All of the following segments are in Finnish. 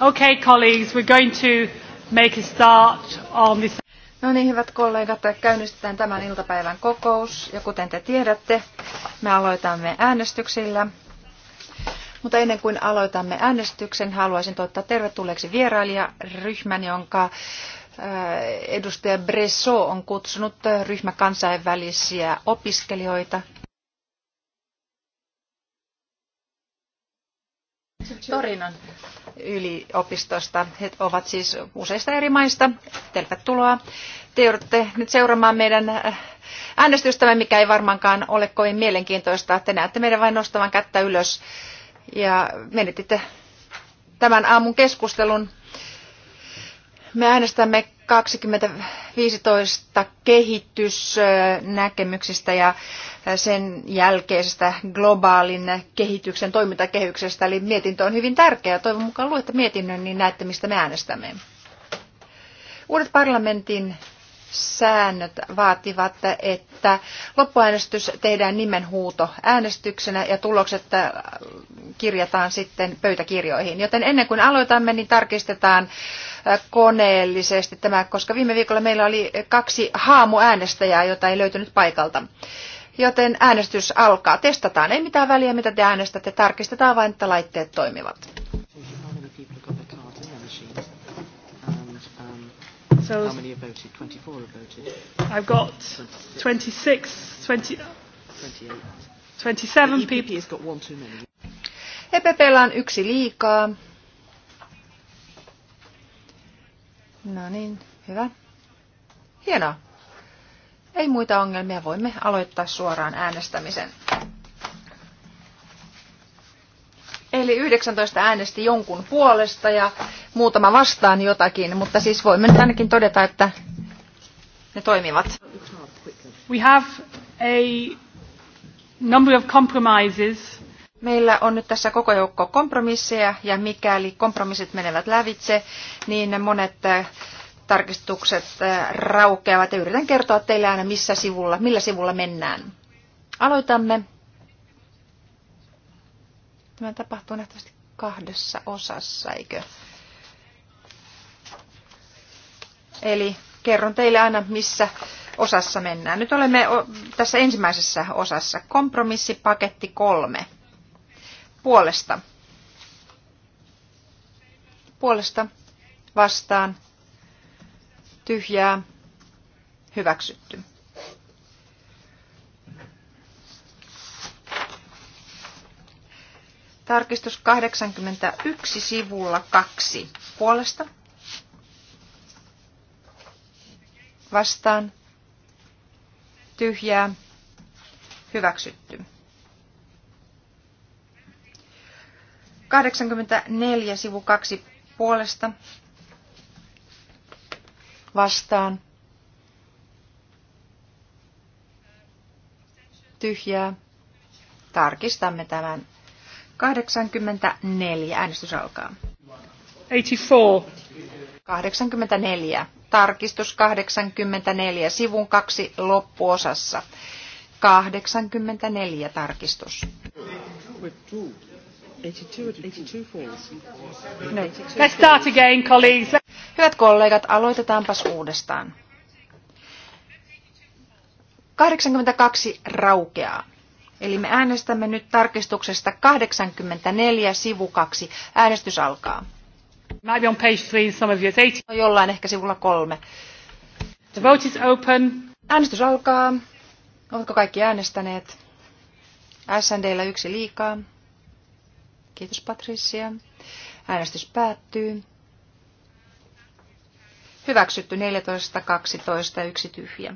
Okay, colleagues, we're going to make a start on this. No niin, hyvät kollegat, käynnistetään tämän iltapäivän kokous. Ja kuten te tiedätte, me aloitamme äänestyksillä. Mutta ennen kuin aloitamme äänestyksen, haluaisin toivottaa tervetulleeksi vierailijaryhmän, jonka äh, edustaja Bresso on kutsunut äh, ryhmä kansainvälisiä opiskelijoita Torinon yliopistosta. He ovat siis useista eri maista. Tervetuloa. Te joudutte nyt seuraamaan meidän äh, äänestystämme, mikä ei varmaankaan ole kovin mielenkiintoista. Te näette meidän vain nostavan kättä ylös ja menetitte tämän aamun keskustelun. Me äänestämme 2015 kehitysnäkemyksistä ja sen jälkeisestä globaalin kehityksen toimintakehyksestä. Eli mietintö on hyvin tärkeä. Toivon mukaan luette mietinnön, niin näette, mistä me äänestämme. Uudet parlamentin säännöt vaativat, että loppuäänestys tehdään nimenhuuto äänestyksenä ja tulokset äh, kirjataan sitten pöytäkirjoihin. Joten ennen kuin aloitamme, niin tarkistetaan äh, koneellisesti tämä, koska viime viikolla meillä oli kaksi haamuäänestäjää, jota ei löytynyt paikalta. Joten äänestys alkaa. Testataan. Ei mitään väliä, mitä te äänestätte. Tarkistetaan vain, että laitteet toimivat. So How many have voted? 24 have voted. I've got 26, 26 20, 28. 27 people. has got one too many. EPPllä on yksi liikaa. No niin, hyvä. Hienoa. Ei muita ongelmia, voimme aloittaa suoraan äänestämisen. Eli 19 äänesti jonkun puolesta ja muutama vastaan jotakin, mutta siis voimme nyt ainakin todeta, että ne toimivat. We have a number of compromises. Meillä on nyt tässä koko joukko kompromisseja ja mikäli kompromissit menevät lävitse, niin monet äh, tarkistukset äh, raukeavat ja yritän kertoa teille aina missä sivulla, millä sivulla mennään. Aloitamme Tämä tapahtuu nähtävästi kahdessa osassa, eikö? Eli kerron teille aina, missä osassa mennään. Nyt olemme tässä ensimmäisessä osassa. Kompromissipaketti kolme. Puolesta. Puolesta. Vastaan. Tyhjää. Hyväksytty. Tarkistus 81 sivulla 2. Puolesta. Vastaan. Tyhjää. Hyväksytty. 84 sivu 2 puolesta. Vastaan. Tyhjää. Tarkistamme tämän 84. Äänestys alkaa. 84. 84. Tarkistus 84. Sivun kaksi loppuosassa. 84 tarkistus. 82, 82 No. Let's start again, colleagues. Hyvät kollegat, aloitetaanpas uudestaan. 82 raukeaa. Eli me äänestämme nyt tarkistuksesta 84 sivu 2. Äänestys alkaa. Might be on page three, some of you no, jollain ehkä sivulla kolme. The vote is open. Äänestys alkaa. Oletko kaikki äänestäneet? SNDllä yksi liikaa. Kiitos Patricia. Äänestys päättyy. Hyväksytty 14, 12, yksi tyhjä.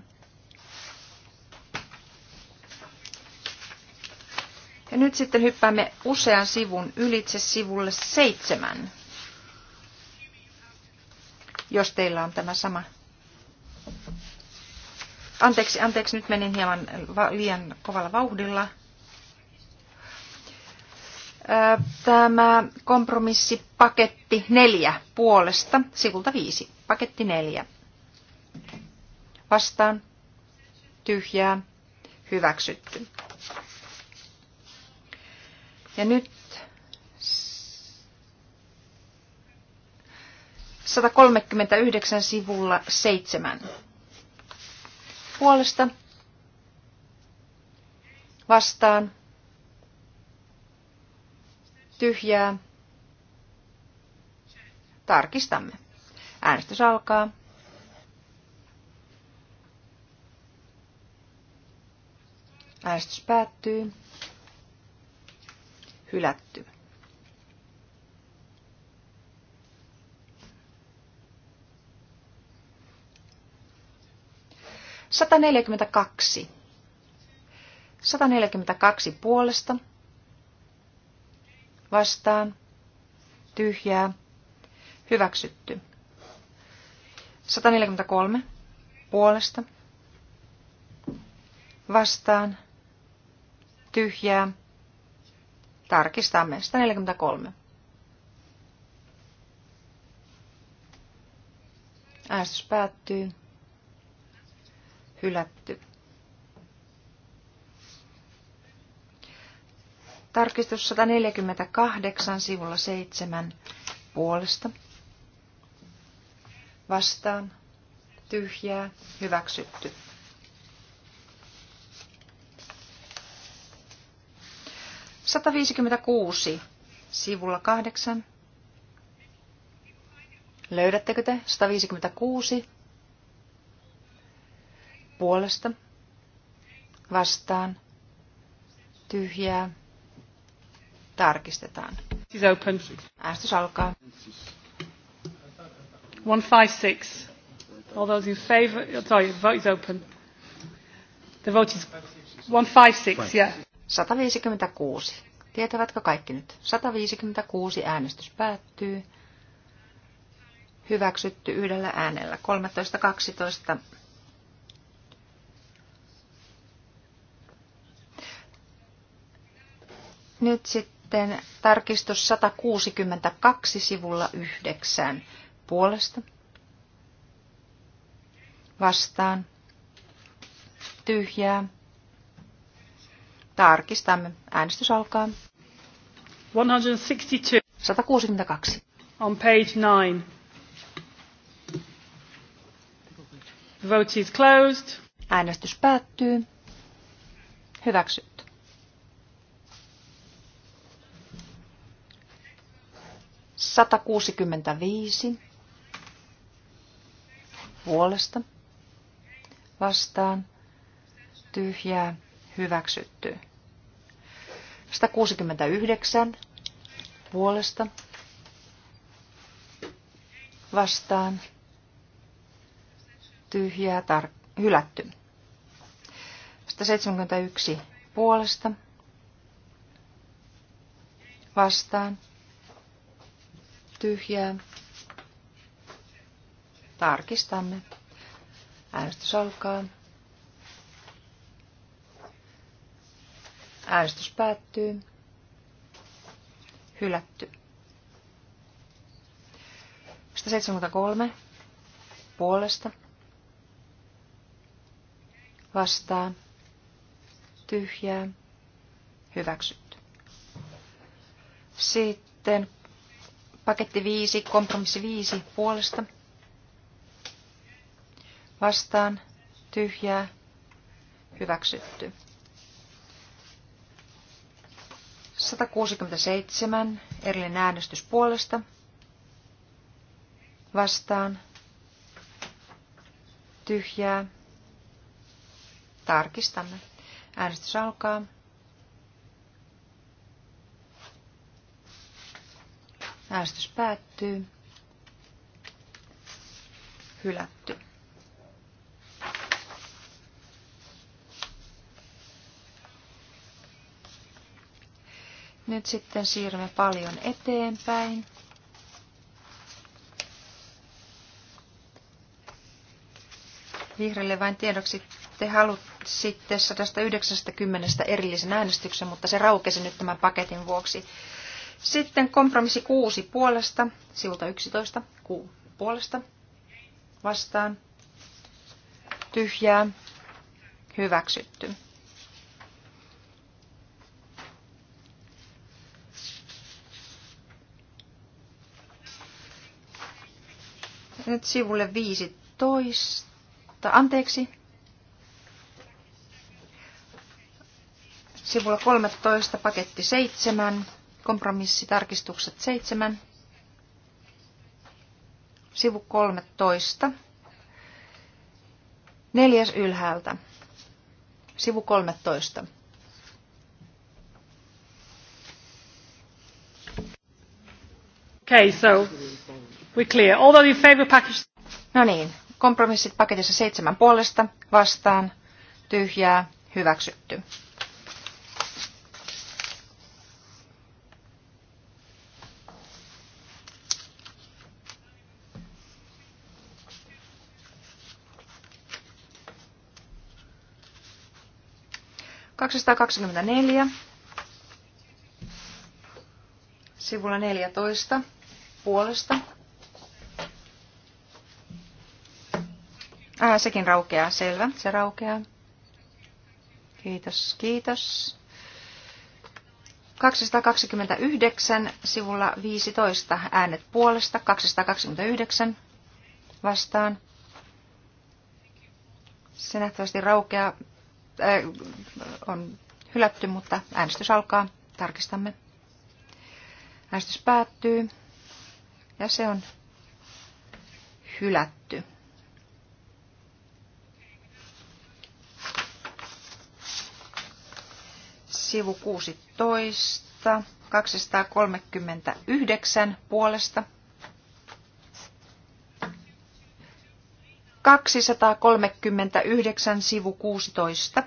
Ja nyt sitten hyppäämme usean sivun ylitse sivulle seitsemän, jos teillä on tämä sama. Anteeksi, anteeksi, nyt menin hieman liian kovalla vauhdilla. Tämä kompromissipaketti neljä puolesta, sivulta viisi, paketti neljä. Vastaan, tyhjää, hyväksytty. Ja nyt 139 sivulla 7. Puolesta vastaan tyhjää. Tarkistamme. Äänestys alkaa. Äänestys päättyy hylätty. Sata neljäkymmentä kaksi puolesta. Vastaan. Tyhjää. Hyväksytty. Sata kolme puolesta. Vastaan. Tyhjää. Tarkistamme. 143. Äänestys päättyy. Hylätty. Tarkistus 148 sivulla 7 puolesta. Vastaan. Tyhjää. Hyväksytty. 156 sivulla 8. Löydättekö te 156 puolesta vastaan tyhjää tarkistetaan. Äästys alkaa. 156. All those in favor, sorry, vote is open. The vote is 156, yeah. 156. Tietävätkö kaikki nyt? 156 äänestys päättyy. Hyväksytty yhdellä äänellä. 13.12. Nyt sitten tarkistus 162 sivulla 9 puolesta. Vastaan. Tyhjää Tarkistamme. Äänestys alkaa. 162. 162. On page 9. The vote is closed. Äänestys päättyy. Hyväksytty. Satakuusikymmentäviisi puolesta vastaan tyhjää hyväksytty. 169 puolesta vastaan tyhjää tar- hylätty. 171 puolesta vastaan tyhjää. Tarkistamme. Äänestys alkaa. Äänestys päättyy. Hylätty. 173 puolesta vastaa tyhjää hyväksytty. Sitten paketti 5, kompromissi 5 puolesta vastaan tyhjää hyväksytty. 167, erillinen äänestys puolesta. Vastaan. Tyhjää. Tarkistamme. Äänestys alkaa. Äänestys päättyy. Hylätty. Nyt sitten siirrymme paljon eteenpäin. Vihreille vain tiedoksi, te halusitte 190 erillisen äänestyksen, mutta se raukesi nyt tämän paketin vuoksi. Sitten kompromissi 6 puolesta, sivulta 11, Q puolesta, vastaan, tyhjää, hyväksytty. nyt sivulle 15. Anteeksi. Sivulla 13 paketti 7, kompromissitarkistukset 7. Sivu 13. Neljäs ylhäältä. Sivu 13. Okay, so We're clear. in package... No niin, kompromissit paketissa seitsemän puolesta, vastaan, tyhjää, hyväksytty. Kaksisataakaksikymmentäneljä. Sivulla neljätoista puolesta Ah, sekin raukeaa. Selvä, se raukeaa. Kiitos, kiitos. 229 sivulla 15 äänet puolesta, 229 vastaan. Se nähtävästi raukeaa, äh, on hylätty, mutta äänestys alkaa. Tarkistamme. Äänestys päättyy ja se on hylätty. sivu 16, 239 puolesta. 239 sivu 16.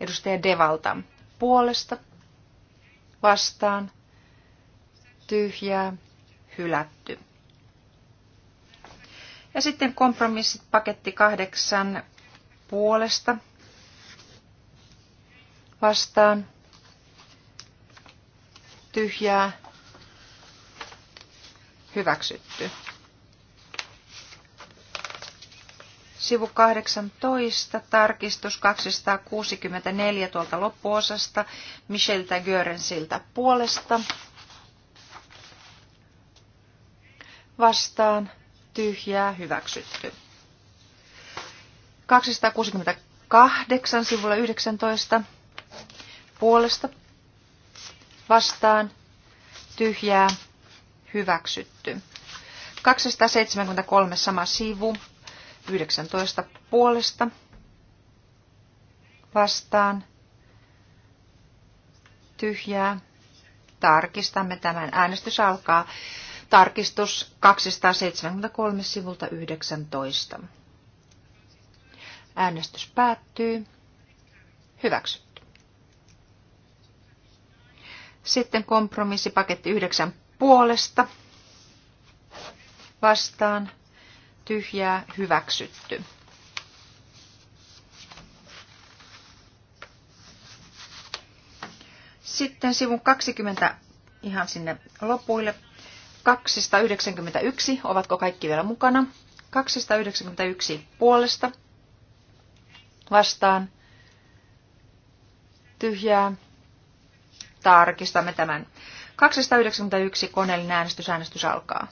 Edustaja Devalta puolesta vastaan tyhjää hylätty. Ja sitten kompromissit paketti kahdeksan puolesta vastaan tyhjää hyväksytty. Sivu 18, tarkistus 264 tuolta loppuosasta Tagören siltä puolesta. Vastaan tyhjää hyväksytty. 268 sivulla 19 puolesta vastaan tyhjää hyväksytty. 273 sama sivu 19 puolesta vastaan tyhjää. Tarkistamme tämän. Äänestys alkaa. Tarkistus 273 sivulta 19. Äänestys päättyy. Hyväksy. Sitten kompromissipaketti yhdeksän puolesta vastaan tyhjää hyväksytty. Sitten sivun 20 ihan sinne lopuille. 291, ovatko kaikki vielä mukana? 291 puolesta vastaan tyhjää Tarkistamme tämän. 291 koneellinen äänestys. Äänestys alkaa.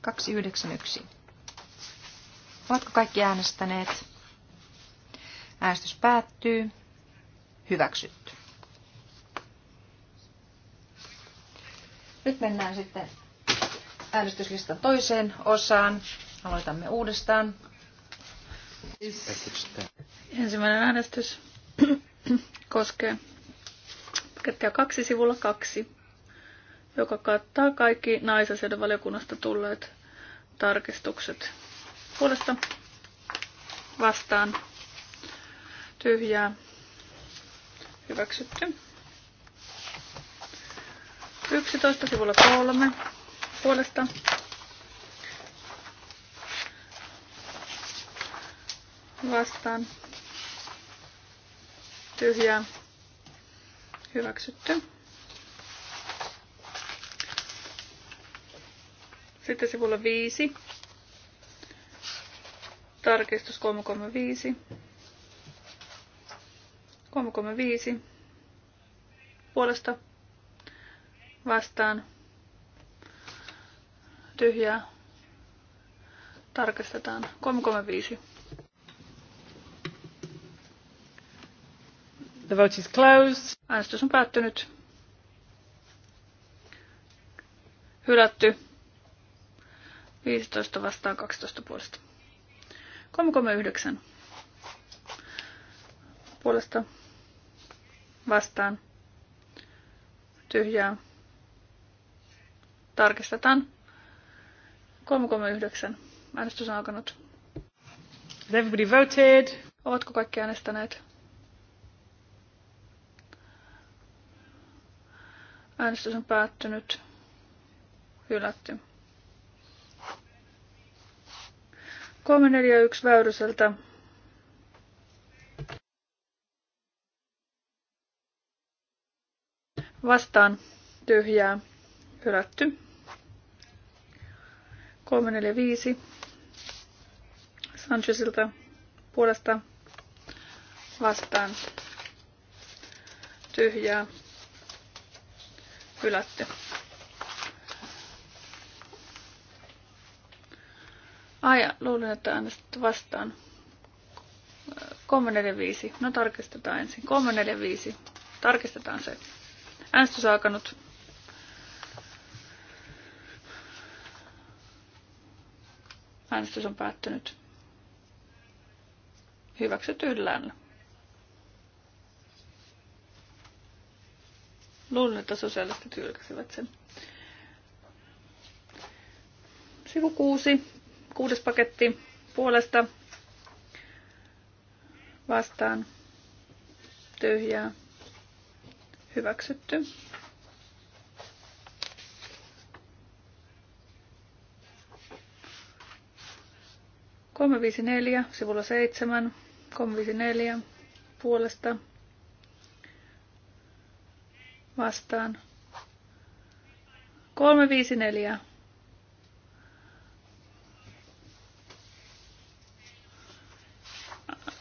291. Ovatko kaikki äänestäneet? Äänestys päättyy. Hyväksytty. Nyt mennään sitten äänestyslistan toiseen osaan. Aloitamme uudestaan. Ensimmäinen äänestys koskee kertaa kaksi sivulla kaksi, joka kattaa kaikki naisasioiden valiokunnasta tulleet tarkistukset. Puolesta vastaan tyhjää hyväksytty. 11 sivulla 3 puolesta vastaan tyhjää hyväksytty. Sitten sivulla 5. Tarkistus 335. 335. Puolesta vastaan tyhjää. Tarkistetaan 335. The vote is closed. Äänestys on päättynyt. Hylätty. 15 vastaan 12 puolesta. 39. puolesta vastaan tyhjää. Tarkistetaan. 39. Äänestys on alkanut. Everybody voted. Ovatko kaikki äänestäneet? Äänestys on päättynyt. Hylätty. 341 Väyryseltä. Vastaan tyhjää. Hylätty. 345 Sanchezilta puolesta vastaan tyhjää Hylätty. Ai, luulen, että äänestit vastaan. 345. No tarkistetaan ensin. 345. Tarkistetaan se. Äänestys alkanut. Äänestys on päättynyt. Hyväksytyllään. Luulen, että sosiaaliset hylkäsivät sen. Sivu 6, kuudes paketti puolesta vastaan tyhjää hyväksytty. Kolme viisi neljä, sivulla seitsemän, kolme viisi neljä, puolesta vastaan. 354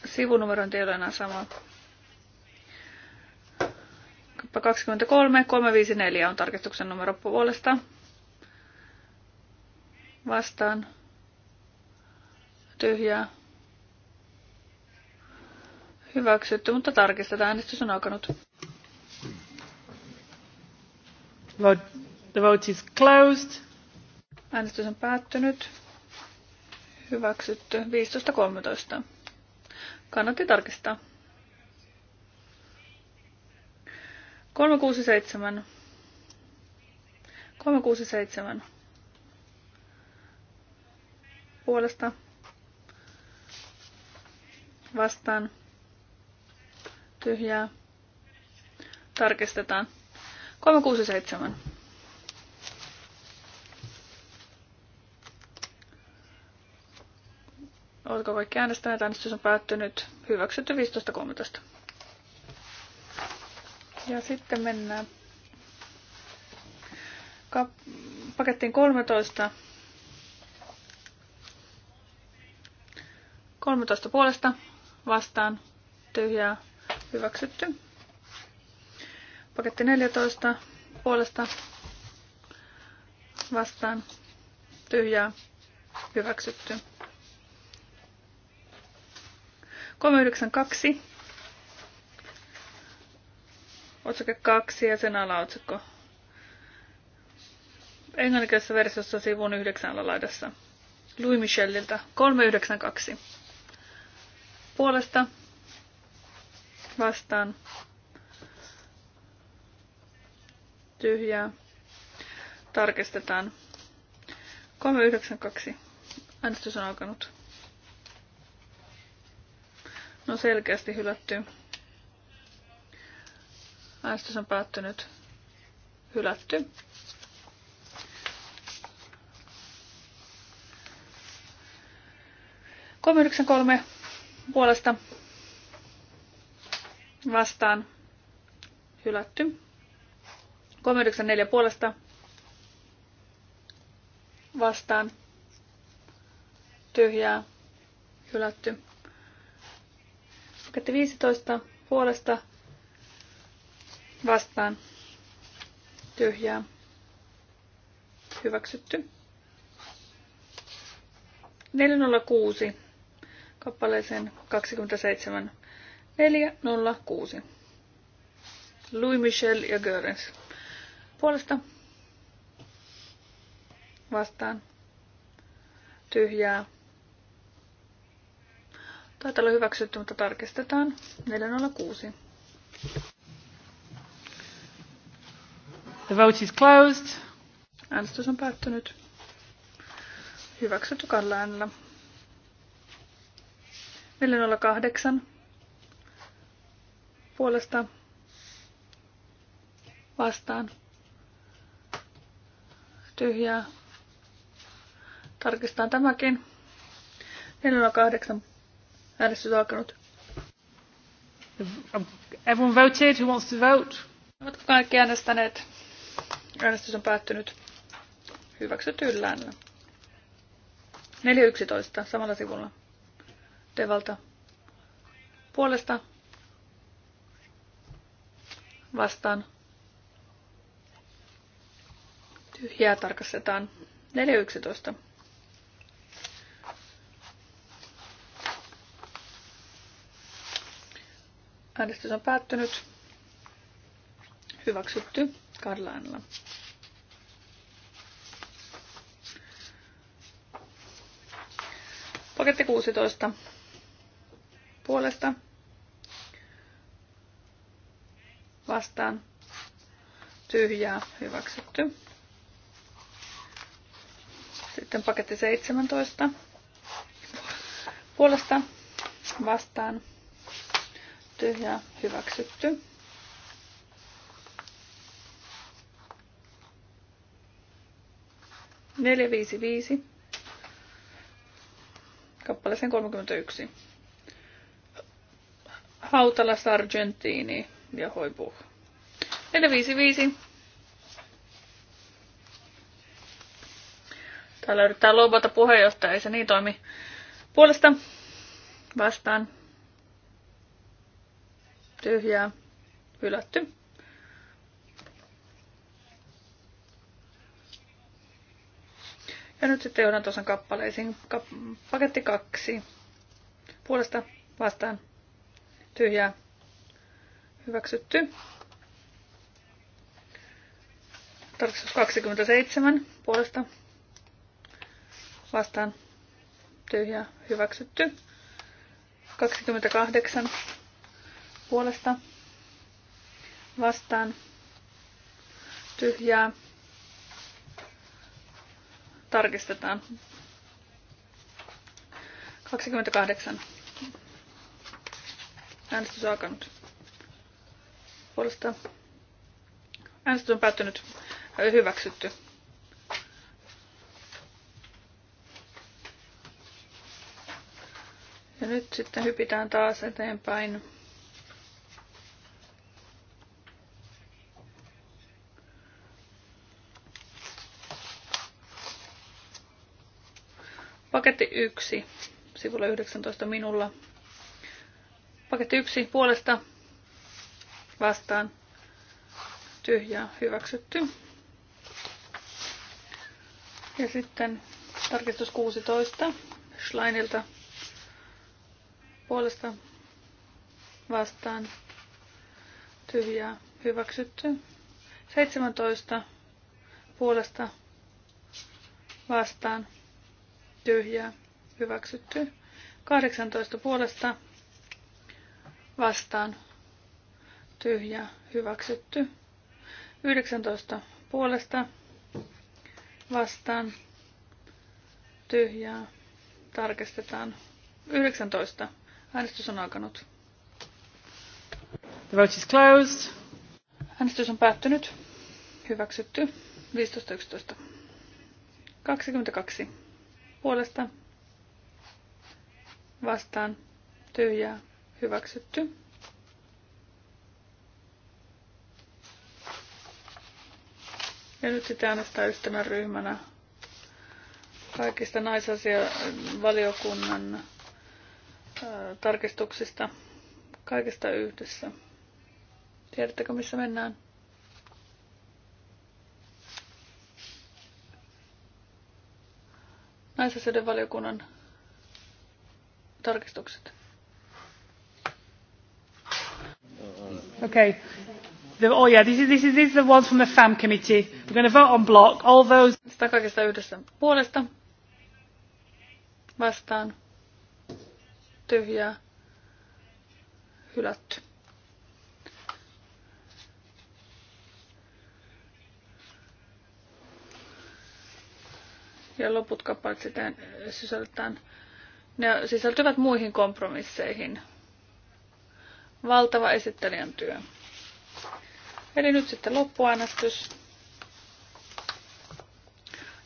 sivunumerointi ei ole enää sama. 23, 354 on tarkistuksen numero puolesta. Vastaan. Tyhjää. Hyväksytty, mutta tarkistetaan. Äänestys on alkanut the vote is closed. Äänestys on päättynyt. Hyväksytty 15.13. Kannatti tarkistaa. 367. 367. Puolesta. Vastaan. Tyhjää. Tarkistetaan. 367. Oletko kaikki äänestäneet? Äänestys on päättynyt. Hyväksytty 15.13. Ja sitten mennään pakettiin 13. 13 puolesta vastaan tyhjää hyväksytty. Paketti 14 puolesta vastaan tyhjää hyväksytty. 392 otsake 2 ja sen alaotsikko. englanniksessa versiossa sivun 9 alalaidassa. Louis Micheliltä 392. Puolesta vastaan tyhjää. Tarkistetaan. 392. Äänestys on alkanut. No selkeästi hylätty. Äänestys on päättynyt. Hylätty. kolme puolesta vastaan hylätty. 394 puolesta vastaan tyhjää hylätty. Paketti 15 puolesta vastaan tyhjää hyväksytty. 406 kappaleeseen 27 406 Louis Michel ja Görens puolesta vastaan tyhjää. Taitaa olla hyväksytty, mutta tarkistetaan. 406. The vote is closed. Äänestys on päättynyt. Hyväksytty kalla äänellä. 408 puolesta vastaan tyhjää. Tarkistetaan tämäkin. 408 äänestys alkanut. Everyone voted who wants to vote? Ovatko kaikki äänestäneet? Äänestys on päättynyt. Hyväksytty yllään. 4.11 samalla sivulla. Devalta. Puolesta. Vastaan. Tyhjää tarkastetaan. 4.11. Äänestys on päättynyt. Hyväksytty kahdella äänellä. Paketti 16 puolesta vastaan tyhjää hyväksytty. Sitten paketti 17. Puolesta vastaan tyhjää hyväksytty. Neljä viisi viisi. Kappaleeseen 31. Hautala Sargentini ja Hoibuh. viisi Täällä yrittää lobata puheenjohtaja, ei se niin toimi. Puolesta vastaan. Tyhjää. Hylätty. Ja nyt sitten johdan tuossa kappaleisiin. Kap- paketti kaksi. Puolesta vastaan. Tyhjää. Hyväksytty. Tarkistus 27 puolesta vastaan tyhjä hyväksytty. 28 puolesta vastaan tyhjää tarkistetaan. 28. Äänestys on alkanut. Puolesta. Äänestys on päättynyt. Hyväksytty. nyt sitten hypitään taas eteenpäin. Paketti 1, sivulla 19 minulla. Paketti 1 puolesta vastaan tyhjää hyväksytty. Ja sitten tarkistus 16 Schleinilta puolesta vastaan tyhjää hyväksytty. 17 puolesta vastaan tyhjää hyväksytty. 18 puolesta vastaan tyhjää hyväksytty. 19 puolesta vastaan tyhjää tarkistetaan 19 Äänestys on alkanut. The vote is closed. Äänestys on päättynyt. Hyväksytty. 15.11. 22. Puolesta. Vastaan. Tyhjää. Hyväksytty. Ja nyt sitä äänestää yhtenä ryhmänä kaikista naisasia valiokunnan tarkistuksista, kaikesta yhdessä. Tiedättekö, missä mennään? Naisasioiden valiokunnan tarkistukset. Okay. The, oh yeah, this is, this is, this is the ones from the FAM committee. We're going to vote on block all those. Sitä kaikesta yhdessä puolesta. Vastaan tyhjää, hylätty. Ja loput kappaleet sitten sisältään, ne sisältyvät muihin kompromisseihin. Valtava esittelijän työ. Eli nyt sitten loppuäänestys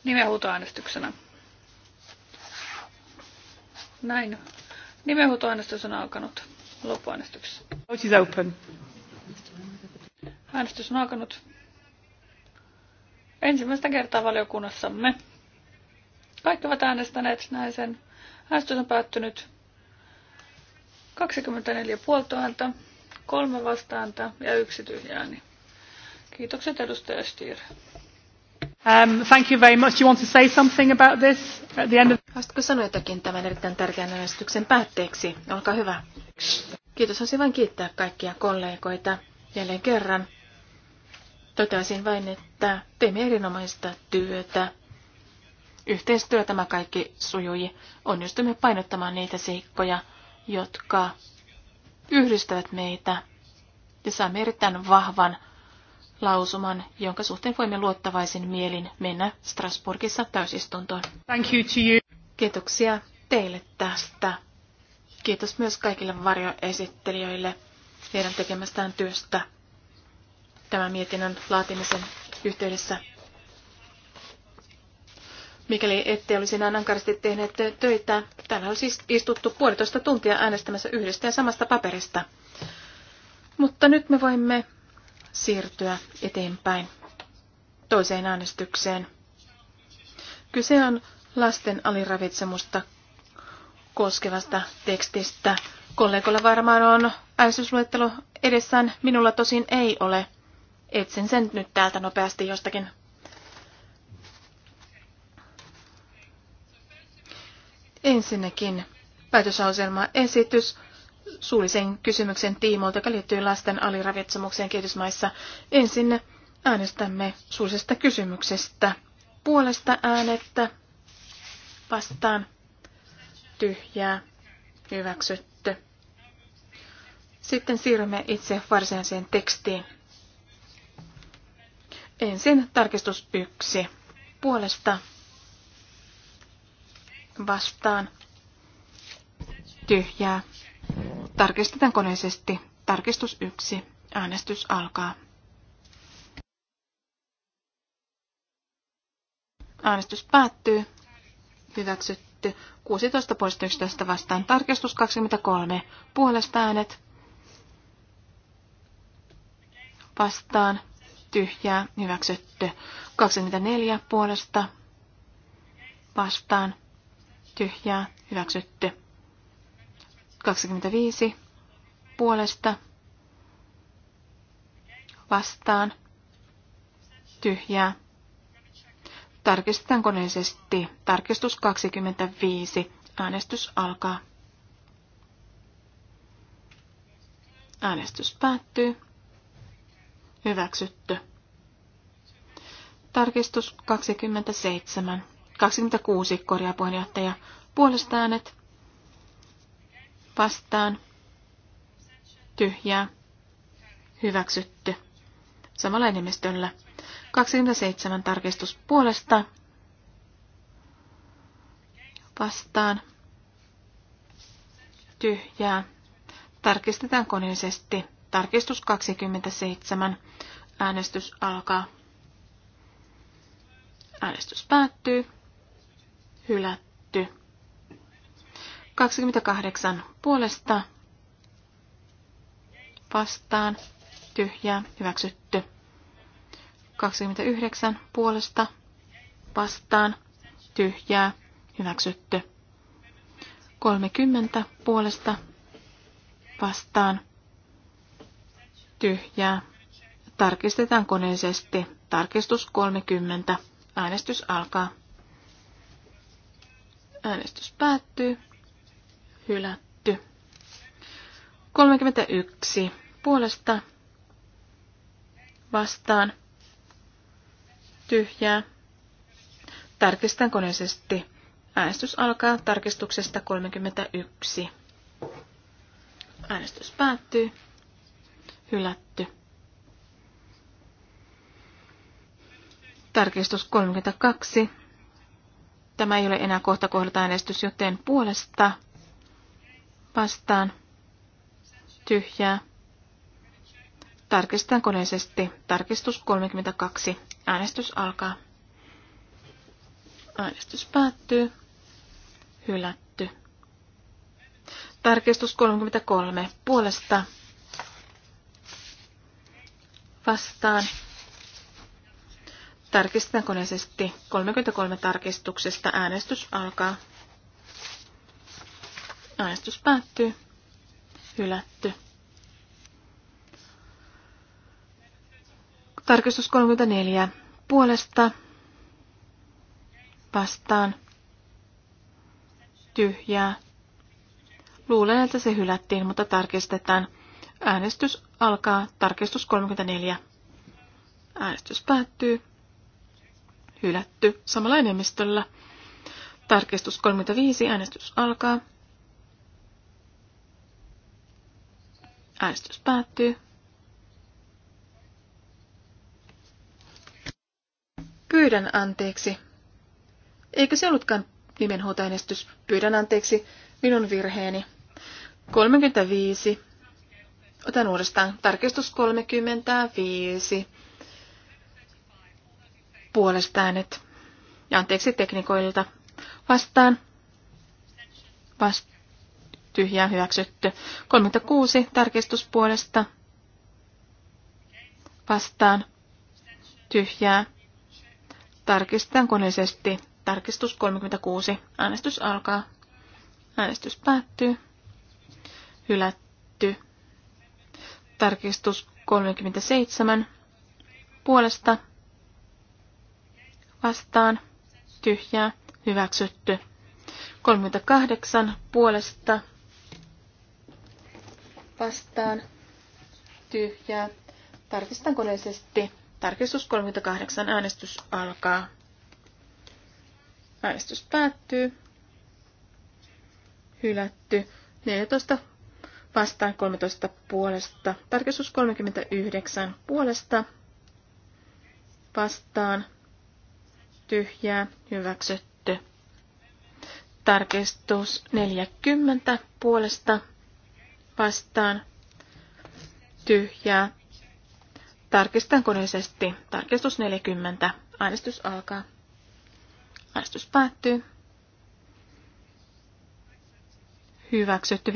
nimenhuutoäänestyksenä. Näin Nimenhuutoäänestys on alkanut loppuäänestyksessä. Vote is open. Äänestys on alkanut ensimmäistä kertaa valiokunnassamme. Kaikki ovat äänestäneet näin sen. Äänestys on päättynyt 24 puoltoääntä, kolme vastaanta ja yksi tyhjääni. Kiitokset edustaja Stier. Um, thank you very much. Do You want to say something about this at the end of... Haluaisitko sanoa jotakin tämän erittäin tärkeän äänestyksen päätteeksi? Olkaa hyvä. Kiitos. Olisin vain kiittää kaikkia kollegoita jälleen kerran. Toteaisin vain, että teimme erinomaista työtä. Yhteistyö tämä kaikki sujui. Onnistumme painottamaan niitä seikkoja, jotka yhdistävät meitä ja saamme erittäin vahvan lausuman, jonka suhteen voimme luottavaisin mielin mennä Strasbourgissa täysistuntoon. Thank you to you. Kiitoksia teille tästä. Kiitos myös kaikille varjoesittelijöille heidän tekemästään työstä tämän mietinnön laatimisen yhteydessä. Mikäli ette olisi näin ankarasti tehneet töitä, täällä olisi siis istuttu puolitoista tuntia äänestämässä yhdestä ja samasta paperista. Mutta nyt me voimme siirtyä eteenpäin toiseen äänestykseen. Kyse on lasten aliravitsemusta koskevasta tekstistä. Kollegoilla varmaan on äänestysluettelo edessään, minulla tosin ei ole. Etsin sen nyt täältä nopeasti jostakin. Ensinnäkin päätösauselma esitys suullisen kysymyksen tiimoilta, joka liittyy lasten aliravitsemukseen kehitysmaissa. Ensin äänestämme suullisesta kysymyksestä. Puolesta äänettä vastaan tyhjää hyväksytty. Sitten siirrymme itse varsinaiseen tekstiin. Ensin tarkistus yksi Puolesta vastaan tyhjää. Tarkistetaan koneisesti. Tarkistus yksi Äänestys alkaa. Äänestys päättyy hyväksytty. 16 poista 11 vastaan. Tarkistus 23. Puolesta äänet. Vastaan. Tyhjää. Hyväksytty. 24 puolesta. Vastaan. Tyhjää. Hyväksytty. 25 puolesta. Vastaan. Tyhjää. Tarkistetaan koneellisesti. Tarkistus 25. Äänestys alkaa. Äänestys päättyy. Hyväksytty. Tarkistus 27. 26 korjaa puheenjohtaja. Puolesta äänet. Vastaan. Tyhjää. Hyväksytty. Samalla enemmistöllä. 27 tarkistus puolesta vastaan tyhjää. Tarkistetaan koneellisesti. Tarkistus 27. Äänestys alkaa. Äänestys päättyy. Hylätty. 28 puolesta vastaan tyhjää hyväksytty. 29 puolesta vastaan tyhjää hyväksytty. 30 puolesta vastaan tyhjää. Tarkistetaan koneellisesti. Tarkistus 30. Äänestys alkaa. Äänestys päättyy. Hylätty. 31 puolesta vastaan tyhjää. Tarkistan koneisesti. Äänestys alkaa tarkistuksesta 31. Äänestys päättyy. Hylätty. Tarkistus 32. Tämä ei ole enää kohta kohdata äänestys, joten puolesta vastaan tyhjää. Tarkistan koneisesti. Tarkistus 32. Äänestys alkaa. Äänestys päättyy. Hylätty. Tarkistus 33. Puolesta vastaan. Tarkistetaan koneisesti. 33 tarkistuksesta äänestys alkaa. Äänestys päättyy. Hylätty. Tarkistus 34. Puolesta vastaan tyhjää. Luulen, että se hylättiin, mutta tarkistetaan. Äänestys alkaa. Tarkistus 34. Äänestys päättyy. Hylätty samalla enemmistöllä. Tarkistus 35. Äänestys alkaa. Äänestys päättyy. Pyydän anteeksi. Eikö se ollutkaan nimenhuutainestys, Pyydän anteeksi minun virheeni. 35. Otan uudestaan. Tarkistus 35. Puolesta et. Ja anteeksi teknikoilta. Vastaan. Vast. Tyhjää hyväksytty. 36. Tarkistus puolesta. Vastaan. Tyhjää. Tarkistetaan koneellisesti. Tarkistus 36. Äänestys alkaa. Äänestys päättyy. Hylätty. Tarkistus 37. Puolesta. Vastaan. Tyhjää. Hyväksytty. 38. Puolesta. Vastaan. Tyhjää. Tarkistan koneellisesti. Tarkistus 38. Äänestys alkaa. Äänestys päättyy. Hylätty. 14 vastaan 13 puolesta. Tarkistus 39 puolesta. Vastaan. Tyhjää. Hyväksytty. Tarkistus 40 puolesta. Vastaan. Tyhjää. Tarkistan koneisesti. Tarkistus 40. Äänestys alkaa. Äänestys päättyy. Hyväksytty 15.13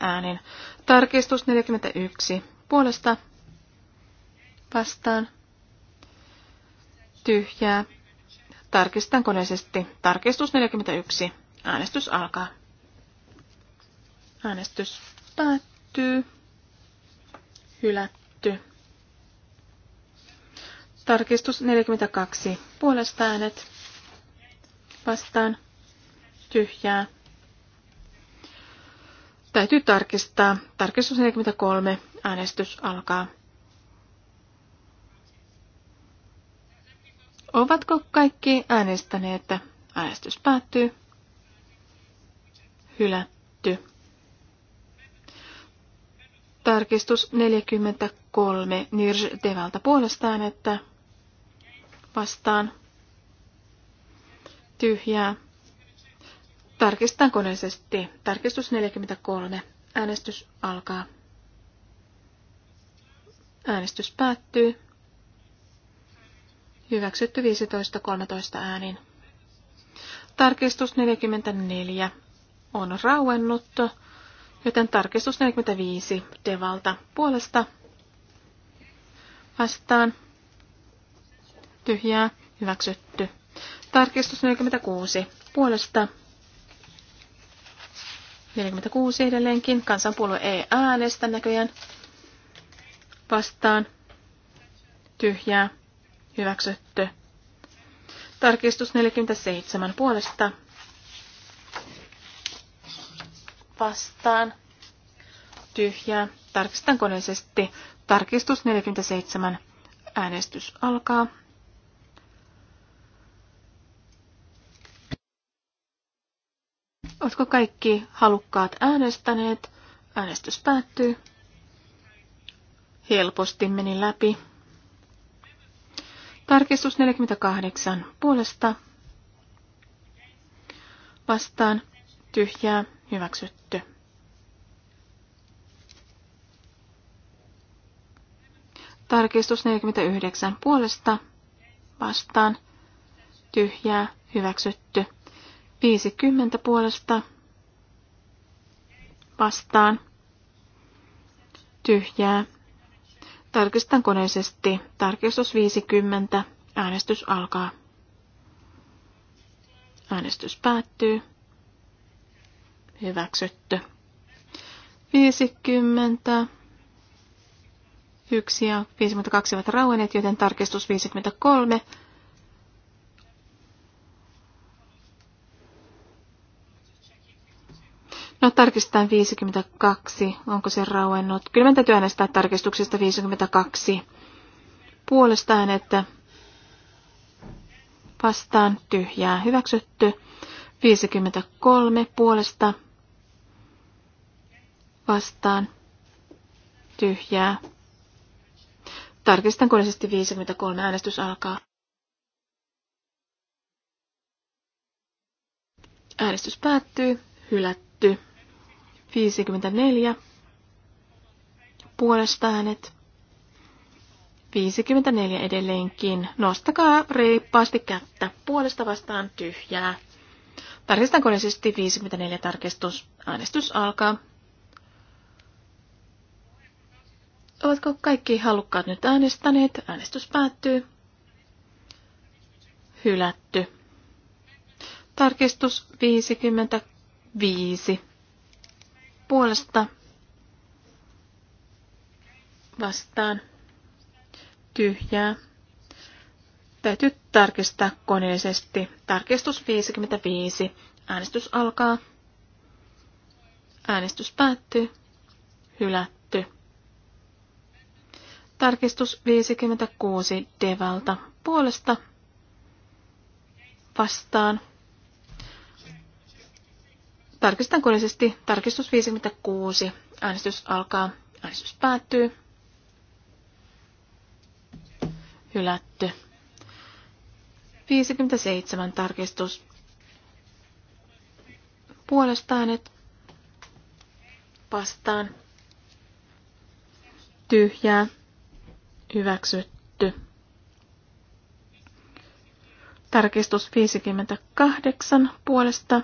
äänin. Tarkistus 41. Puolesta vastaan. Tyhjää. Tarkistan koneisesti. Tarkistus 41. Äänestys alkaa. Äänestys päättyy. Hylätty. Tarkistus 42. Puolesta äänet. Vastaan. Tyhjää. Täytyy tarkistaa. Tarkistus 43. Äänestys alkaa. Ovatko kaikki äänestäneet, että äänestys päättyy? Hylätty. Tarkistus 43. Nirj Devalta puolestaan, että vastaan tyhjää. Tarkistan koneisesti. Tarkistus 43. Äänestys alkaa. Äänestys päättyy. Hyväksytty 15.13 äänin. Tarkistus 44 on rauennut, joten tarkistus 45 Devalta puolesta vastaan tyhjää, hyväksytty. Tarkistus 46 puolesta. 46 edelleenkin. Kansanpuolue ei äänestä näköjään. Vastaan. Tyhjää. Hyväksytty. Tarkistus 47 puolesta. Vastaan. Tyhjää. tarkistan koneisesti. Tarkistus 47. Äänestys alkaa. Oletko kaikki halukkaat äänestäneet? Äänestys päättyy. Helposti meni läpi. Tarkistus 48 puolesta. Vastaan tyhjää hyväksytty. Tarkistus 49 puolesta. Vastaan tyhjää hyväksytty. 50 puolesta vastaan tyhjää. Tarkistan koneisesti. Tarkistus 50. Äänestys alkaa. Äänestys päättyy. Hyväksytty. 50. 1 ja 52 ovat rauenneet, joten tarkistus 53 No tarkistetaan 52. Onko se rauennut? Kyllä minä täytyy äänestää tarkistuksesta 52. puolestaan, että vastaan tyhjää hyväksytty. 53 puolesta vastaan tyhjää. Tarkistan koneisesti 53. Äänestys alkaa. Äänestys päättyy. Hylätty. 54 puolesta äänet. 54 edelleenkin. Nostakaa reippaasti kättä. Puolesta vastaan tyhjää. Tarkistetaan koneisesti 54 tarkistus. Äänestys alkaa. Ovatko kaikki halukkaat nyt äänestäneet? Äänestys päättyy. Hylätty. Tarkistus 55 puolesta vastaan tyhjää. Täytyy tarkistaa koneellisesti. Tarkistus 55. Äänestys alkaa. Äänestys päättyy. Hylätty. Tarkistus 56 Devalta puolesta vastaan Tarkistan kuulisesti Tarkistus 56. Äänestys alkaa. Äänestys päättyy. Hylätty. 57. Tarkistus. Puolesta äänet. Vastaan. Tyhjää. Hyväksytty. Tarkistus 58. Puolesta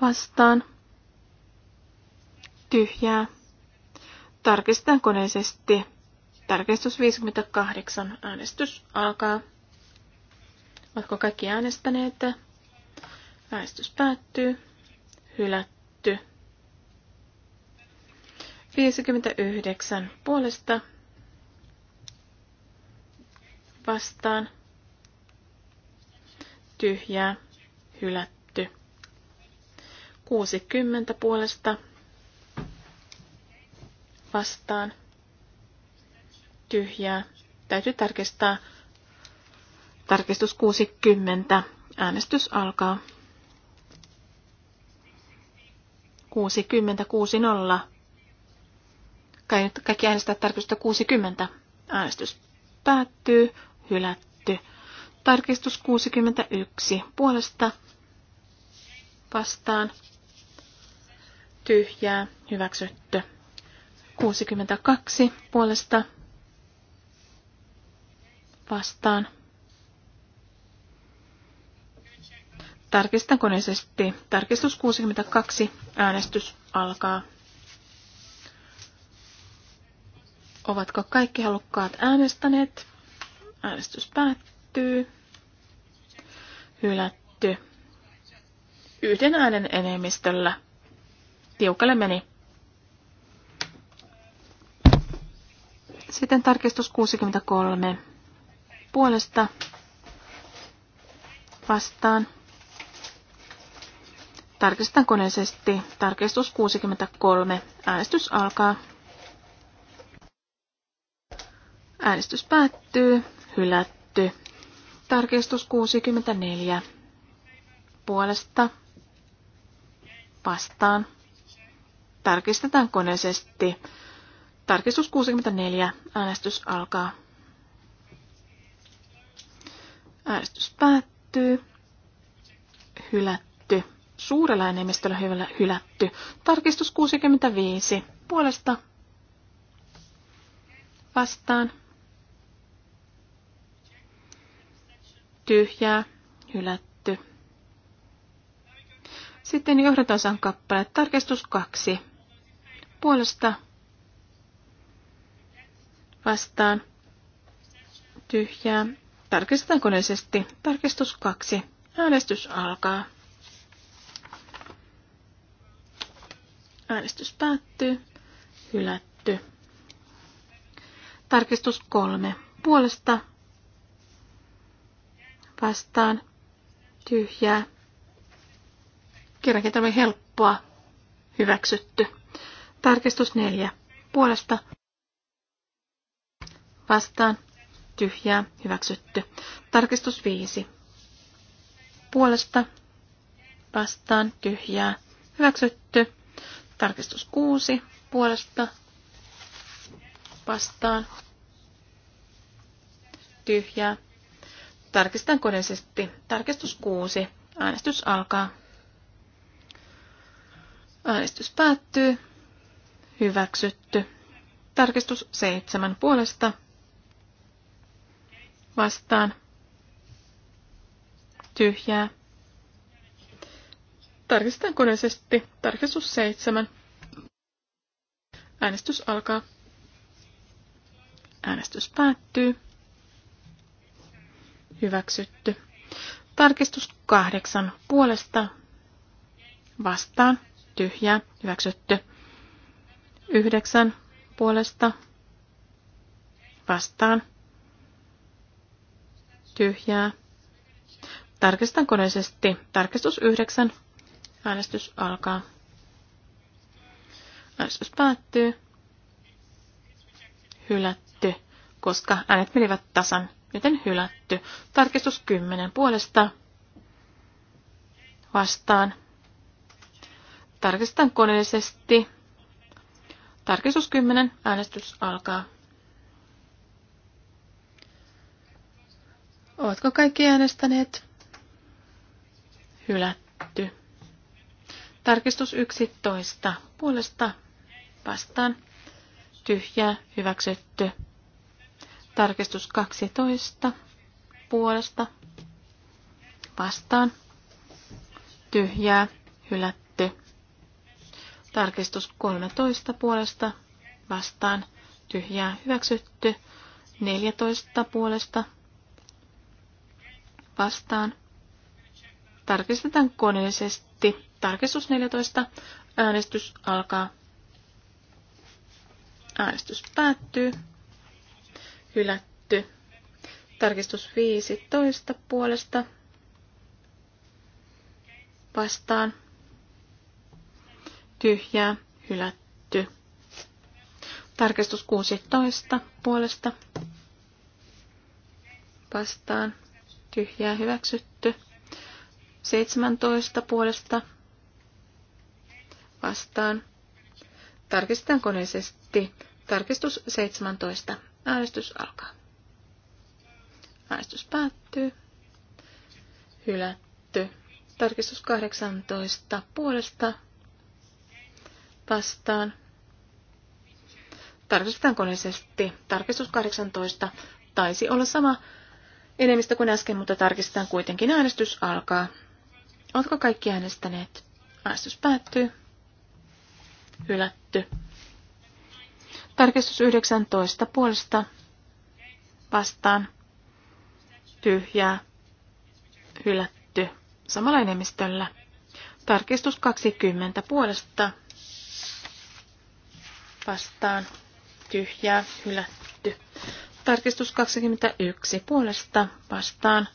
vastaan tyhjää. Tarkistetaan koneisesti. Tarkistus 58. Äänestys alkaa. Oletko kaikki äänestäneet? Äänestys päättyy. Hylätty. 59 puolesta vastaan tyhjää hylätty. 60 puolesta vastaan tyhjää. Täytyy tarkistaa tarkistus 60. Äänestys alkaa. 60 60. Kaikki äänestää tarkistusta 60. Äänestys päättyy. Hylätty. Tarkistus 61. Puolesta vastaan tyhjää, hyväksytty. 62 puolesta vastaan. Tarkistan koneisesti. Tarkistus 62. Äänestys alkaa. Ovatko kaikki halukkaat äänestäneet? Äänestys päättyy. Hylätty. Yhden äänen enemmistöllä tiukalle meni. Sitten tarkistus 63. Puolesta vastaan. Tarkistetaan koneisesti. Tarkistus 63. Äänestys alkaa. Äänestys päättyy. Hylätty. Tarkistus 64. Puolesta. Vastaan. Tarkistetaan koneisesti. Tarkistus 64. Äänestys alkaa. Äänestys päättyy. Hylätty. Suurella enemmistöllä hyvällä hylätty. Tarkistus 65. Puolesta vastaan. Tyhjää. Hylätty. Sitten johdataan kappale. Tarkistus 2 puolesta vastaan tyhjää. Tarkistetaan koneisesti. Tarkistus 2. Äänestys alkaa. Äänestys päättyy. Hylätty. Tarkistus 3. Puolesta vastaan tyhjää. Kerrankin tämä helppoa hyväksytty. Tarkistus neljä. Puolesta. Vastaan. Tyhjää. Hyväksytty. Tarkistus viisi. Puolesta. Vastaan. Tyhjää. Hyväksytty. Tarkistus kuusi. Puolesta. Vastaan. Tyhjää. Tarkistan koneisesti. Tarkistus kuusi. Äänestys alkaa. Äänestys päättyy. Hyväksytty. Tarkistus seitsemän puolesta. Vastaan. Tyhjää. Tarkistetaan koneisesti. Tarkistus seitsemän. Äänestys alkaa. Äänestys päättyy. Hyväksytty. Tarkistus kahdeksan puolesta. Vastaan. Tyhjää. Hyväksytty. Yhdeksän puolesta vastaan. Tyhjää. Tarkistan koneisesti. Tarkistus yhdeksän. Äänestys alkaa. Äänestys päättyy. Hylätty, koska äänet menivät tasan, joten hylätty. Tarkistus 10 puolesta vastaan. Tarkistan koneellisesti. Tarkistus 10. Äänestys alkaa. Ovatko kaikki äänestäneet? Hylätty. Tarkistus 11. Puolesta vastaan. Tyhjää. Hyväksytty. Tarkistus 12. Puolesta vastaan. Tyhjää. Hylätty Tarkistus 13 puolesta vastaan tyhjää hyväksytty. 14 puolesta vastaan. Tarkistetaan koneellisesti. Tarkistus 14. Äänestys alkaa. Äänestys päättyy. Hylätty. Tarkistus 15 puolesta vastaan tyhjää, hylätty. Tarkistus 16 puolesta vastaan, tyhjää, hyväksytty. 17 puolesta vastaan. Tarkistetaan koneisesti. Tarkistus 17. Äänestys alkaa. Äänestys päättyy. Hylätty. Tarkistus 18 puolesta vastaan. Tarkistetaan koneellisesti. Tarkistus 18 taisi olla sama enemmistö kuin äsken, mutta tarkistetaan kuitenkin. Äänestys alkaa. Oletko kaikki äänestäneet? Äänestys päättyy. Hylätty. Tarkistus 19 puolesta vastaan. Tyhjää. Hylätty. Samalla enemmistöllä. Tarkistus 20 puolesta vastaan tyhjää hylätty. Tarkistus 21 puolesta vastaan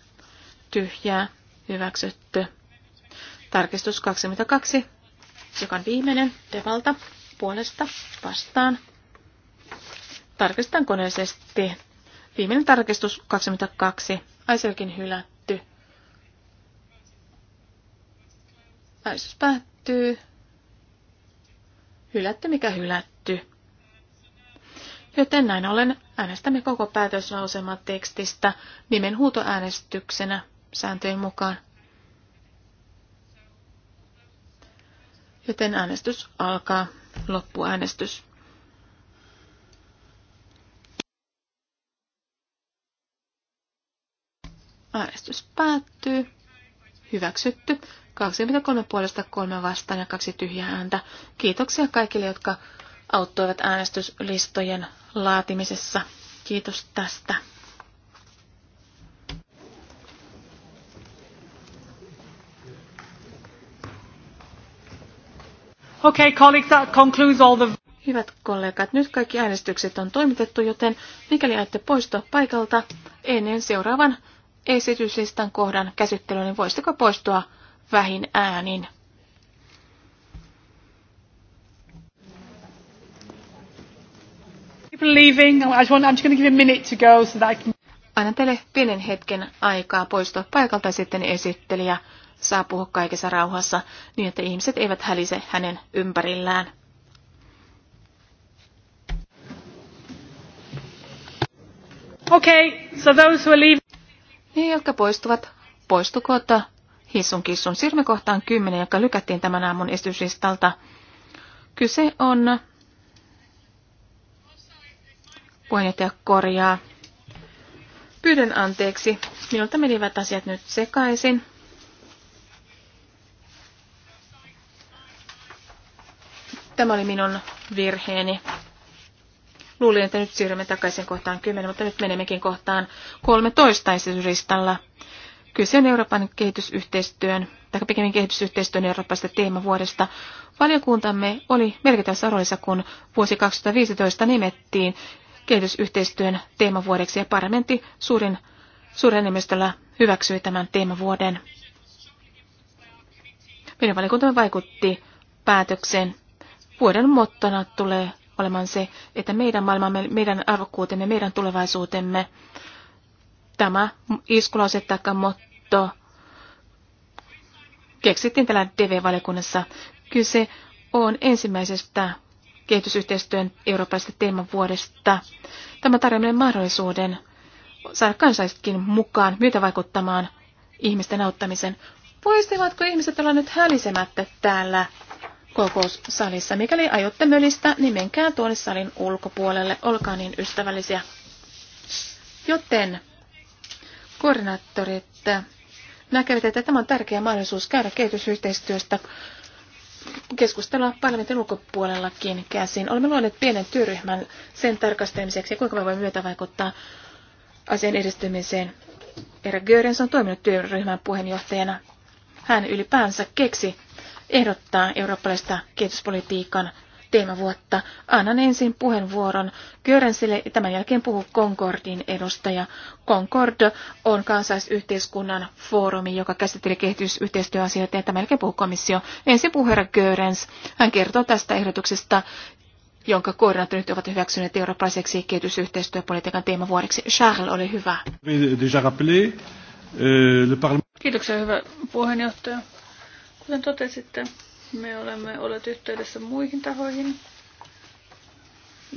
tyhjää hyväksytty. Tarkistus 22, joka on viimeinen Devalta puolesta vastaan. tarkistan koneellisesti. Viimeinen tarkistus 22. Aiselkin hylätty. Aisus päättyy. Hylätty mikä hylätty. Joten näin ollen äänestämme koko päätöslauselman tekstistä nimenhuutoäänestyksenä sääntöjen mukaan. Joten äänestys alkaa. Loppuäänestys. Äänestys päättyy. Hyväksytty. 23 puolesta kolme vastaan ja kaksi tyhjää ääntä. Kiitoksia kaikille, jotka auttoivat äänestyslistojen laatimisessa. Kiitos tästä. Okay, colleagues, that concludes all the... Hyvät kollegat, nyt kaikki äänestykset on toimitettu, joten mikäli ajatte poistua paikalta ennen seuraavan esityslistan kohdan käsittelyä, niin voisitteko poistua vähin äänin? leaving. I just want, I'm just going to give you a minute to go so that I can... Annan teille pienen hetken aikaa poistua paikalta ja sitten esittelijä saa puhua kaikessa rauhassa niin, että ihmiset eivät hälise hänen ympärillään. Okay, so those who leave... Ne, jotka poistuvat, poistukoota hissun kissun. Siirrymme kohtaan kymmenen joka lykättiin tämän aamun esityslistalta. Kyse on Puheenjohtaja korjaa. Pyydän anteeksi. Minulta menivät asiat nyt sekaisin. Tämä oli minun virheeni. Luulin, että nyt siirrymme takaisin kohtaan 10, mutta nyt menemmekin kohtaan 13 esityslistalla. Kyse on Euroopan kehitysyhteistyön, tai pikemmin kehitysyhteistyön Euroopasta teemavuodesta. Valiokuntamme oli merkittävässä roolissa, kun vuosi 2015 nimettiin kehitysyhteistyön teemavuodeksi ja parlamentti suurin, suuren enemmistöllä hyväksyi tämän teemavuoden. Meidän valiokuntamme vaikutti päätökseen. Vuoden mottona tulee olemaan se, että meidän maailmamme, meidän arvokkuutemme, meidän tulevaisuutemme, tämä iskulause tai motto keksittiin täällä DV-valiokunnassa. Kyse on ensimmäisestä kehitysyhteistyön eurooppalaisesta teemavuodesta. Tämä tarjoaa mahdollisuuden saada kansaisetkin mukaan myötä vaikuttamaan ihmisten auttamiseen. Voisivatko ihmiset olla nyt hälisemättä täällä kokoussalissa? Mikäli aiotte mölistä, niin menkää tuonne salin ulkopuolelle. Olkaa niin ystävällisiä. Joten koordinaattorit näkevät, että tämä on tärkeä mahdollisuus käydä kehitysyhteistyöstä keskustella parlamentin ulkopuolellakin käsin. Olemme luoneet pienen työryhmän sen tarkastelemiseksi, kuinka me voimme myötä vaikuttaa asian edistymiseen. Erä Görens on toiminut työryhmän puheenjohtajana. Hän ylipäänsä keksi ehdottaa eurooppalaista kehityspolitiikan teemavuotta. Annan ensin puheenvuoron Görensille ja tämän jälkeen puhuu Concordin edustaja. Concord on kansaisyhteiskunnan foorumi, joka käsittelee kehitysyhteistyöasioita ja tämän jälkeen puhuu komissio. Ensin puhuu herra Görens. Hän kertoo tästä ehdotuksesta jonka koordinaattorit ovat hyväksyneet eurooppalaiseksi kehitysyhteistyöpolitiikan teemavuodeksi. Charles, ole hyvä. Euh, Kiitoksia, hyvä puheenjohtaja. Kuten totesitte, me olemme olleet yhteydessä muihin tahoihin,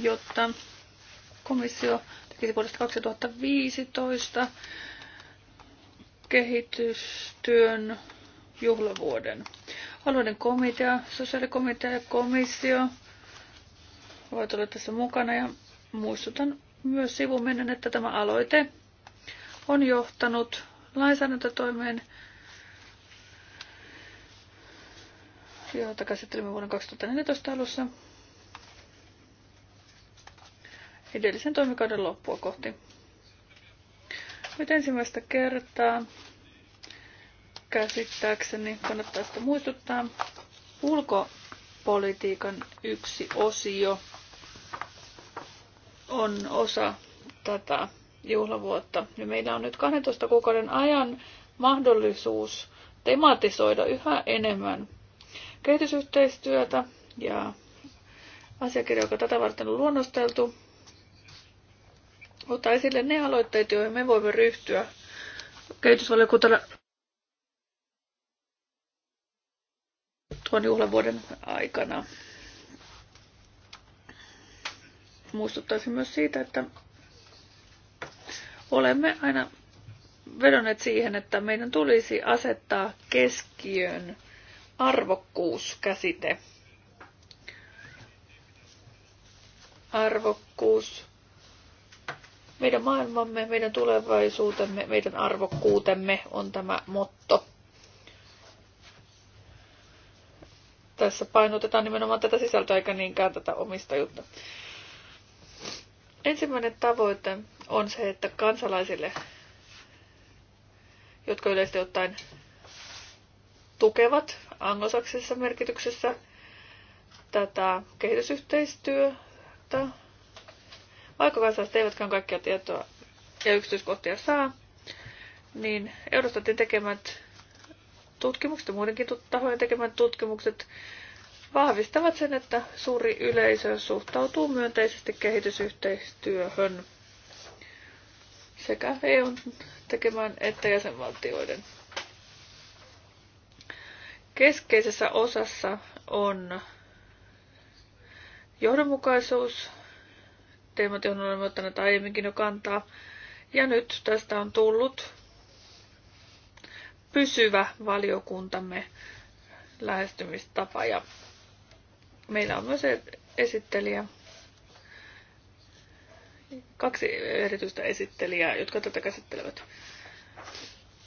jotta komissio tekisi vuodesta 2015 kehitystyön juhlavuoden. Alueiden komitea, sosiaalikomitea ja komissio ovat olleet tässä mukana ja muistutan myös sivuminen, että tämä aloite on johtanut lainsäädäntötoimeen, jota käsittelimme vuoden 2014 alussa edellisen toimikauden loppua kohti. Nyt ensimmäistä kertaa käsittääkseni kannattaa sitä muistuttaa ulkopolitiikan yksi osio on osa tätä juhlavuotta. Ja meillä on nyt 12 kuukauden ajan mahdollisuus tematisoida yhä enemmän kehitysyhteistyötä ja asiakirja, joka tätä varten on luonnosteltu, ottaa esille ne aloitteet, joihin me voimme ryhtyä kehitysvaliokuntana tuon juhlavuoden aikana. Muistuttaisin myös siitä, että olemme aina vedonneet siihen, että meidän tulisi asettaa keskiön arvokkuuskäsite. Arvokkuus. Meidän maailmamme, meidän tulevaisuutemme, meidän arvokkuutemme on tämä motto. Tässä painotetaan nimenomaan tätä sisältöä eikä niinkään tätä omistajuutta. Ensimmäinen tavoite on se, että kansalaisille, jotka yleisesti ottaen tukevat anglosaksisessa merkityksessä tätä kehitysyhteistyötä. Vaikka kansalaiset eivätkään kaikkia tietoa ja yksityiskohtia saa, niin Eurostatin tekemät tutkimukset ja muidenkin tahojen tekemät tutkimukset vahvistavat sen, että suuri yleisö suhtautuu myönteisesti kehitysyhteistyöhön sekä EUn tekemään että jäsenvaltioiden Keskeisessä osassa on johdonmukaisuus, teemat, johon olemme ottaneet aiemminkin jo kantaa. Ja nyt tästä on tullut pysyvä valiokuntamme lähestymistapa. Ja meillä on myös esittelijä, kaksi erityistä esittelijää, jotka tätä käsittelevät.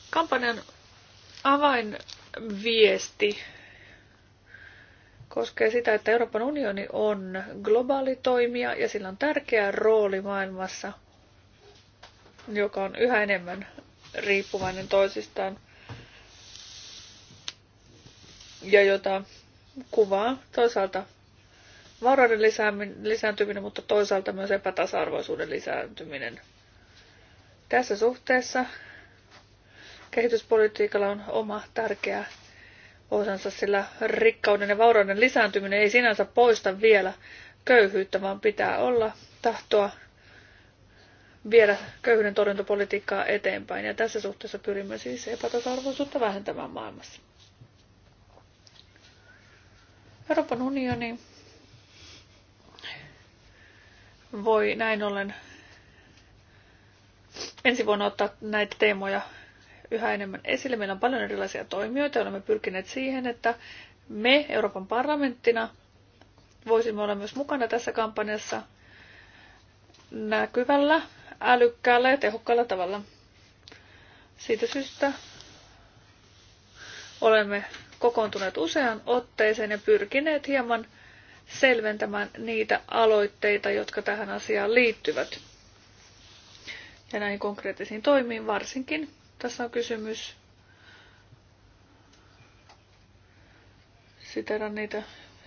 Kampanjan avain viesti koskee sitä, että Euroopan unioni on globaali toimija ja sillä on tärkeä rooli maailmassa, joka on yhä enemmän riippuvainen toisistaan ja jota kuvaa toisaalta varoiden lisääntyminen, mutta toisaalta myös epätasa-arvoisuuden lisääntyminen. Tässä suhteessa Kehityspolitiikalla on oma tärkeä osansa, sillä rikkauden ja vaurauden lisääntyminen ei sinänsä poista vielä köyhyyttä, vaan pitää olla tahtoa viedä köyhyyden torjuntapolitiikkaa eteenpäin. Ja tässä suhteessa pyrimme siis epätasa-arvoisuutta vähentämään maailmassa. Euroopan unioni voi näin ollen ensi vuonna ottaa näitä teemoja yhä enemmän esille. Meillä on paljon erilaisia toimijoita, olemme pyrkineet siihen, että me Euroopan parlamenttina voisimme olla myös mukana tässä kampanjassa näkyvällä, älykkäällä ja tehokkaalla tavalla. Siitä syystä olemme kokoontuneet usean otteeseen ja pyrkineet hieman selventämään niitä aloitteita, jotka tähän asiaan liittyvät. Ja näihin konkreettisiin toimiin varsinkin tässä on kysymys. Siteran niitä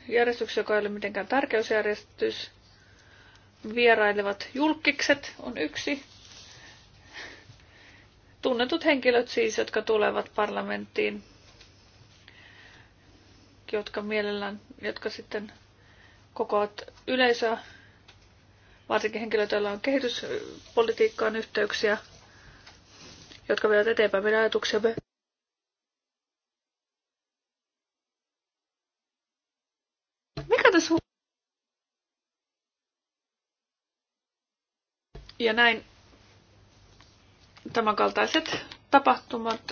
järjestyksiä, joka ei ole mitenkään tärkeysjärjestys. Vierailevat julkikset on yksi. Tunnetut henkilöt siis, jotka tulevat parlamenttiin, jotka mielellään, jotka sitten kokoavat yleisöä, varsinkin henkilöt, joilla on kehityspolitiikkaan yhteyksiä – jotka vievät eteenpäin meidän ajatuksemme. Mikä tässä on? Ja näin tämänkaltaiset tapahtumat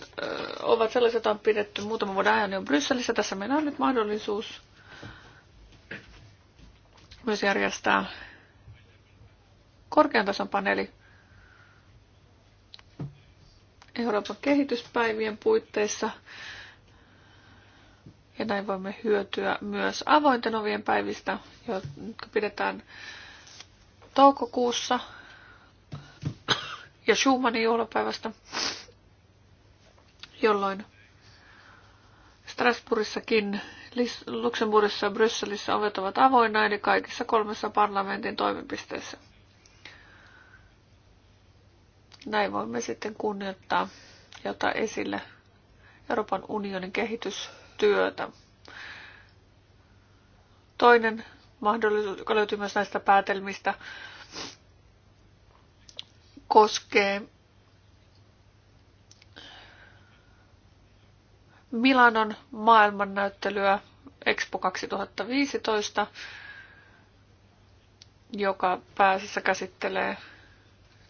ovat sellaiset, joita on pidetty muutaman vuoden ajan jo Brysselissä. Tässä meillä on nyt mahdollisuus myös järjestää korkean tason paneeli Euroopan kehityspäivien puitteissa. Ja näin voimme hyötyä myös avointen ovien päivistä, jotka pidetään toukokuussa ja Schumannin juhlapäivästä, jolloin Strasbourgissakin, Luxemburgissa ja Brysselissä ovet ovat avoinna, eli kaikissa kolmessa parlamentin toimipisteessä. Näin voimme sitten kunnioittaa ja ottaa esille Euroopan unionin kehitystyötä. Toinen mahdollisuus, joka löytyy myös näistä päätelmistä, koskee Milanon maailmannäyttelyä Expo 2015, joka pääsessä käsittelee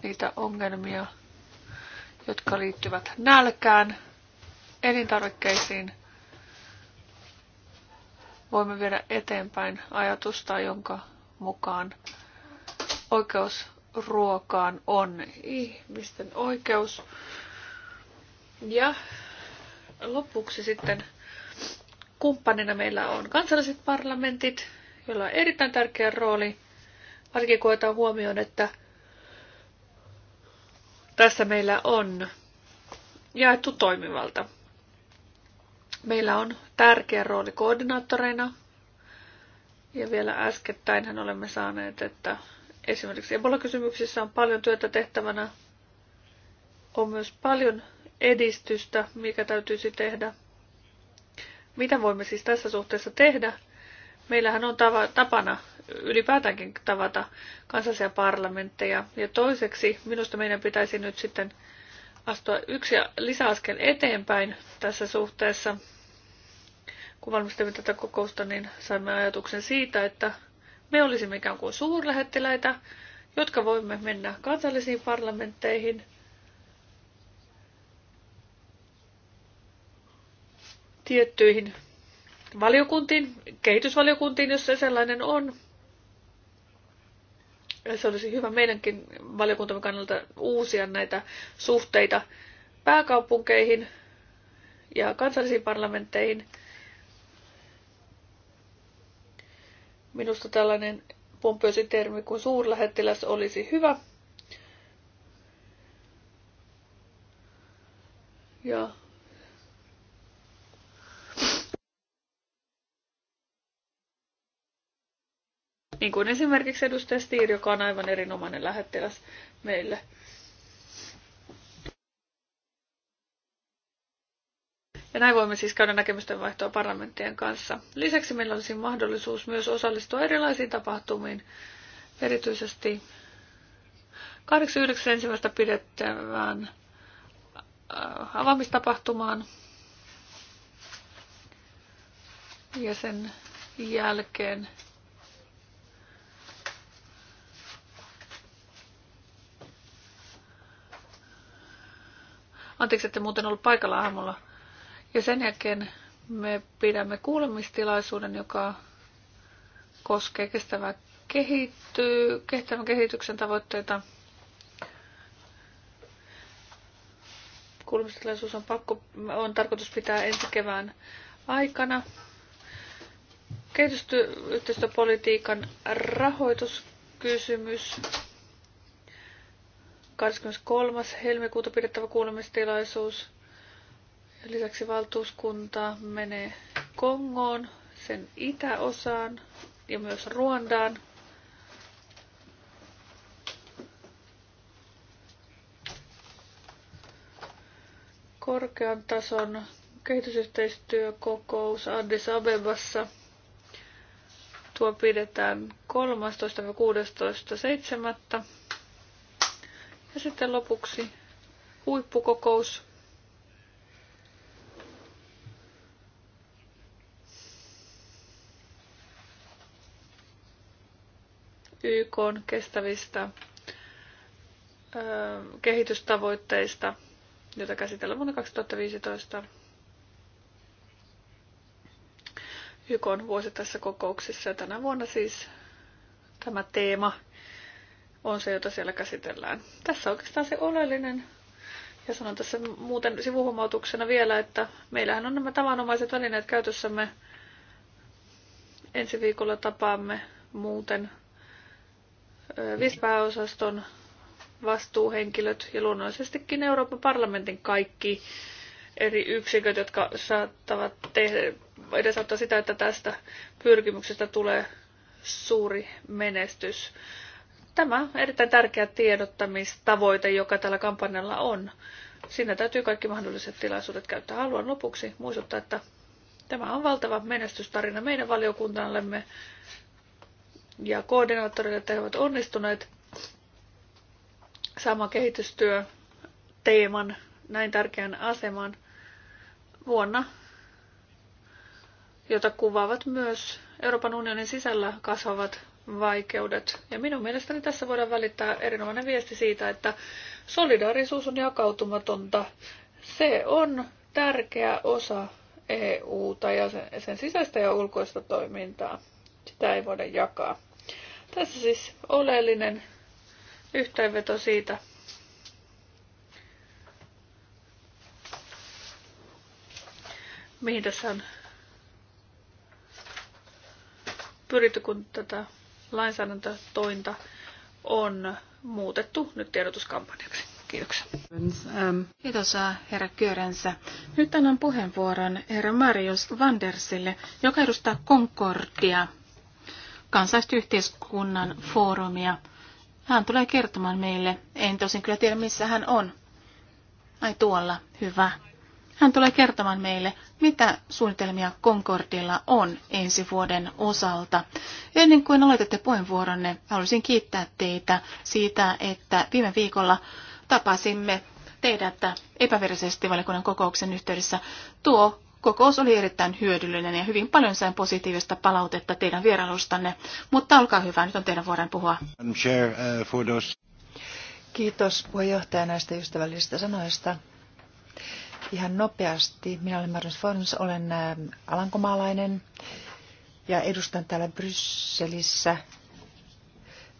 niitä ongelmia, jotka liittyvät nälkään, elintarvikkeisiin. Voimme viedä eteenpäin ajatusta, jonka mukaan oikeus ruokaan on ihmisten oikeus. Ja lopuksi sitten kumppanina meillä on kansalliset parlamentit, joilla on erittäin tärkeä rooli, varsinkin koetaan huomioon, että tässä meillä on jaettu toimivalta. Meillä on tärkeä rooli koordinaattoreina. Ja vielä äskettäinhän olemme saaneet, että esimerkiksi Ebola-kysymyksissä on paljon työtä tehtävänä. On myös paljon edistystä, mikä täytyisi tehdä. Mitä voimme siis tässä suhteessa tehdä? Meillähän on tava, tapana ylipäätäänkin tavata kansallisia parlamentteja. Ja toiseksi minusta meidän pitäisi nyt sitten astua yksi lisäaskel eteenpäin tässä suhteessa. Kun valmistelimme tätä kokousta, niin saimme ajatuksen siitä, että me olisimme ikään kuin suurlähettiläitä, jotka voimme mennä kansallisiin parlamentteihin tiettyihin valiokuntiin, kehitysvaliokuntiin, jos se sellainen on, se olisi hyvä meidänkin valiokuntamme kannalta uusia näitä suhteita pääkaupunkeihin ja kansallisiin parlamentteihin. Minusta tällainen pompöösi termi kuin suurlähettiläs olisi hyvä. Ja Niin kuin esimerkiksi edustaja Stiir, joka on aivan erinomainen lähettiläs meille. Ja näin voimme siis käydä näkemysten vaihtoa parlamenttien kanssa. Lisäksi meillä olisi mahdollisuus myös osallistua erilaisiin tapahtumiin, erityisesti 89.1. pidettävään äh, avaamistapahtumaan ja sen jälkeen Anteeksi, että muuten ollut paikalla aamulla. Ja sen jälkeen me pidämme kuulemistilaisuuden, joka koskee kestävää kehittyy, kehittävän kehityksen tavoitteita. Kuulemistilaisuus on, pakko, on tarkoitus pitää ensi kevään aikana. Kehitysyhteistyöpolitiikan rahoituskysymys 23. helmikuuta pidettävä kuulemistilaisuus. Lisäksi valtuuskunta menee Kongoon, sen itäosaan ja myös Ruandaan. Korkean tason kehitysyhteistyökokous Addis Abebassa. Tuo pidetään 13.16.7. Ja sitten lopuksi huippukokous. YK on kestävistä ö, kehitystavoitteista, jota käsitellään vuonna 2015 YK on tässä kokouksessa. Ja tänä vuonna siis tämä teema – on se, jota siellä käsitellään. Tässä oikeastaan se oleellinen. Ja sanon tässä muuten sivuhuomautuksena vielä, että meillähän on nämä tavanomaiset välineet käytössämme. Ensi viikolla tapaamme muuten vispääosaston vastuuhenkilöt ja luonnollisestikin Euroopan parlamentin kaikki eri yksiköt, jotka saattavat tehdä, edesauttaa sitä, että tästä pyrkimyksestä tulee suuri menestys tämä erittäin tärkeä tiedottamistavoite, joka tällä kampanjalla on, siinä täytyy kaikki mahdolliset tilaisuudet käyttää. Haluan lopuksi muistuttaa, että tämä on valtava menestystarina meidän valiokuntallemme ja koordinaattorille, että he ovat onnistuneet sama kehitystyö teeman näin tärkeän aseman vuonna, jota kuvaavat myös Euroopan unionin sisällä kasvavat vaikeudet. Ja minun mielestäni tässä voidaan välittää erinomainen viesti siitä, että solidaarisuus on jakautumatonta. Se on tärkeä osa EUta ja sen sisäistä ja ulkoista toimintaa. Sitä ei voida jakaa. Tässä siis oleellinen yhteenveto siitä, mihin tässä on pyritty, kun tätä lainsäädäntötointa on muutettu nyt tiedotuskampanjaksi. Kiitoksia. Kiitos herra Kyörensä. Nyt annan puheenvuoron herra Marius Vandersille, joka edustaa Concordia, kansaisyhteiskunnan foorumia. Hän tulee kertomaan meille. En tosin kyllä tiedä, missä hän on. Ai tuolla, hyvä. Hän tulee kertomaan meille, mitä suunnitelmia Concordilla on ensi vuoden osalta. Ennen kuin aloitatte puheenvuoronne, haluaisin kiittää teitä siitä, että viime viikolla tapasimme teidät epävirallisesti valikunnan kokouksen yhteydessä. Tuo kokous oli erittäin hyödyllinen ja hyvin paljon sain positiivista palautetta teidän vierailustanne, mutta olkaa hyvä, nyt on teidän vuoden puhua. Uh, Kiitos puheenjohtaja näistä ystävällisistä sanoista. Ihan nopeasti. Minä olen Marius Forns, olen äh, alankomaalainen ja edustan täällä Brysselissä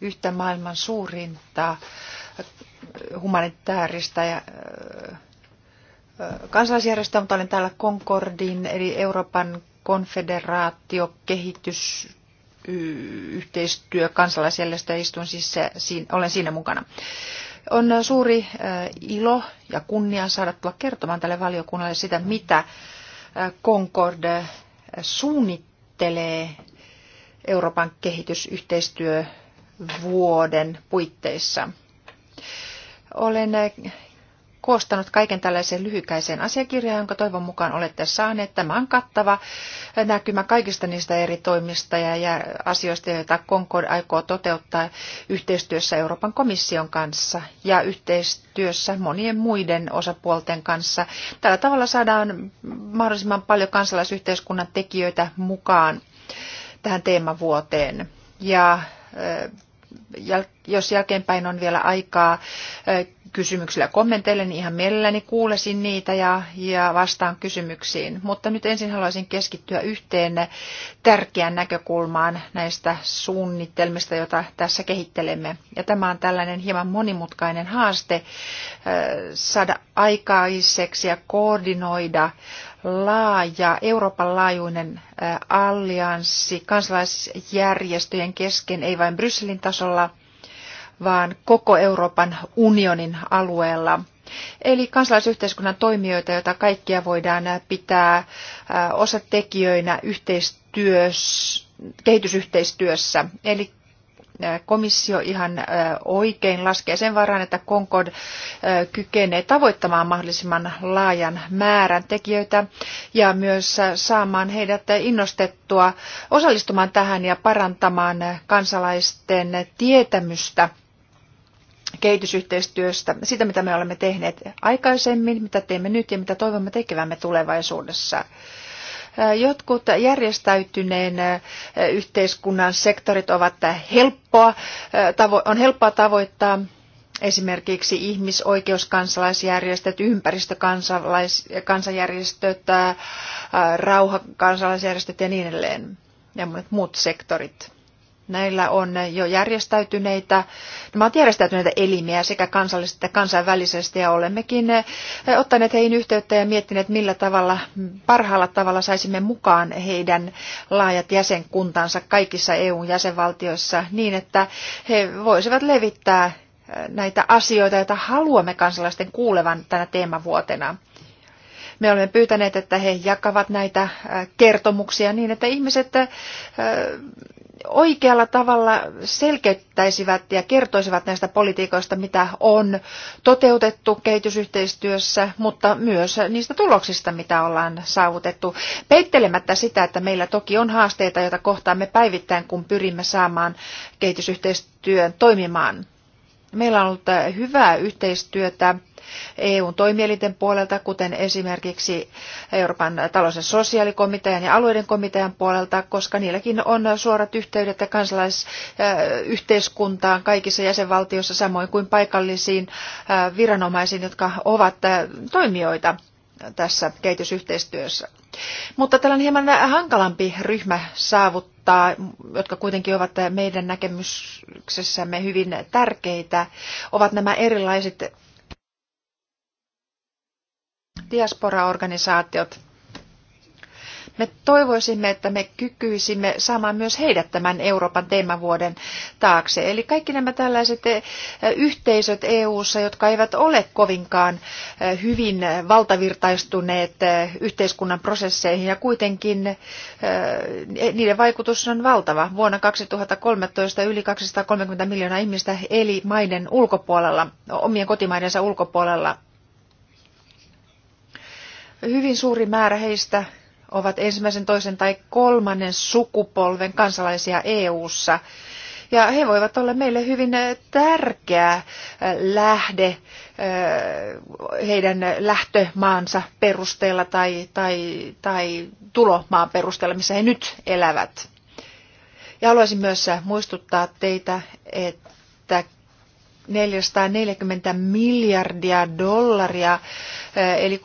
yhtä maailman suurinta äh, humanitaarista ja äh, kansalaisjärjestöä, mutta olen täällä Concordin eli Euroopan konfederaatio kehitys yhteistyö kansalaisjärjestö ja istun siis se, siinä, olen siinä mukana. On suuri äh, ilo ja kunnia saada tulla kertomaan tälle valiokunnalle sitä, mitä äh, Concord äh, suunnittelee Euroopan kehitysyhteistyövuoden puitteissa. Olen koostanut kaiken tällaisen lyhykäisen asiakirjan, jonka toivon mukaan olette saaneet. Tämä on kattava näkymä kaikista niistä eri toimista ja asioista, joita Concord aikoo toteuttaa yhteistyössä Euroopan komission kanssa ja yhteistyössä monien muiden osapuolten kanssa. Tällä tavalla saadaan mahdollisimman paljon kansalaisyhteiskunnan tekijöitä mukaan tähän teemavuoteen. Ja jos jälkeenpäin on vielä aikaa kysymyksillä ja kommenteille, niin ihan mielelläni kuulesin niitä ja, ja vastaan kysymyksiin. Mutta nyt ensin haluaisin keskittyä yhteen tärkeään näkökulmaan näistä suunnitelmista, joita tässä kehittelemme. Ja tämä on tällainen hieman monimutkainen haaste saada aikaiseksi ja koordinoida laaja Euroopan laajuinen allianssi kansalaisjärjestöjen kesken, ei vain Brysselin tasolla, vaan koko Euroopan unionin alueella. Eli kansalaisyhteiskunnan toimijoita, joita kaikkia voidaan pitää osatekijöinä yhteistyössä, kehitysyhteistyössä. Eli komissio ihan oikein laskee sen varaan, että Concord kykenee tavoittamaan mahdollisimman laajan määrän tekijöitä ja myös saamaan heidät innostettua osallistumaan tähän ja parantamaan kansalaisten tietämystä kehitysyhteistyöstä, sitä mitä me olemme tehneet aikaisemmin, mitä teemme nyt ja mitä toivomme tekevämme tulevaisuudessa. Jotkut järjestäytyneen yhteiskunnan sektorit ovat helppoa, on helppoa tavoittaa esimerkiksi ihmisoikeuskansalaisjärjestöt, ympäristökansalaisjärjestöt, rauhakansalaisjärjestöt ja niin edelleen ja monet muut sektorit. Näillä on jo järjestäytyneitä, nämä ovat järjestäytyneitä elimiä sekä kansallisesti että kansainvälisesti ja olemmekin eh, ottaneet heihin yhteyttä ja miettineet, millä tavalla parhaalla tavalla saisimme mukaan heidän laajat jäsenkuntansa kaikissa EU-jäsenvaltioissa niin, että he voisivat levittää eh, näitä asioita, joita haluamme kansalaisten kuulevan tänä teemavuotena. Me olemme pyytäneet, että he jakavat näitä eh, kertomuksia niin, että ihmiset oikealla tavalla selkeyttäisivät ja kertoisivat näistä politiikoista, mitä on toteutettu kehitysyhteistyössä, mutta myös niistä tuloksista, mitä ollaan saavutettu. Peittelemättä sitä, että meillä toki on haasteita, joita kohtaamme päivittäin, kun pyrimme saamaan kehitysyhteistyön toimimaan. Meillä on ollut hyvää yhteistyötä EUn toimielinten puolelta, kuten esimerkiksi Euroopan talous- ja sosiaalikomitean ja alueiden komitean puolelta, koska niilläkin on suorat yhteydet kansalaisyhteiskuntaan kaikissa jäsenvaltioissa samoin kuin paikallisiin viranomaisiin, jotka ovat toimijoita tässä kehitysyhteistyössä. Mutta tällainen hieman hankalampi ryhmä saavuttaa, jotka kuitenkin ovat meidän näkemyksessämme hyvin tärkeitä, ovat nämä erilaiset diasporaorganisaatiot. Me toivoisimme, että me kykyisimme saamaan myös heidät tämän Euroopan teemavuoden taakse. Eli kaikki nämä tällaiset eh, yhteisöt EU:ssa, jotka eivät ole kovinkaan eh, hyvin valtavirtaistuneet eh, yhteiskunnan prosesseihin ja kuitenkin niiden vaikutus on valtava. Vuonna 2013 yli 230 miljoonaa ihmistä eli maiden ulkopuolella, omien kotimaidensa ulkopuolella Hyvin suuri määrä heistä ovat ensimmäisen, toisen tai kolmannen sukupolven kansalaisia EU:ssa. Ja he voivat olla meille hyvin tärkeä lähde heidän lähtömaansa perusteella tai, tai, tai tulomaan perusteella, missä he nyt elävät. Ja haluaisin myös muistuttaa teitä, että 440 miljardia dollaria, eh, eli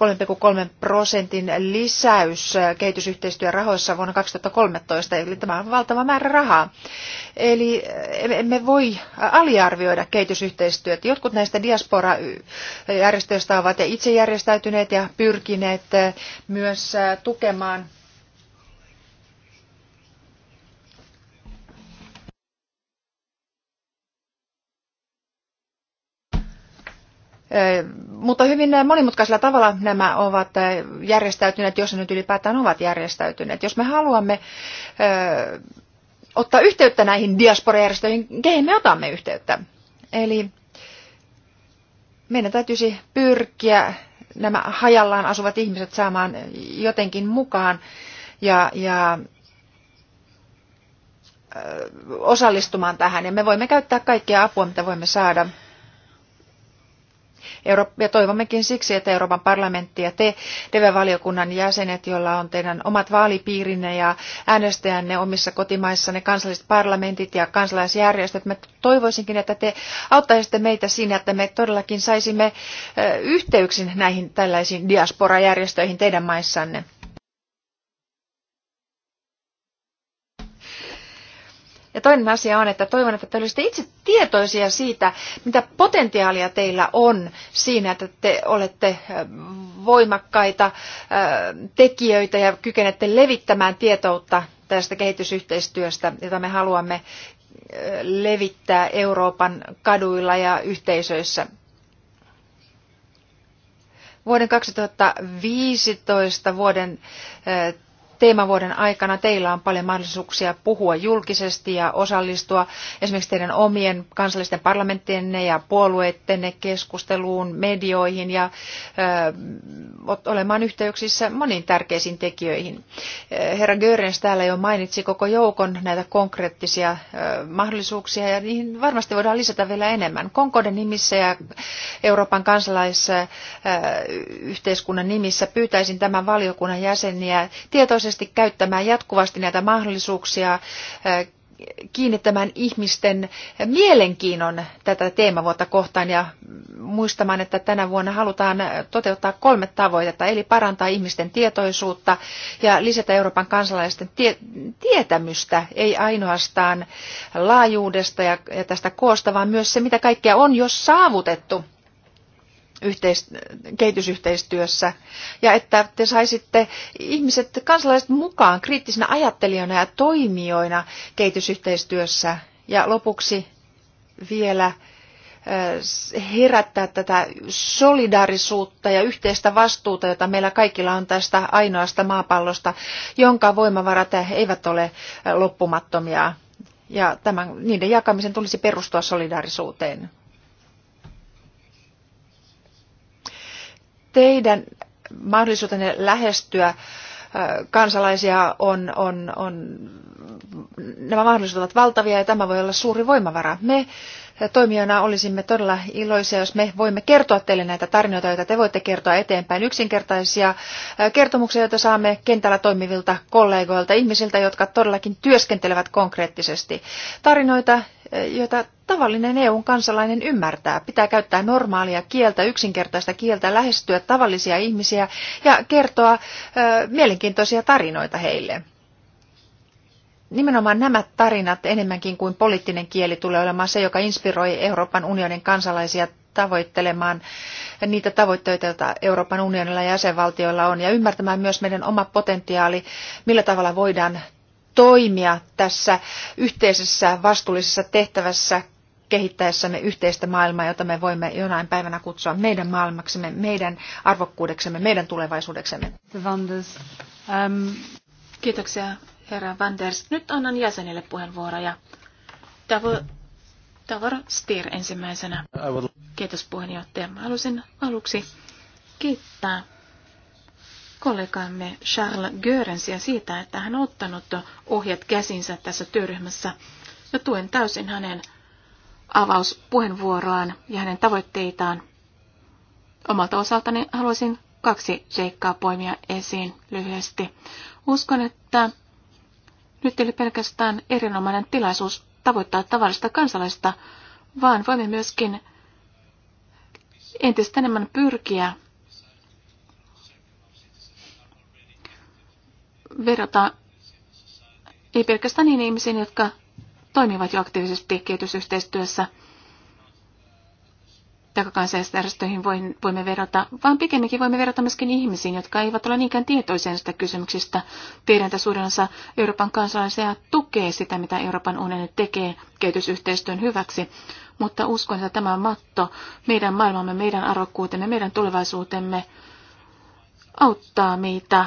3,3 prosentin lisäys eh, kehitysyhteistyörahoissa vuonna 2013, eli tämä on valtava määrä rahaa. Eli eh, emme voi aliarvioida kehitysyhteistyötä. Jotkut näistä diaspora-järjestöistä ovat itse järjestäytyneet ja pyrkineet myös tukemaan Mutta hyvin monimutkaisella tavalla nämä ovat järjestäytyneet, jos ne nyt ylipäätään ovat järjestäytyneet. Jos me haluamme ottaa yhteyttä näihin diasporajärjestöihin, keihin me otamme yhteyttä. Eli meidän täytyisi pyrkiä nämä hajallaan asuvat ihmiset saamaan jotenkin mukaan ja, ja osallistumaan tähän. Ja me voimme käyttää kaikkea apua, mitä voimme saada ja toivommekin siksi, että Euroopan parlamentti ja te, TV-valiokunnan jäsenet, joilla on teidän omat vaalipiirinne ja äänestäjänne omissa kotimaissanne, kansalliset parlamentit ja kansalaisjärjestöt, mä toivoisinkin, että te auttaisitte meitä siinä, että me todellakin saisimme yhteyksin näihin tällaisiin diasporajärjestöihin teidän maissanne. Ja toinen asia on, että toivon, että te olisitte itse tietoisia siitä, mitä potentiaalia teillä on siinä, että te olette voimakkaita tekijöitä ja kykenette levittämään tietoutta tästä kehitysyhteistyöstä, jota me haluamme levittää Euroopan kaduilla ja yhteisöissä. Vuoden 2015 vuoden teemavuoden aikana teillä on paljon mahdollisuuksia puhua julkisesti ja osallistua esimerkiksi teidän omien kansallisten parlamenttienne ja puolueittenne keskusteluun, medioihin ja ö, olemaan yhteyksissä moniin tärkeisiin tekijöihin. Herra Görens täällä jo mainitsi koko joukon näitä konkreettisia ö, mahdollisuuksia ja niihin varmasti voidaan lisätä vielä enemmän. Konkoden nimissä ja Euroopan kansalaisyhteiskunnan nimissä pyytäisin tämän valiokunnan jäseniä tietoisesti aktiivisesti käyttämään jatkuvasti näitä mahdollisuuksia äh, kiinnittämään ihmisten mielenkiinnon tätä teemavuotta kohtaan ja muistamaan, että tänä vuonna halutaan toteuttaa kolme tavoitetta, eli parantaa ihmisten tietoisuutta ja lisätä Euroopan kansalaisten tie- tietämystä, ei ainoastaan laajuudesta ja, ja tästä koosta, vaan myös se, mitä kaikkea on jo saavutettu yhteist- kehitysyhteistyössä ja että te saisitte ihmiset, kansalaiset mukaan kriittisinä ajattelijoina ja toimijoina kehitysyhteistyössä ja lopuksi vielä äh, herättää tätä solidaarisuutta ja yhteistä vastuuta, jota meillä kaikilla on tästä ainoasta maapallosta, jonka voimavarat eivät ole äh, loppumattomia. Ja tämän, niiden jakamisen tulisi perustua solidaarisuuteen. teidän mahdollisuutenne lähestyä kansalaisia on, on, on, nämä mahdollisuudet ovat valtavia ja tämä voi olla suuri voimavara. Me toimijana olisimme todella iloisia, jos me voimme kertoa teille näitä tarinoita, joita te voitte kertoa eteenpäin. Yksinkertaisia kertomuksia, joita saamme kentällä toimivilta kollegoilta, ihmisiltä, jotka todellakin työskentelevät konkreettisesti. Tarinoita, joita tavallinen EU-kansalainen ymmärtää. Pitää käyttää normaalia kieltä, yksinkertaista kieltä, lähestyä tavallisia ihmisiä ja kertoa ö, mielenkiintoisia tarinoita heille nimenomaan nämä tarinat enemmänkin kuin poliittinen kieli tulee olemaan se, joka inspiroi Euroopan unionin kansalaisia tavoittelemaan niitä tavoitteita, joita Euroopan unionilla ja jäsenvaltioilla on, ja ymmärtämään myös meidän oma potentiaali, millä tavalla voidaan toimia tässä yhteisessä vastuullisessa tehtävässä kehittäessämme yhteistä maailmaa, jota me voimme jonain päivänä kutsua meidän maailmaksemme, meidän arvokkuudeksemme, meidän tulevaisuudeksemme. Um, Kiitoksia herra Vanders. Nyt annan jäsenille puheenvuoroja. Tavo, Tavor Stier ensimmäisenä. Kiitos puheenjohtaja. Mä haluaisin aluksi kiittää kollegamme Charles Görensiä siitä, että hän on ottanut ohjat käsinsä tässä työryhmässä ja tuen täysin hänen avauspuheenvuoroaan ja hänen tavoitteitaan. Omalta osaltani haluaisin kaksi seikkaa poimia esiin lyhyesti. Uskon, että nyt oli pelkästään erinomainen tilaisuus tavoittaa tavallista kansalaista, vaan voimme myöskin entistä enemmän pyrkiä verrata ei pelkästään niin ihmisiin, jotka toimivat jo aktiivisesti kehitysyhteistyössä, tai kansalaisjärjestöihin voimme verrata, vaan pikemminkin voimme verrata myöskin ihmisiin, jotka eivät ole niinkään tietoisia näistä kysymyksistä. Tiedän, että suurin osa Euroopan kansalaisia tukee sitä, mitä Euroopan unioni tekee kehitysyhteistyön hyväksi, mutta uskon, että tämä matto meidän maailmamme, meidän arvokkuutemme, meidän tulevaisuutemme auttaa meitä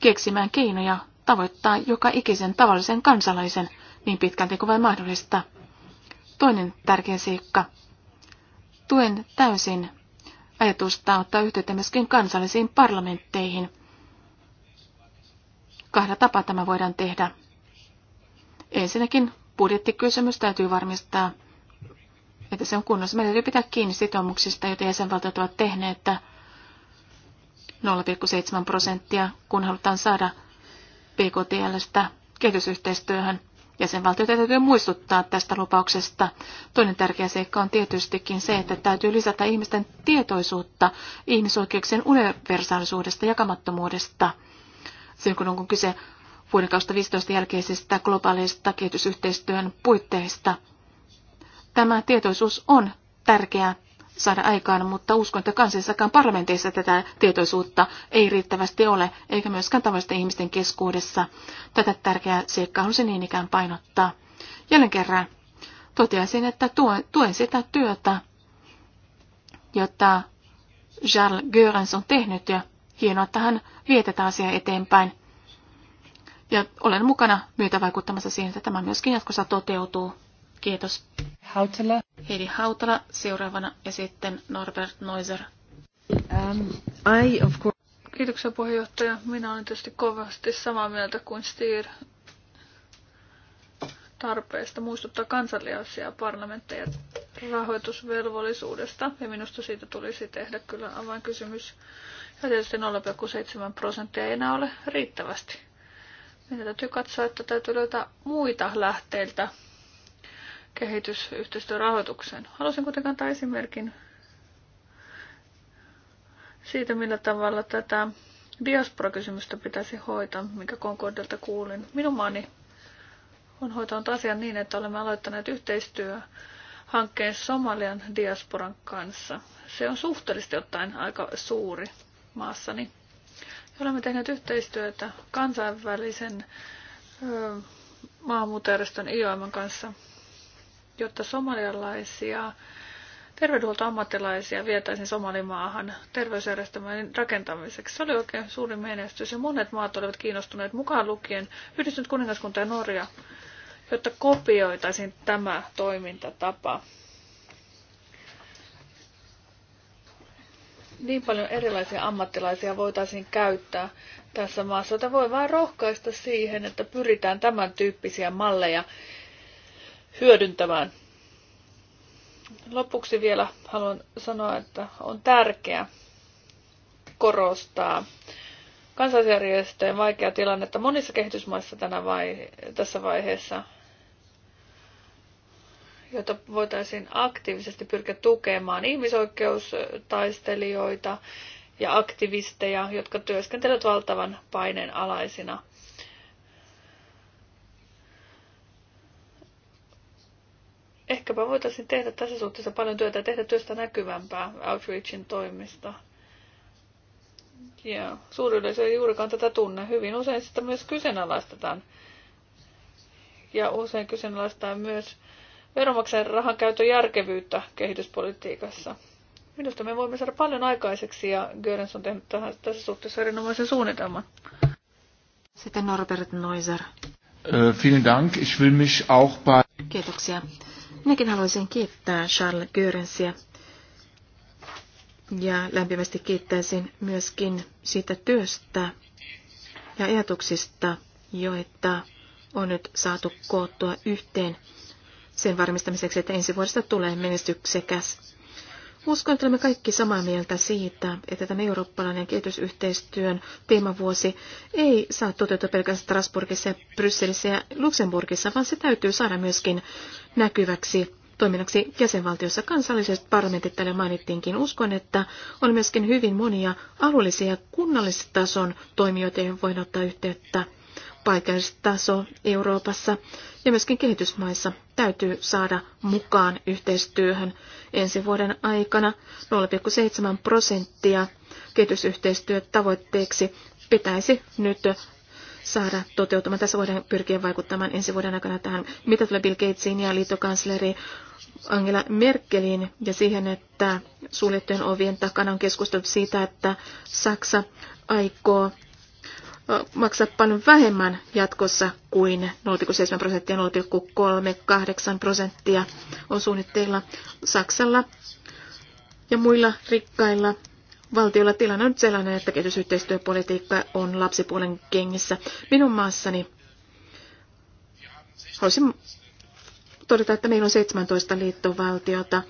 keksimään keinoja tavoittaa joka ikisen tavallisen kansalaisen niin pitkälti kuin vain mahdollista. Toinen tärkeä seikka – Tuen täysin ajatusta ottaa yhteyttä myöskin kansallisiin parlamentteihin. Kahda tapaa tämä voidaan tehdä. Ensinnäkin budjettikysymys täytyy varmistaa, että se on kunnossa. Meidän täytyy pitää kiinni sitoumuksista, joita jäsenvaltiot ovat tehneet, että 0,7 prosenttia, kun halutaan saada PKTLstä kehitysyhteistyöhön – Jäsenvaltioita täytyy muistuttaa tästä lupauksesta. Toinen tärkeä seikka on tietystikin se, että täytyy lisätä ihmisten tietoisuutta ihmisoikeuksien universaalisuudesta jakamattomuudesta. Silloin kun on kyse vuoden 2015 jälkeisistä globaaleista kehitysyhteistyön puitteista. Tämä tietoisuus on tärkeä saada aikaan, mutta uskon, että kansallisissakaan parlamenteissa tätä tietoisuutta ei riittävästi ole, eikä myöskään tavallisten ihmisten keskuudessa. Tätä tärkeää seikkaa on se niin ikään painottaa. Jälleen kerran toteaisin, että tuen sitä työtä, jota Charles Görans on tehnyt ja hienoa, että hän vietetään asiaa eteenpäin. Ja olen mukana myötävaikuttamassa siihen, että tämä myöskin jatkossa toteutuu. Kiitos. Hautala. Heidi Hautala seuraavana ja sitten Norbert Neuser. Um, I of course... Kiitoksia puheenjohtaja. Minä olen tietysti kovasti samaa mieltä kuin Stier tarpeesta muistuttaa kansallisia parlamentteja rahoitusvelvollisuudesta. Ja minusta siitä tulisi tehdä kyllä avainkysymys. Ja tietysti 0,7 prosenttia ei enää ole riittävästi. Meidän täytyy katsoa, että täytyy löytää muita lähteiltä kehitysyhteistyörahoitukseen. Haluaisin kuitenkin antaa esimerkin siitä, millä tavalla tätä diaspora-kysymystä pitäisi hoitaa, mikä Concordelta kuulin. Minun maani on hoitanut asian niin, että olemme aloittaneet hankkeen Somalian diasporan kanssa. Se on suhteellisesti ottaen aika suuri maassani. Ja olemme tehneet yhteistyötä kansainvälisen maahanmuuttajärjestön IOM kanssa jotta somalialaisia terveydenhuoltoammattilaisia vietäisiin Somalimaahan terveysjärjestelmän rakentamiseksi. Se oli oikein suuri menestys ja monet maat olivat kiinnostuneet mukaan lukien Yhdistynyt kuningaskunta ja Norja, jotta kopioitaisiin tämä toimintatapa. Niin paljon erilaisia ammattilaisia voitaisiin käyttää tässä maassa, että voi vain rohkaista siihen, että pyritään tämän tyyppisiä malleja hyödyntämään. Lopuksi vielä haluan sanoa, että on tärkeää korostaa kansalaisjärjestöjen vaikea tilannetta monissa kehitysmaissa tänä vai- tässä vaiheessa, jotta voitaisiin aktiivisesti pyrkiä tukemaan ihmisoikeustaistelijoita ja aktivisteja, jotka työskentelevät valtavan paineen alaisina ehkäpä voitaisiin tehdä tässä suhteessa paljon työtä ja tehdä työstä näkyvämpää outreachin toimista. Ja suuri yleisö ei juurikaan tätä tunne. Hyvin usein sitä myös kyseenalaistetaan. Ja usein kyseenalaistetaan myös veronmaksajan rahan käytön järkevyyttä kehityspolitiikassa. Minusta me voimme saada paljon aikaiseksi ja Görens on tehnyt tähän, tässä suhteessa erinomaisen suunnitelman. Sitten Norbert Neuser. Äh, vielen Dank. Ich will mich auch bei... Kiitoksia. Minäkin haluaisin kiittää Charles Görensiä ja lämpimästi kiittäisin myöskin siitä työstä ja ajatuksista, joita on nyt saatu koottua yhteen sen varmistamiseksi, että ensi vuodesta tulee menestyksekäs. Uskon, että olemme kaikki samaa mieltä siitä, että tämä eurooppalainen kehitysyhteistyön teemavuosi ei saa toteutua pelkästään Strasbourgissa, Brysselissä ja Luxemburgissa, vaan se täytyy saada myöskin näkyväksi toiminnaksi jäsenvaltiossa kansalliset parlamentit täällä mainittiinkin. Uskon, että on myöskin hyvin monia alueellisia ja tason toimijoita, joihin voi ottaa yhteyttä. Paikallistaso Euroopassa ja myöskin kehitysmaissa täytyy saada mukaan yhteistyöhön ensi vuoden aikana 0,7 prosenttia kehitysyhteistyötavoitteeksi pitäisi nyt saada toteutumaan. Tässä voidaan pyrkiä vaikuttamaan ensi vuoden aikana tähän, mitä tulee Bill Gatesiin ja liittokansleri Angela Merkelin ja siihen, että suljettujen ovien takana on keskusteltu siitä, että Saksa aikoo maksaa paljon vähemmän jatkossa kuin 0,7 prosenttia, 0,38 prosenttia on suunnitteilla Saksalla ja muilla rikkailla valtiolla tilanne on nyt sellainen, että kehitysyhteistyöpolitiikka on lapsipuolen kengissä. Minun maassani haluaisin todeta, että meillä on 17 liittovaltiota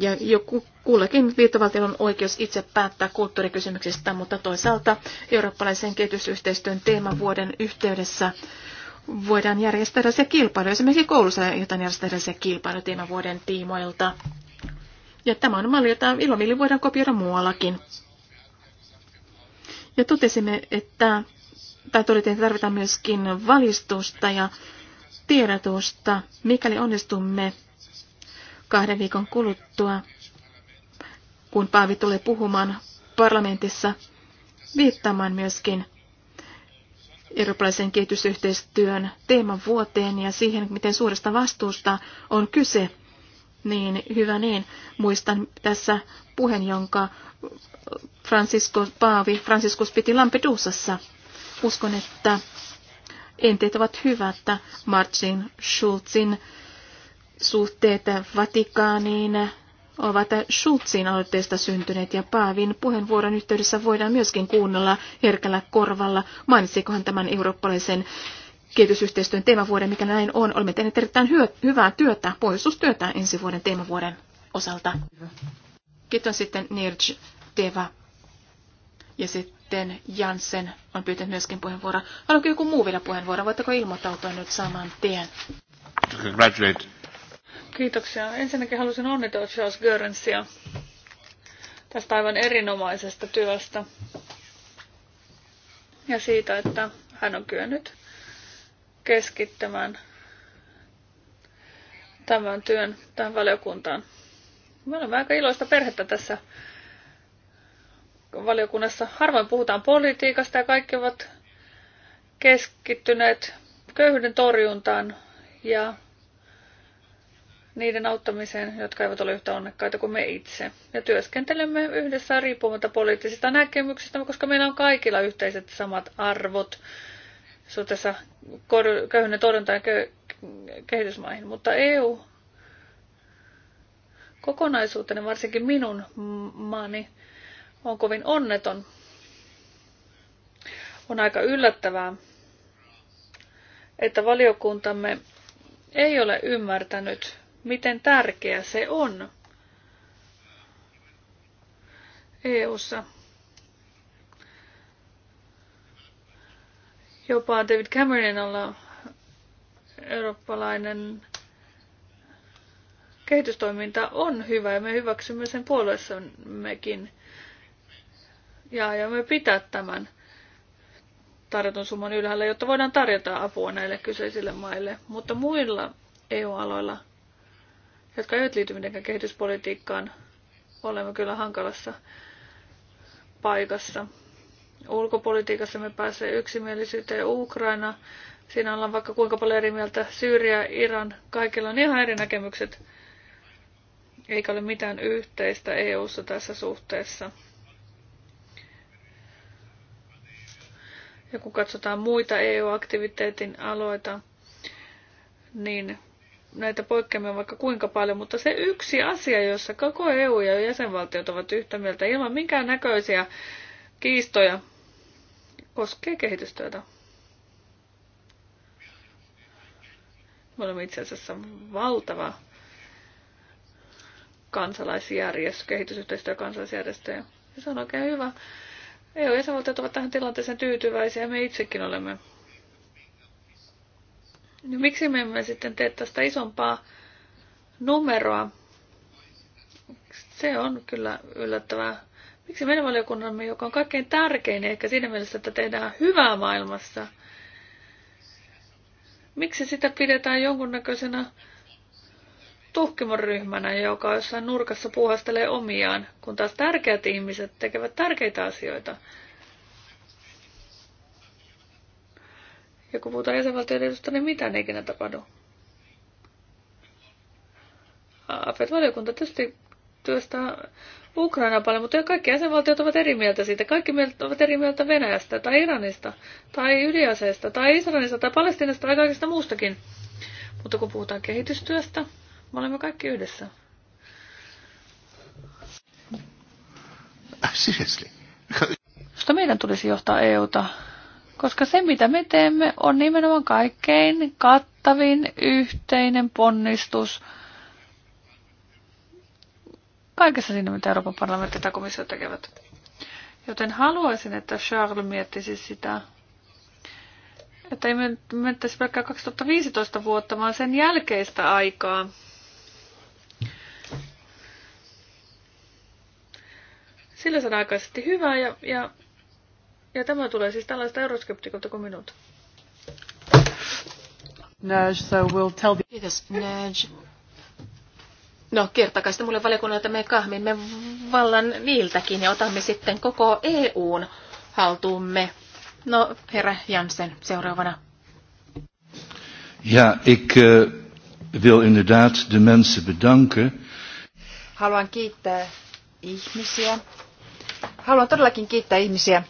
ja joku kullakin liittovaltiolla on oikeus itse päättää kulttuurikysymyksistä, mutta toisaalta eurooppalaisen kehitysyhteistyön teemavuoden yhteydessä voidaan järjestää se kilpailu, Esimerkiksi koulussa jotain järjestää se kilpailu teemavuoden tiimoilta. Ja tämä on malli, jota ilomieli voidaan kopioida muuallakin. Ja totesimme, että tai todettiin, että tarvitaan myöskin valistusta ja tiedotusta, mikäli onnistumme kahden viikon kuluttua, kun Paavi tulee puhumaan parlamentissa, viittaamaan myöskin eurooppalaisen kehitysyhteistyön teeman vuoteen ja siihen, miten suuresta vastuusta on kyse, niin hyvä niin. Muistan tässä puheen, jonka Francisco Paavi Franciscus piti Lampedusassa. Uskon, että enteet ovat hyvät, että Martin Schulzin suhteet Vatikaaniin ovat Schulzin aloitteesta syntyneet ja Paavin puheenvuoron yhteydessä voidaan myöskin kuunnella herkällä korvalla. Mainitsikohan tämän eurooppalaisen kehitysyhteistyön teemavuoden, mikä näin on. Olemme tehneet erittäin hyö- hyvää työtä, puolustustyötä ensi vuoden teemavuoden osalta. Kiitos sitten Nirj Deva. Ja sitten Jansen on pyytänyt myöskin puheenvuoroa. Haluatko joku muu vielä puheenvuoro? Voitteko ilmoittautua nyt saman tien? To congratulate Kiitoksia. Ensinnäkin halusin onnitella Charles Görensia tästä aivan erinomaisesta työstä ja siitä, että hän on kyennyt keskittämään tämän työn tähän valiokuntaan. Me olemme aika iloista perhettä tässä valiokunnassa. Harvoin puhutaan politiikasta ja kaikki ovat keskittyneet köyhyyden torjuntaan ja niiden auttamiseen, jotka eivät ole yhtä onnekkaita kuin me itse. Ja työskentelemme yhdessä riippumatta poliittisista näkemyksistä, koska meillä on kaikilla yhteiset samat arvot suhteessa köyhyyden torjuntaan ja kehitysmaihin. Mutta EU kokonaisuutena, varsinkin minun maani, on kovin onneton. On aika yllättävää, että valiokuntamme ei ole ymmärtänyt miten tärkeä se on EU:ssa. Jopa David Cameronin alla eurooppalainen kehitystoiminta on hyvä ja me hyväksymme sen puolueessammekin ja aiomme pitää tämän tarjotun summan ylhäällä, jotta voidaan tarjota apua näille kyseisille maille. Mutta muilla EU-aloilla jotka eivät liity mitenkään kehityspolitiikkaan, olemme kyllä hankalassa paikassa. Ulkopolitiikassa me pääsee yksimielisyyteen Ukraina. Siinä ollaan vaikka kuinka paljon eri mieltä. Syyria, Iran, kaikilla on ihan eri näkemykset. Eikä ole mitään yhteistä EU-ssa tässä suhteessa. Ja kun katsotaan muita EU-aktiviteetin aloita, niin näitä poikkeamia vaikka kuinka paljon, mutta se yksi asia, jossa koko EU ja jäsenvaltiot ovat yhtä mieltä ilman minkään näköisiä kiistoja, koskee kehitystyötä. Me olemme itse asiassa valtava kansalaisjärjestö, kehitysyhteistyö kansalaisjärjestö. Ja se on oikein hyvä. EU-jäsenvaltiot ovat tähän tilanteeseen tyytyväisiä, me itsekin olemme. Niin miksi me emme sitten tee tästä isompaa numeroa? Se on kyllä yllättävää. Miksi meidän valiokunnamme, joka on kaikkein tärkein, ehkä siinä mielessä, että tehdään hyvää maailmassa, miksi sitä pidetään jonkunnäköisenä tuhkimoryhmänä, joka jossain nurkassa puuhastelee omiaan, kun taas tärkeät ihmiset tekevät tärkeitä asioita. Ja kun puhutaan jäsenvaltioiden edusta, niin mitään ikinä tapahdu. AFET-valiokunta tietysti työstää Ukrainaa paljon, mutta kaikki jäsenvaltiot ovat eri mieltä siitä. Kaikki ovat eri mieltä Venäjästä tai Iranista tai ydinaseesta tai Israelista tai Palestinasta tai kaikista muustakin. Mutta kun puhutaan kehitystyöstä, me olemme kaikki yhdessä. Seriously? Mutta meidän tulisi johtaa EUta koska se mitä me teemme on nimenomaan kaikkein kattavin yhteinen ponnistus kaikessa siinä, mitä Euroopan parlamentti tai komissio tekevät. Joten haluaisin, että Charles miettisi sitä, että ei mentäisi pelkkää 2015 vuotta, vaan sen jälkeistä aikaa. Sillä se on aikaisesti hyvä ja, ja ja tämä tulee siis tällaista euroskeptikolta kuin minut. Nudge, so we'll tell the... Kiitos, Nudge. No, kertakaa sitten mulle valiokunnan, että me kahmimme vallan niiltäkin ja otamme sitten koko EUn haltuumme. No, herra Jansen, seuraavana. Ja, ik uh, wil inderdaad de mensen bedanken. Haluan kiittää ihmisiä. Haluan todellakin kiittää ihmisiä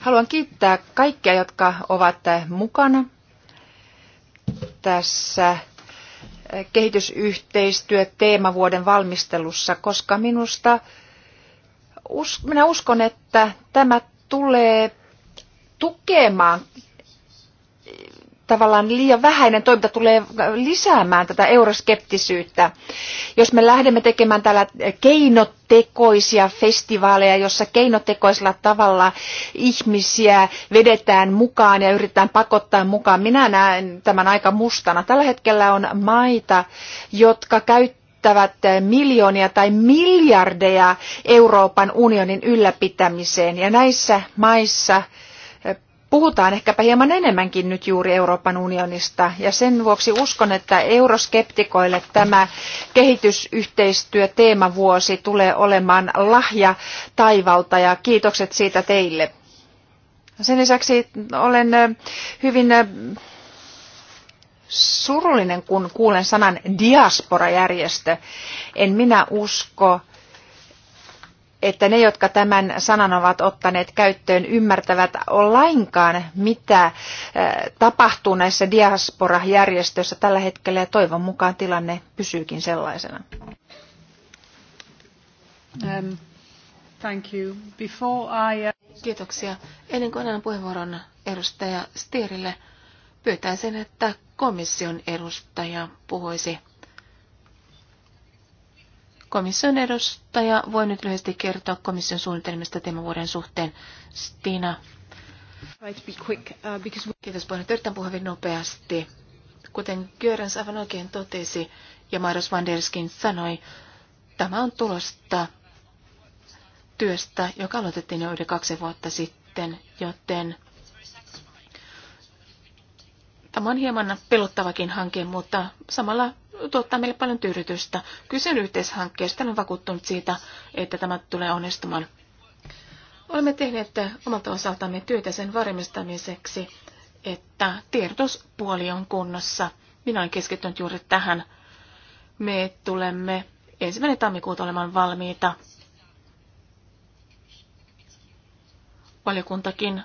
Haluan kiittää kaikkia, jotka ovat mukana tässä kehitysyhteistyö teemavuoden valmistelussa, koska minusta minä uskon, että tämä tulee tukemaan tavallaan liian vähäinen toiminta tulee lisäämään tätä euroskeptisyyttä. Jos me lähdemme tekemään täällä keinotekoisia festivaaleja, jossa keinotekoisella tavalla ihmisiä vedetään mukaan ja yritetään pakottaa mukaan, minä näen tämän aika mustana. Tällä hetkellä on maita, jotka käyttävät käyttävät miljoonia tai miljardeja Euroopan unionin ylläpitämiseen. Ja näissä maissa puhutaan ehkäpä hieman enemmänkin nyt juuri Euroopan unionista ja sen vuoksi uskon, että euroskeptikoille tämä kehitysyhteistyö teemavuosi tulee olemaan lahja taivalta ja kiitokset siitä teille. Sen lisäksi olen hyvin surullinen, kun kuulen sanan diasporajärjestö. En minä usko, että ne, jotka tämän sanan ovat ottaneet käyttöön, ymmärtävät lainkaan, mitä äh, tapahtuu näissä diaspora-järjestöissä tällä hetkellä, ja toivon mukaan tilanne pysyykin sellaisena. Um, thank you. Before I... Uh, Kiitoksia. Ennen kuin annan puheenvuoron edustaja Stierille, pyytäisin, että komission edustaja puhuisi Komission edustaja voi nyt lyhyesti kertoa komission suunnitelmista tämän vuoden suhteen. Stina. Uh, Kiitos puheenjohtaja. Yritän puhua hyvin nopeasti. Kuten Görans aivan oikein totesi ja Maros Vanderskin sanoi, tämä on tulosta työstä, joka aloitettiin jo yli kaksi vuotta sitten, joten tämä on hieman pelottavakin hanke, mutta samalla tuottaa meille paljon tyydytystä. Kyse on yhteishankkeesta, olen vakuuttunut siitä, että tämä tulee onnistumaan. Olemme tehneet omalta osaltamme työtä sen varmistamiseksi, että tiedotuspuoli on kunnossa. Minä olen keskittynyt juuri tähän. Me tulemme ensimmäinen tammikuuta olemaan valmiita. Valiokuntakin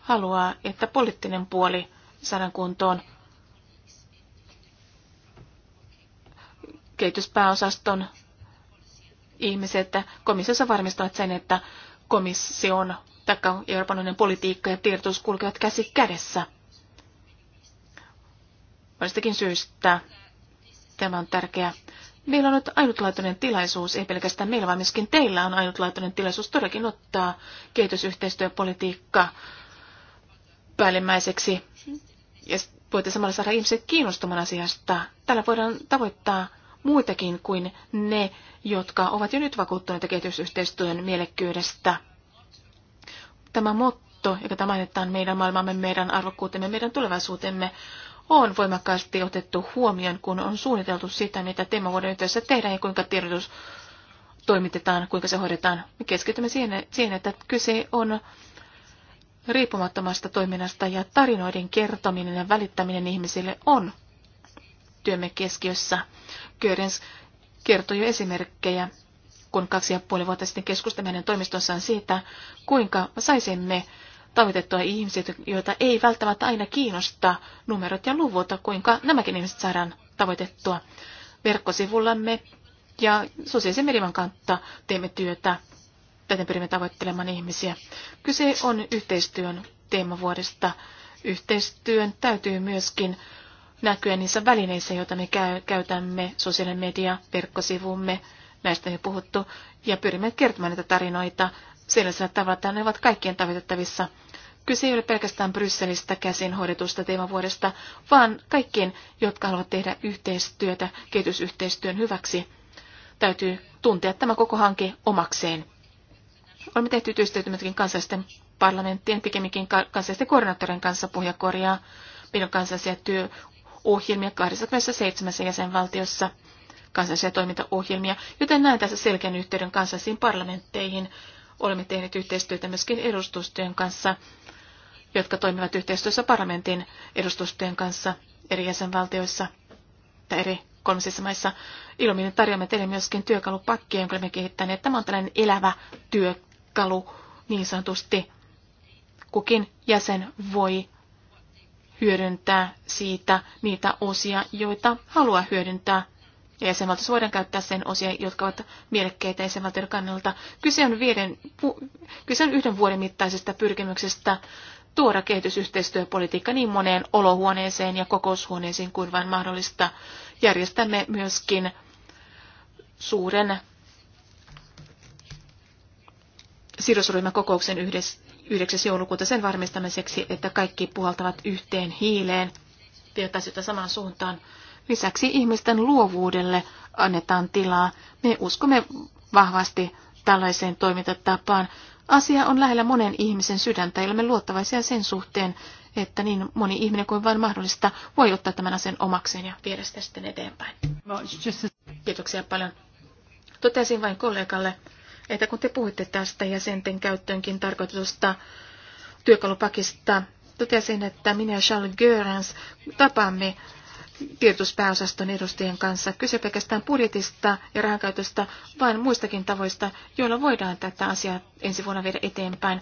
haluaa, että poliittinen puoli saadaan kuntoon kehityspääosaston ihmiset komissiossa varmistavat sen, että komission tai Euroopan unionin politiikka ja tiedotus kulkevat käsi kädessä. Monestakin syystä tämä on tärkeää. Meillä on nyt ainutlaatuinen tilaisuus, ei pelkästään meillä, vaan myöskin teillä on ainutlaatuinen tilaisuus todellakin ottaa kehitysyhteistyöpolitiikka päällimmäiseksi. Ja voitte samalla saada ihmiset kiinnostumaan asiasta. Tällä voidaan tavoittaa muitakin kuin ne, jotka ovat jo nyt vakuuttuneita kehitysyhteistyön mielekkyydestä. Tämä motto, joka tämä mainitaan meidän maailmamme, meidän arvokkuutemme, meidän tulevaisuutemme, on voimakkaasti otettu huomioon, kun on suunniteltu sitä, mitä teema vuoden yhteydessä tehdään ja kuinka tiedotus toimitetaan, kuinka se hoidetaan. Me keskitymme siihen, siihen että kyse on riippumattomasta toiminnasta ja tarinoiden kertominen ja välittäminen ihmisille on työmme keskiössä. Görens kertoi jo esimerkkejä, kun kaksi ja puoli vuotta sitten keskustelimme hänen toimistossaan siitä, kuinka saisimme tavoitettua ihmisiä, joita ei välttämättä aina kiinnosta numerot ja luvut, kuinka nämäkin ihmiset saadaan tavoitettua. Verkkosivullamme ja sosiaalisen median kautta teemme työtä. Täten pyrimme tavoittelemaan ihmisiä. Kyse on yhteistyön teemavuodesta. Yhteistyön täytyy myöskin näkyä niissä välineissä, joita me käytämme, sosiaalinen media, verkkosivumme, näistä on jo puhuttu, ja pyrimme kertomaan näitä tarinoita sellaisella tavalla, että ne ovat kaikkien tavoitettavissa. Kyse ei ole pelkästään Brysselistä käsin hoidetusta teemavuodesta, vaan kaikkien, jotka haluavat tehdä yhteistyötä kehitysyhteistyön hyväksi, täytyy tuntea tämä koko hanke omakseen. Olemme tehty yhteistyötäkin kansallisten parlamenttien, pikemminkin kansallisten koordinaattorien kanssa pohjakorjaa, meidän kansallisia työ, ohjelmia 27 jäsenvaltiossa, kansallisia toimintaohjelmia, joten näen tässä selkeän yhteyden kansallisiin parlamentteihin. Olemme tehneet yhteistyötä myöskin edustustojen kanssa, jotka toimivat yhteistyössä parlamentin edustustojen kanssa eri jäsenvaltioissa tai eri kolmisissa maissa. Ilominen tarjoamme teille myöskin työkalupakkia, jonka olemme kehittäneet. Tämä on tällainen elävä työkalu niin sanotusti. Kukin jäsen voi hyödyntää siitä niitä osia, joita haluaa hyödyntää. Ja jäsenvaltiossa voidaan käyttää sen osia, jotka ovat mielekkäitä jäsenvaltion kannalta. Kyse on, viiden, kyse on yhden vuoden mittaisesta pyrkimyksestä tuoda kehitysyhteistyöpolitiikka niin moneen olohuoneeseen ja kokoushuoneeseen kuin vain mahdollista. Järjestämme myöskin suuren sidosryhmäkokouksen yhdessä 9. joulukuuta sen varmistamiseksi, että kaikki puhaltavat yhteen hiileen, vietäisyyttä samaan suuntaan. Lisäksi ihmisten luovuudelle annetaan tilaa. Me uskomme vahvasti tällaiseen toimintatapaan. Asia on lähellä monen ihmisen sydäntä ja olemme luottavaisia sen suhteen, että niin moni ihminen kuin vain mahdollista voi ottaa tämän asian omakseen ja viedä sitä sitten eteenpäin. Kiitoksia paljon. Totesin vain kollegalle, että kun te puhuitte tästä jäsenten käyttöönkin tarkoitusta työkalupakista, totesin, että minä ja Charles Görans tapaamme tiedotuspääosaston edustajien kanssa. Kyse pelkästään budjetista ja rahankäytöstä, vaan muistakin tavoista, joilla voidaan tätä asiaa ensi vuonna viedä eteenpäin.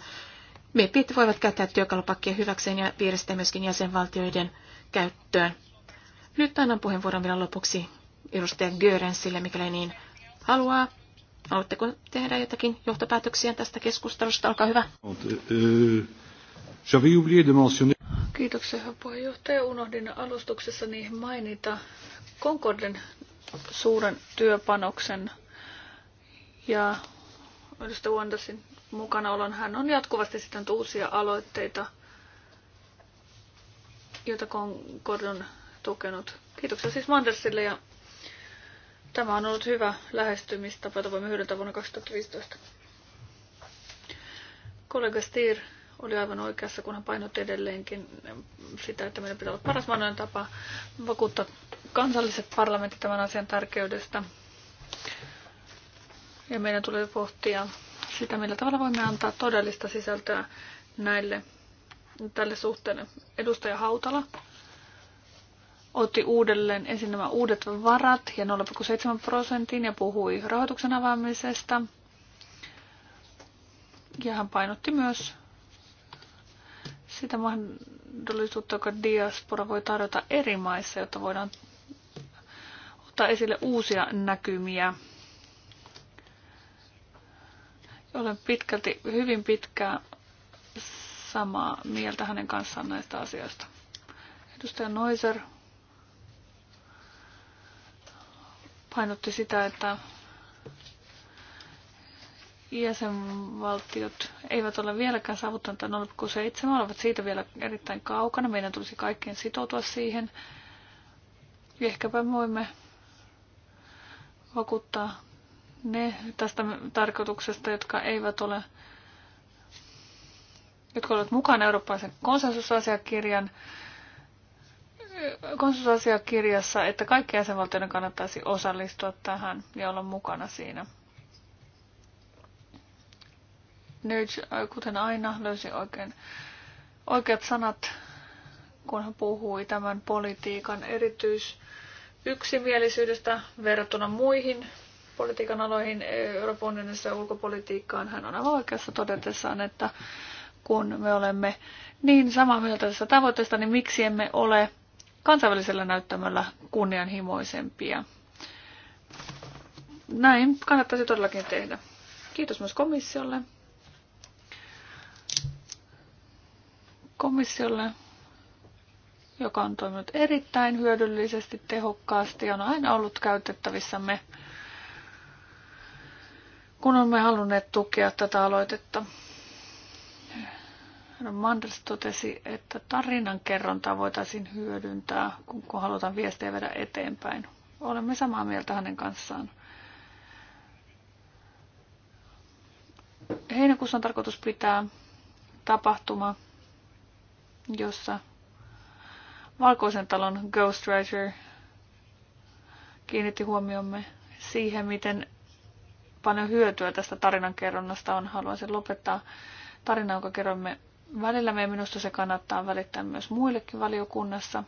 MEPit voivat käyttää työkalupakkia hyväkseen ja viedä myöskin jäsenvaltioiden käyttöön. Nyt annan puheenvuoron vielä lopuksi edustaja Görensille, mikäli niin haluaa. Haluatteko tehdä jotakin johtopäätöksiä tästä keskustelusta? Olkaa hyvä. Kiitoksia, puheenjohtaja. Unohdin alustuksessani mainita Concorden suuren työpanoksen ja edustaja Wandasin mukanaolon. Hän on jatkuvasti sitten uusia aloitteita, joita Concord on tukenut. Kiitoksia siis Wandersille ja Tämä on ollut hyvä lähestymistapa, jota voimme hyödyntää vuonna 2015. Kollega Stier oli aivan oikeassa, kun hän painotti edelleenkin sitä, että meidän pitää olla paras mahdollinen tapa vakuuttaa kansalliset parlamentit tämän asian tärkeydestä. Ja meidän tulee pohtia sitä, millä tavalla voimme antaa todellista sisältöä näille tälle suhteelle. Edustaja Hautala otti uudelleen esiin nämä uudet varat ja 0,7 prosentin ja puhui rahoituksen avaamisesta. Ja hän painotti myös sitä mahdollisuutta, joka diaspora voi tarjota eri maissa, jotta voidaan ottaa esille uusia näkymiä. Olen pitkälti, hyvin pitkään samaa mieltä hänen kanssaan näistä asioista. Edustaja Noiser. painotti sitä, että jäsenvaltiot eivät ole vieläkään saavuttaneet 0,7, ovat siitä vielä erittäin kaukana. Meidän tulisi kaikkien sitoutua siihen. Ja ehkäpä voimme vakuuttaa ne tästä tarkoituksesta, jotka eivät ole jotka ovat mukana eurooppalaisen konsensusasiakirjan konsultaatiokirjassa, että kaikki jäsenvaltioiden kannattaisi osallistua tähän ja olla mukana siinä. Nyt, kuten aina, löysi oikein oikeat sanat, kun hän puhui tämän politiikan erityis yksimielisyydestä verrattuna muihin politiikan aloihin Euroopan unionissa ja ulkopolitiikkaan. Hän on aivan oikeassa todetessaan, että kun me olemme niin samaa mieltä tässä tavoitteesta, niin miksi emme ole kansainvälisellä näyttämällä kunnianhimoisempia. Näin kannattaisi todellakin tehdä. Kiitos myös komissiolle. Komissiolle, joka on toiminut erittäin hyödyllisesti, tehokkaasti ja on aina ollut käytettävissämme, kun olemme halunneet tukea tätä aloitetta. No Manders totesi, että tarinan kerrontaa voitaisiin hyödyntää, kun, halutaan viestejä viedä eteenpäin. Olemme samaa mieltä hänen kanssaan. Heinäkuussa on tarkoitus pitää tapahtuma, jossa Valkoisen talon Ghostwriter kiinnitti huomiomme siihen, miten paljon hyötyä tästä tarinankerronnasta on. Haluaisin lopettaa tarinan, jonka kerromme Välillä me minusta se kannattaa välittää myös muillekin valiokunnassa.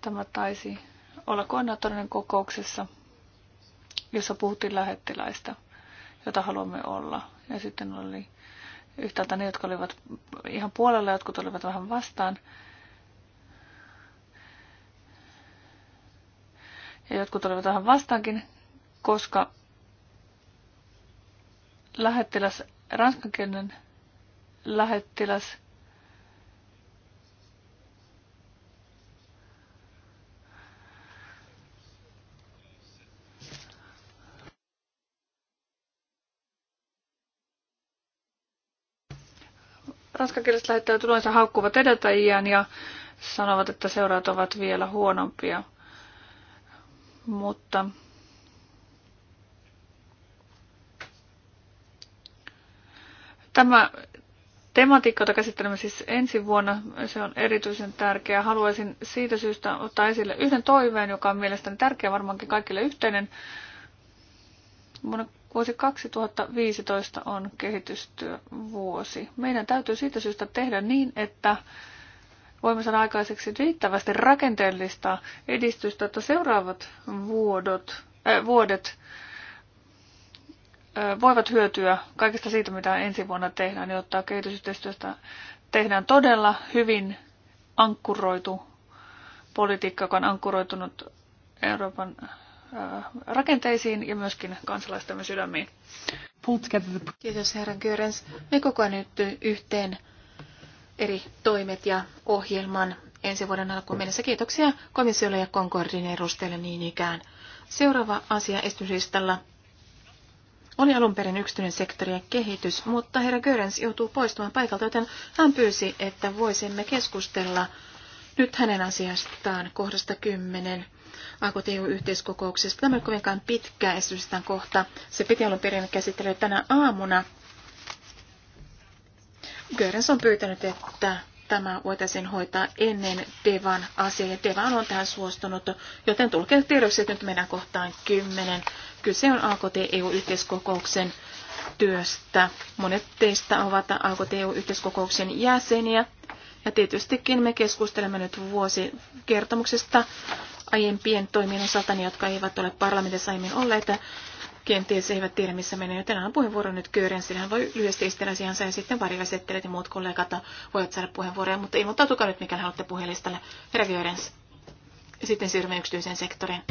Tämä taisi olla koordinaattorinen kokouksessa, jossa puhuttiin lähettiläistä, jota haluamme olla. Ja sitten oli yhtäältä ne, jotka olivat ihan puolella, jotkut olivat vähän vastaan. Ja jotkut olivat vähän vastaankin, koska lähettiläs ranskankielinen lähettiläs. Ranskakieliset lähettäjät yleensä haukkuvat edeltäjiään ja sanovat, että seuraat ovat vielä huonompia. Mutta tämä Tematiikka, jota käsittelemme siis ensi vuonna, se on erityisen tärkeä. Haluaisin siitä syystä ottaa esille yhden toiveen, joka on mielestäni tärkeä varmaankin kaikille yhteinen. Vuonna Vuosi 2015 on kehitystyövuosi. Meidän täytyy siitä syystä tehdä niin, että voimme saada aikaiseksi riittävästi rakenteellista edistystä, että seuraavat vuodot, äh, vuodet voivat hyötyä kaikesta siitä, mitä ensi vuonna tehdään, jotta niin kehitysyhteistyöstä tehdään todella hyvin ankkuroitu politiikka, joka on ankkuroitunut Euroopan rakenteisiin ja myöskin kansalaistemme sydämiin. Kiitos herran Görens. Me koko ajan nyt yhteen eri toimet ja ohjelman ensi vuoden alkuun mennessä. Kiitoksia komissiolle ja Concordin edustajille niin ikään. Seuraava asia esityslistalla oli alun perin yksityinen sektori ja kehitys, mutta herra Görens joutuu poistumaan paikalta, joten hän pyysi, että voisimme keskustella nyt hänen asiastaan kohdasta 10 AKTU-yhteiskokouksesta. E tämä ei ole kovinkaan pitkä esitystään kohta. Se piti alun perin käsitellä tänä aamuna. Görens on pyytänyt, että tämä voitaisiin hoitaa ennen Devan asiaa. Devan on tähän suostunut, joten tulkee tiedoksi, että nyt mennään kohtaan 10. Kyse on AKT-EU-yhteiskokouksen työstä. Monet teistä ovat AKT-EU-yhteiskokouksen jäseniä. Ja tietystikin me keskustelemme nyt vuosikertomuksesta aiempien toimien osalta, ne, jotka eivät ole parlamentissa aiemmin olleet. Kenties eivät tiedä, missä menee, joten annan puheenvuoron nyt Köyren, sillä hän voi lyhyesti esitellä asiansa ja sitten varjoesittelijät ja muut kollegat voivat saada puheenvuoroja, mutta ilmoittautukaa nyt, mikä haluatte puhelistalle. Herra Köyrens. sitten siirrymme yksityiseen sektoriin.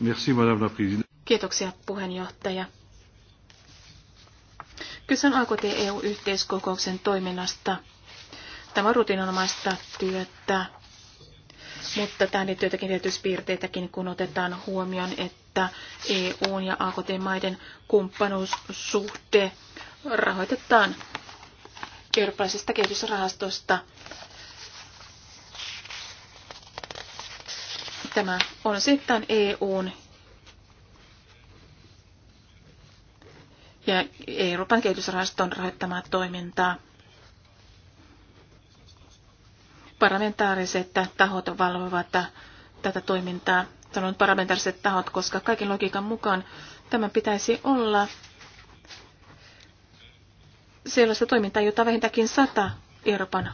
Merci, madame la Kiitoksia puheenjohtaja. Kyse on AKT-EU-yhteiskokouksen toiminnasta. Tämä on rutinomaista työtä, mutta tähän liittyy jotakin erityispiirteitäkin, kun otetaan huomioon, että EUn ja AKT-maiden kumppanuussuhde rahoitetaan eurooppalaisesta kehitysrahastosta. Tämä on sitten EUn ja Euroopan kehitysrahaston rahoittamaa toimintaa. Parlamentaariset tahot valvovat tätä toimintaa, sanon parlamentaariset tahot, koska kaiken logiikan mukaan tämä pitäisi olla sellaista toimintaa, jota vähintäänkin sata Euroopan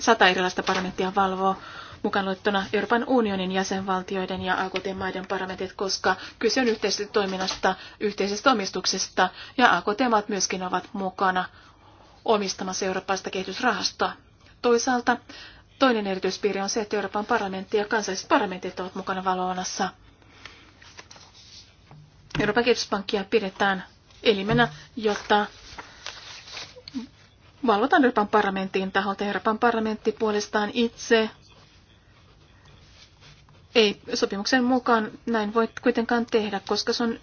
sata erilaista parlamenttia valvoo mukaan luettuna Euroopan unionin jäsenvaltioiden ja AKT-maiden parlamentit, koska kyse on yhteisestä toiminnasta, yhteisestä omistuksesta ja AKT-maat myöskin ovat mukana omistamassa eurooppalaista kehitysrahastoa. Toisaalta toinen erityispiiri on se, että Euroopan parlamentti ja kansalliset parlamentit ovat mukana valoonassa. Euroopan kehityspankkia pidetään elimenä, jotta valvotaan Euroopan parlamentin taholta. Euroopan parlamentti puolestaan itse ei sopimuksen mukaan näin voi kuitenkaan tehdä, koska se on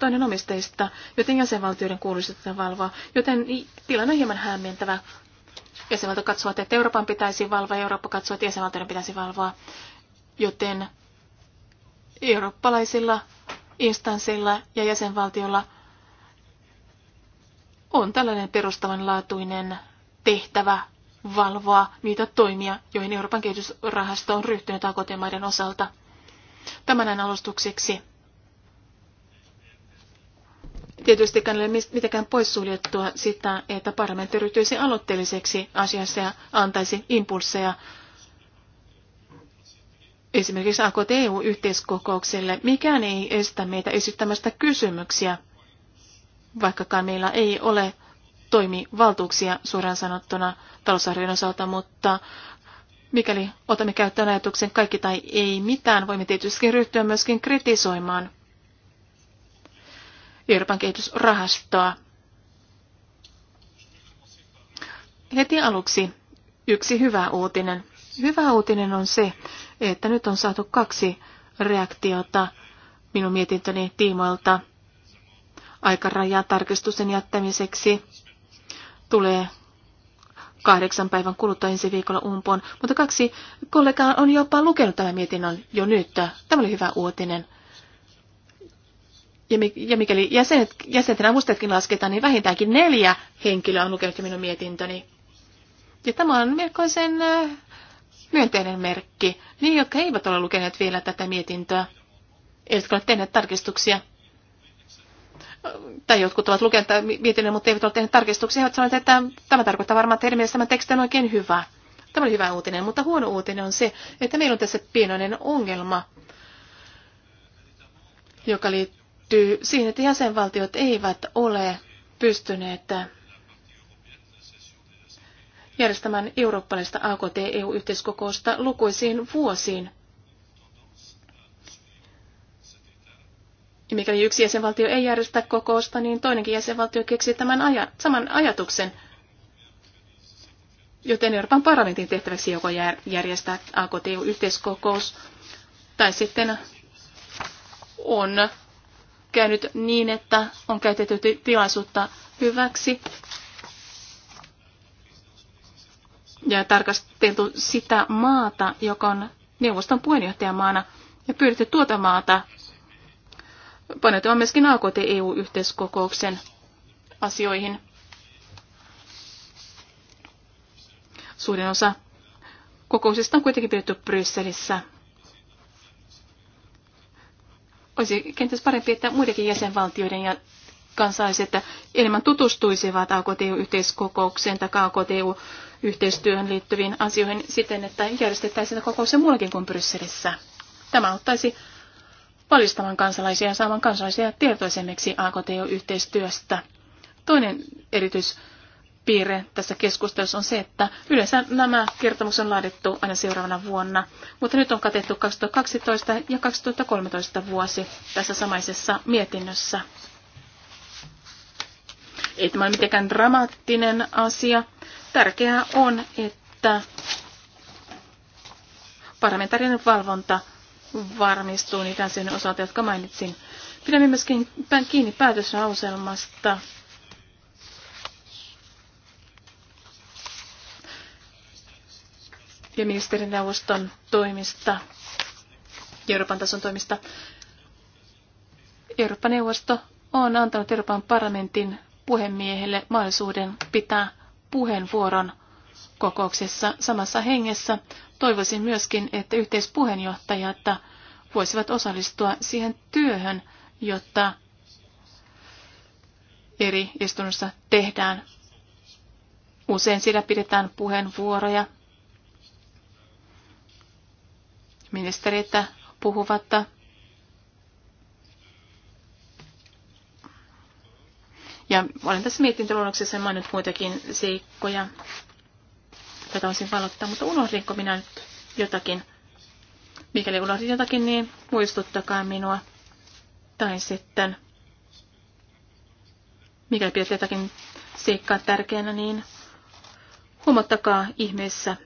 toinen omisteista, joten jäsenvaltioiden kuuluisi tätä valvoa, joten tilanne on hieman hämmentävä. Jäsenvaltio katsoo, että Euroopan pitäisi valvoa, Eurooppa katsoo, että jäsenvaltioiden pitäisi valvoa, joten eurooppalaisilla instanssilla ja jäsenvaltiolla on tällainen perustavanlaatuinen tehtävä valvoa niitä toimia, joihin Euroopan kehitysrahasto on ryhtynyt AKT-maiden osalta. Tämän näin alustukseksi. Tietysti ei ole mitenkään poissuljettua sitä, että parlamentti ryhtyisi aloitteelliseksi asiassa ja antaisi impulseja esimerkiksi AKT-EU-yhteiskokoukselle. Mikään ei estä meitä esittämästä kysymyksiä, vaikkakaan meillä ei ole toimivaltuuksia suoraan sanottuna talousarvion osalta, mutta mikäli otamme käyttöön ajatuksen kaikki tai ei mitään, voimme tietysti ryhtyä myöskin kritisoimaan Euroopan kehitysrahastoa. Heti aluksi yksi hyvä uutinen. Hyvä uutinen on se, että nyt on saatu kaksi reaktiota minun mietintöni tiimoilta aikarajan tarkistusten jättämiseksi tulee kahdeksan päivän kuluttua ensi viikolla umpoon, mutta kaksi kollegaa on jopa lukenut tämän mietinnön jo nyt. Tämä oli hyvä uutinen. Ja mikäli jäsenet, jäsenten avustajatkin lasketaan, niin vähintäänkin neljä henkilöä on lukenut minun mietintöni. Ja tämä on melkoisen myönteinen merkki. Niin, jotka eivät ole lukeneet vielä tätä mietintöä, eivätkä ole tehneet tarkistuksia, tai jotkut ovat lukeneet mietinnön, mutta eivät ole tehneet tarkistuksia, he ovat sanoneet, että tämä tarkoittaa varmaan, että heidän tämä teksti on oikein hyvä. Tämä oli hyvä uutinen, mutta huono uutinen on se, että meillä on tässä pienoinen ongelma, joka liittyy siihen, että jäsenvaltiot eivät ole pystyneet järjestämään eurooppalaista AKT-EU-yhteiskokousta lukuisiin vuosiin. Ja mikäli yksi jäsenvaltio ei järjestä kokousta, niin toinenkin jäsenvaltio keksii tämän aja, saman ajatuksen, joten Euroopan parlamentin tehtäväksi joko järjestää aktu yhteiskokous tai sitten on käynyt niin, että on käytetty tilaisuutta hyväksi ja tarkasteltu sitä maata, joka on neuvoston puheenjohtajamaana ja pyydetty tuota maata paneutumaan myöskin AKT-EU-yhteiskokouksen asioihin. Suurin osa kokousista on kuitenkin pidetty Brysselissä. Olisi kenties parempi, että muidenkin jäsenvaltioiden ja kansalaiset enemmän tutustuisivat AKTU-yhteiskokoukseen e tai AKTU-yhteistyöhön e liittyviin asioihin siten, että järjestettäisiin kokouksia muuallakin kuin Brysselissä. Tämä auttaisi valistamaan kansalaisia ja saamaan kansalaisia tietoisemmiksi AKTO-yhteistyöstä. Toinen erityis piirre tässä keskustelussa on se, että yleensä nämä kertomukset on laadittu aina seuraavana vuonna, mutta nyt on katettu 2012 ja 2013 vuosi tässä samaisessa mietinnössä. Ei tämä ole mitenkään dramaattinen asia. Tärkeää on, että parlamentaarinen valvonta varmistuu niitä sen osalta, jotka mainitsin. Pidämme myöskin kiinni päätöslauselmasta. ja ministerineuvoston toimista, Euroopan tason toimista. Euroopan neuvosto on antanut Euroopan parlamentin puhemiehelle mahdollisuuden pitää puheenvuoron kokouksessa samassa hengessä. Toivoisin myöskin, että yhteispuheenjohtajat voisivat osallistua siihen työhön, jotta eri istunnossa tehdään. Usein sillä pidetään puheenvuoroja. Ministeriitä puhuvat Ja olen tässä mietintöluonnoksessa maininnut muitakin seikkoja, tätä osin valottaa, mutta unohdinko minä nyt jotakin? Mikäli unohdin jotakin, niin muistuttakaa minua. Tai sitten, mikäli pidät jotakin seikkaa tärkeänä, niin huomattakaa ihmeessä.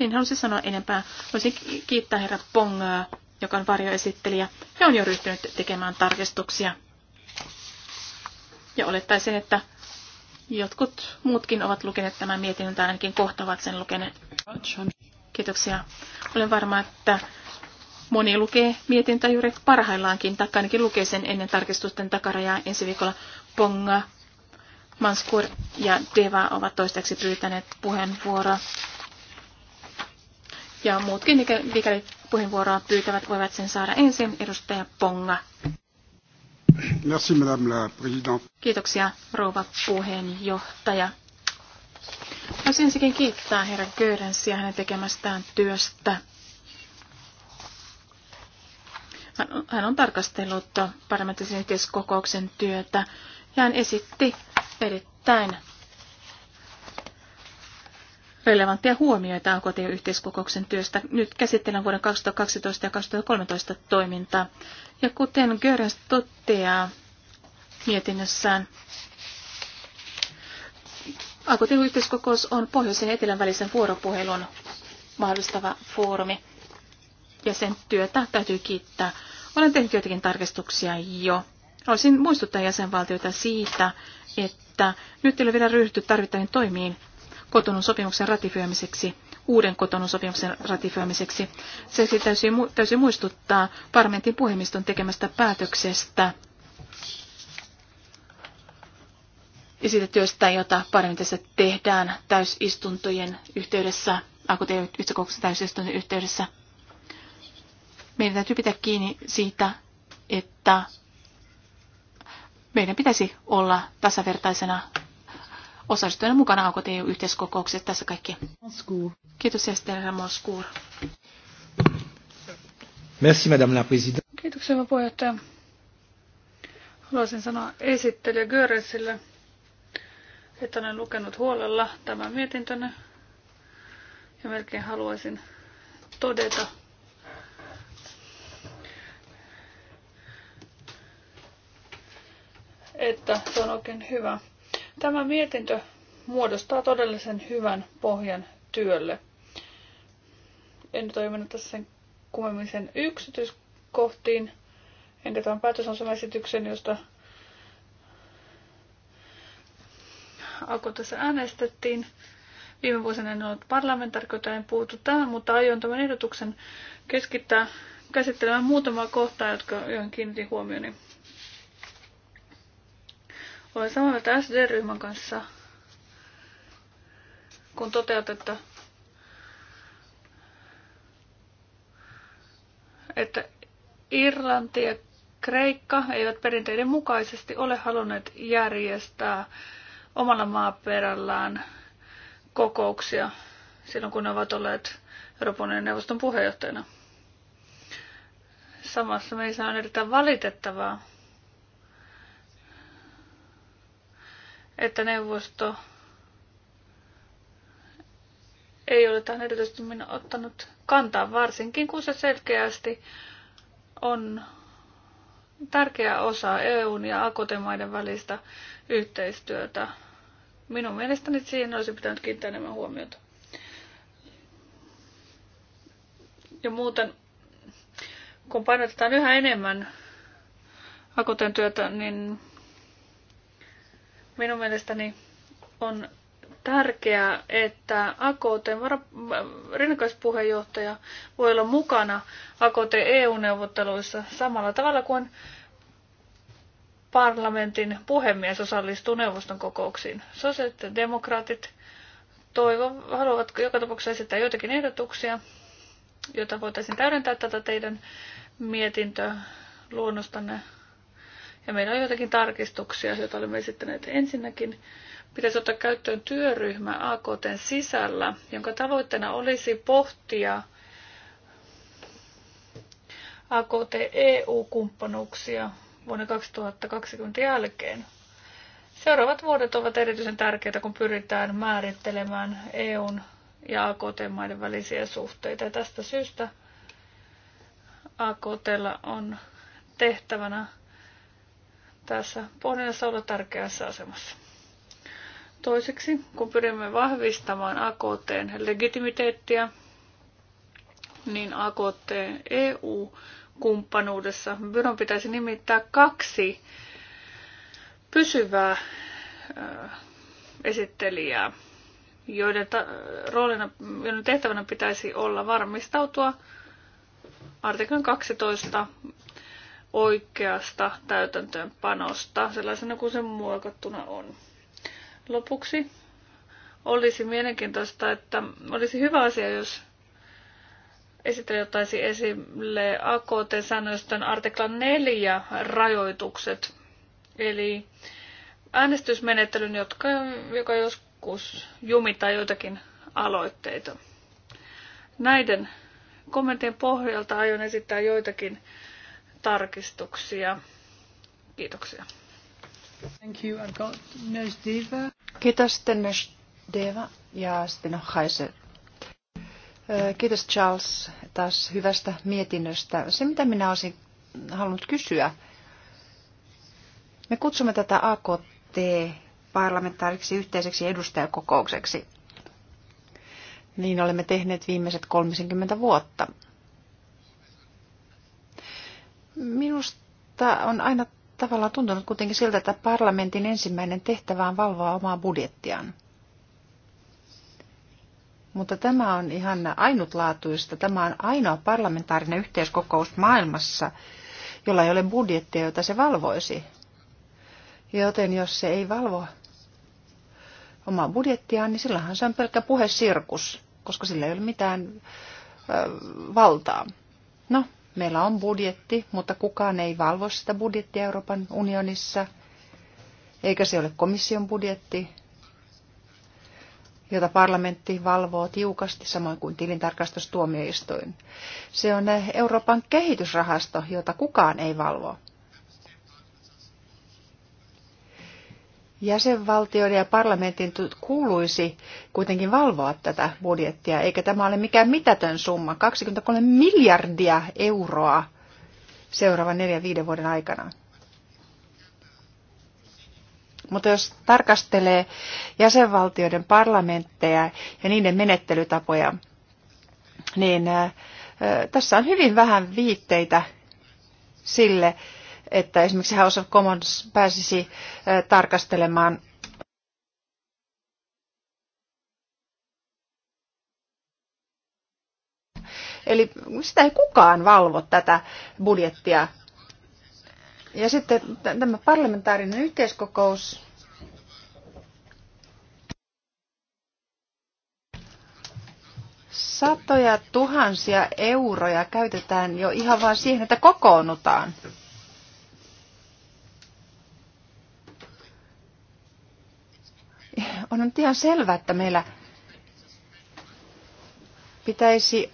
En halusi sanoa enempää. Voisin kiittää herra Pongaa, joka on varjoesittelijä He on jo ryhtynyt tekemään tarkistuksia. Ja olettaisin, että Jotkut muutkin ovat lukeneet tämän mietinnön, tai ainakin kohta ovat sen lukeneet. Kiitoksia. Olen varma, että moni lukee mietintä juuri parhaillaankin, tai ainakin lukee sen ennen tarkistusten takarajaa ensi viikolla. Ponga, Manskur ja Deva ovat toistaiseksi pyytäneet puheenvuoroa. Ja muutkin, mikäli puheenvuoroa pyytävät, voivat sen saada ensin. Edustaja Ponga. Merci, madame la présidente. Kiitoksia, rouva puheenjohtaja. Haluaisin ensinnäkin kiittää herra Görensiä hänen tekemästään työstä. Hän on tarkastellut parlamentin yhteiskokouksen työtä ja hän esitti erittäin relevantteja huomioita AKT-yhteiskokouksen työstä. Nyt käsitellään vuoden 2012 ja 2013 toimintaa. Ja kuten Görans toteaa mietinnössään, AKT-yhteiskokous on pohjoisen ja etelän välisen vuoropuhelun mahdollistava foorumi. Ja sen työtä täytyy kiittää. Olen tehnyt joitakin tarkistuksia jo. Olisin muistuttaa jäsenvaltioita siitä, että nyt ei ole vielä ryhdytty tarvittaviin toimiin kotonun sopimuksen ratifioimiseksi, uuden kotonun sopimuksen ratifioimiseksi. Siksi täytyy, täysin muistuttaa parlamentin puhemiston tekemästä päätöksestä ja siitä työstä, jota parlamentissa tehdään täysistuntojen yhteydessä, AKT-yhtäkokouksen täysistuntojen yhteydessä. Meidän täytyy pitää kiinni siitä, että meidän pitäisi olla tasavertaisena osallistujana mukana AKT yhteiskokouksessa. Tässä kaikki. Kiitos Esther Moskuur. Merci, madame la présidente. Kiitoksia, mä puheenjohtaja. Haluaisin sanoa esittelijä Göresille, että olen lukenut huolella tämän mietintönä ja melkein haluaisin todeta, että se on oikein hyvä. Tämä mietintö muodostaa todellisen hyvän pohjan työlle. En nyt ole tässä sen kummemmin sen yksityiskohtiin, Entä tämän päätösosamaesityksen, josta alkoi tässä äänestettiin. Viime vuosina en ollut parlamentarkoita, en puutu tähän, mutta aion tämän ehdotuksen keskittää käsittelemään muutamaa kohtaa, jotka, joihin kiinnitin huomioni. Olen samaa mieltä SD-ryhmän kanssa, kun että, että Irlanti ja Kreikka eivät perinteiden mukaisesti ole halunneet järjestää omalla maaperällään kokouksia silloin, kun ne ovat olleet Euroopan neuvoston puheenjohtajana. Samassa meissä on erittäin valitettavaa, että neuvosto ei ole tähän erityisesti ottanut kantaa, varsinkin kun se selkeästi on tärkeä osa EUn ja akotemaiden välistä yhteistyötä. Minun mielestäni siihen olisi pitänyt kiinnittää enemmän huomiota. Ja muuten, kun painotetaan yhä enemmän akuten työtä, niin Minun mielestäni on tärkeää, että AKT rinnakkaispuheenjohtaja voi olla mukana AKT EU-neuvotteluissa samalla tavalla kuin parlamentin puhemies osallistuu neuvoston kokouksiin. Sosiaalidemokraatit toivo, haluavat joka tapauksessa esittää joitakin ehdotuksia, joita voitaisiin täydentää tätä teidän mietintöä luonnostanne ja meillä on joitakin tarkistuksia, joita olemme esittäneet ensinnäkin. Pitäisi ottaa käyttöön työryhmä AKTn sisällä, jonka tavoitteena olisi pohtia AKT-EU-kumppanuuksia vuonna 2020 jälkeen. Seuraavat vuodet ovat erityisen tärkeitä, kun pyritään määrittelemään EUn ja AKT-maiden välisiä suhteita. Ja tästä syystä AKTlla on tehtävänä tässä pohdinnassa olla tärkeässä asemassa. Toiseksi, kun pyrimme vahvistamaan AKTn legitimiteettiä, niin AKT EU-kumppanuudessa byron pitäisi nimittää kaksi pysyvää esittelijää, joiden, ta- roolina, joiden tehtävänä pitäisi olla varmistautua artiklan 12 oikeasta täytäntöönpanosta sellaisena kuin se muokattuna on. Lopuksi olisi mielenkiintoista, että olisi hyvä asia, jos esittelijä ottaisi esille AKT-säännöstön artiklan 4 rajoitukset, eli äänestysmenettelyn, jotka, joka joskus jumittaa joitakin aloitteita. Näiden kommenttien pohjalta aion esittää joitakin tarkistuksia. Kiitoksia. Thank you. I've got Nurse Deva. Kiitos Nurse Deva ja sitten Haise. Kiitos Charles taas hyvästä mietinnöstä. Se mitä minä olisin halunnut kysyä, me kutsumme tätä AKT parlamentaariksi yhteiseksi edustajakokoukseksi. Niin olemme tehneet viimeiset 30 vuotta. Minusta on aina tavallaan tuntunut kuitenkin siltä, että parlamentin ensimmäinen tehtävä on valvoa omaa budjettiaan. Mutta tämä on ihan ainutlaatuista. Tämä on ainoa parlamentaarinen yhteiskokous maailmassa, jolla ei ole budjettia, jota se valvoisi. Joten jos se ei valvo omaa budjettiaan, niin silloinhan se on pelkkä puhesirkus, koska sillä ei ole mitään ö, valtaa. No, Meillä on budjetti, mutta kukaan ei valvo sitä budjettia Euroopan unionissa, eikä se ole komission budjetti, jota parlamentti valvoo tiukasti, samoin kuin tilintarkastustuomioistuin. Se on Euroopan kehitysrahasto, jota kukaan ei valvo. jäsenvaltioiden ja parlamentin kuuluisi kuitenkin valvoa tätä budjettia, eikä tämä ole mikään mitätön summa, 23 miljardia euroa seuraavan neljän viiden vuoden aikana. Mutta jos tarkastelee jäsenvaltioiden parlamentteja ja niiden menettelytapoja, niin tässä on hyvin vähän viitteitä sille, että esimerkiksi House of Commons pääsisi tarkastelemaan Eli sitä ei kukaan valvo tätä budjettia. Ja sitten tämä parlamentaarinen yhteiskokous. Satoja tuhansia euroja käytetään jo ihan vain siihen, että kokoonnutaan. on nyt ihan selvää, että meillä pitäisi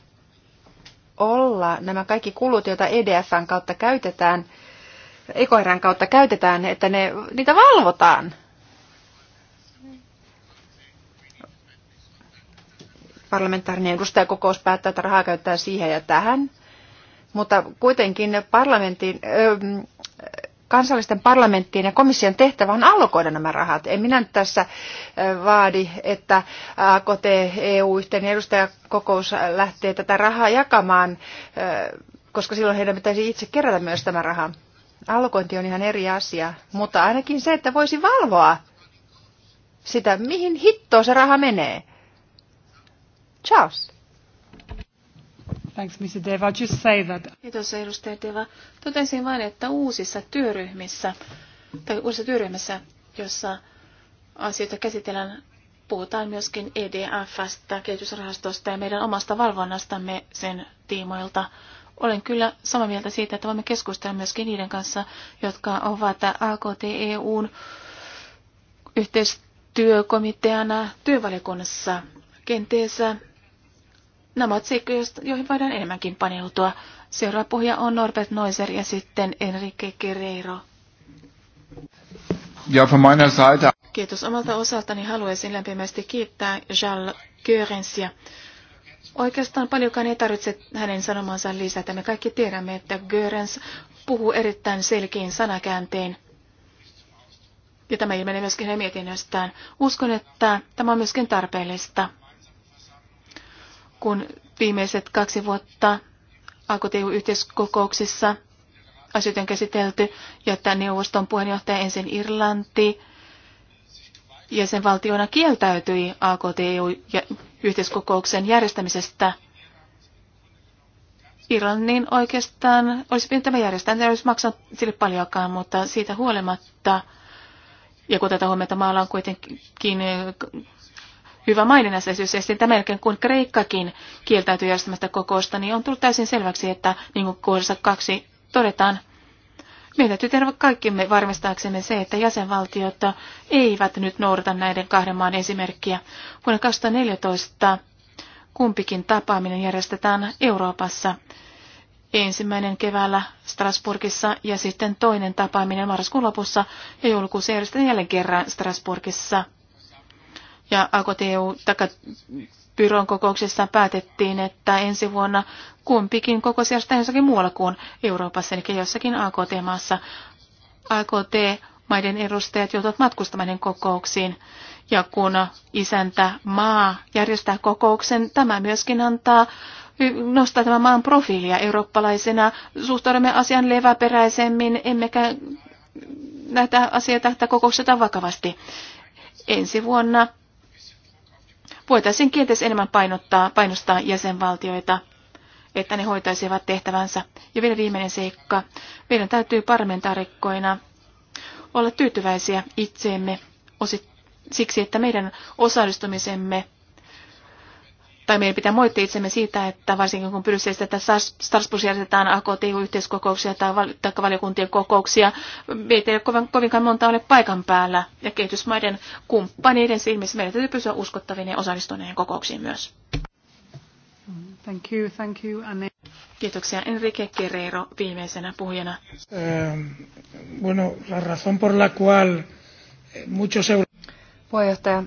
olla nämä kaikki kulut, joita EDFn kautta käytetään, ekoerän kautta käytetään, että ne, niitä valvotaan. Parlamentaarinen edustajakokous päättää, että rahaa käyttää siihen ja tähän. Mutta kuitenkin parlamentin, kansallisten parlamenttien ja komission tehtävä on allokoida nämä rahat. En minä nyt tässä vaadi, että AKT, EU, yhteinen edustajakokous lähtee tätä rahaa jakamaan, koska silloin heidän pitäisi itse kerätä myös tämä raha. Allokointi on ihan eri asia, mutta ainakin se, että voisi valvoa sitä, mihin hittoon se raha menee. Charles. Thanks, Mr. Deva. Just say that. Kiitos, edustaja Deva. Totesin vain, että uusissa työryhmissä, tai uusissa työryhmissä, jossa asioita käsitellään, puhutaan myöskin EDFstä, kehitysrahastosta ja meidän omasta valvonnastamme sen tiimoilta. Olen kyllä samaa mieltä siitä, että voimme keskustella myöskin niiden kanssa, jotka ovat AKT-EUn yhteistyökomiteana työvalikunnassa kenteessä Nämä ovat seikkoja, joihin voidaan enemmänkin paneutua. Seuraava puhuja on Norbert Noiser ja sitten Enrique Guerreiro. Ja von meiner Seite. Kiitos omalta osaltani. Haluaisin lämpimästi kiittää Charles Görensia. Oikeastaan paljonkaan ei tarvitse hänen sanomansa lisätä. Me kaikki tiedämme, että Görens puhuu erittäin selkein sanakääntein. Ja tämä ilmenee myöskin hänen mietinnöstään. Uskon, että tämä on myöskin tarpeellista kun viimeiset kaksi vuotta AKTU-yhteiskokouksissa asioita on käsitelty, jotta neuvoston puheenjohtaja ensin Irlanti valtiona kieltäytyi AKTU-yhteiskokouksen e järjestämisestä. Irlannin oikeastaan olisi pitänyt tämä järjestää, ne olisi maksanut sille paljonkaan, mutta siitä huolimatta, ja kun tätä huomiota maalla on kuitenkin hyvä maininnassa esimerkiksi melkein kun Kreikkakin kieltäytyi järjestämästä kokousta, niin on tullut täysin selväksi, että niin kuin kohdassa kaksi todetaan, meidän täytyy tehdä kaikkimme varmistaaksemme se, että jäsenvaltiot eivät nyt noudata näiden kahden maan esimerkkiä. Vuonna 2014 kumpikin tapaaminen järjestetään Euroopassa. Ensimmäinen keväällä Strasburgissa ja sitten toinen tapaaminen marraskuun lopussa ja joulukuussa järjestetään jälleen kerran Strasburgissa ja AKTU e Byron kokouksessa päätettiin, että ensi vuonna kumpikin kokous jossakin muualla kuin Euroopassa, eli jossakin AKT-maassa. AKT-maiden edustajat joutuvat matkustamaan kokouksiin, ja kun isäntä maa järjestää kokouksen, tämä myöskin antaa nostaa tämän maan profiilia eurooppalaisena. Suhtaudumme asian leväperäisemmin, emmekä näitä asioita tätä kokouksesta vakavasti. Ensi vuonna voitaisiin kenties enemmän painottaa, painostaa jäsenvaltioita, että ne hoitaisivat tehtävänsä. Ja vielä viimeinen seikka. Meidän täytyy parlamentaarikkoina olla tyytyväisiä itseemme siksi, että meidän osallistumisemme tai meidän pitää moittia itsemme siitä, että varsinkin kun Brysselissä että Strasbourg järjestetään AKTU-yhteiskokouksia tai valiokuntien kokouksia, ei ole kovin, kovinkaan monta ole paikan päällä. Ja kehitysmaiden kumppaneiden silmissä meidän täytyy pysyä uskottavien ja osallistuneiden kokouksiin myös. Thank you, thank you, Anne. Kiitoksia Enrique Guerrero viimeisenä puhujana. Uh, bueno, la razón por la cual muchos... Puheenjohtaja,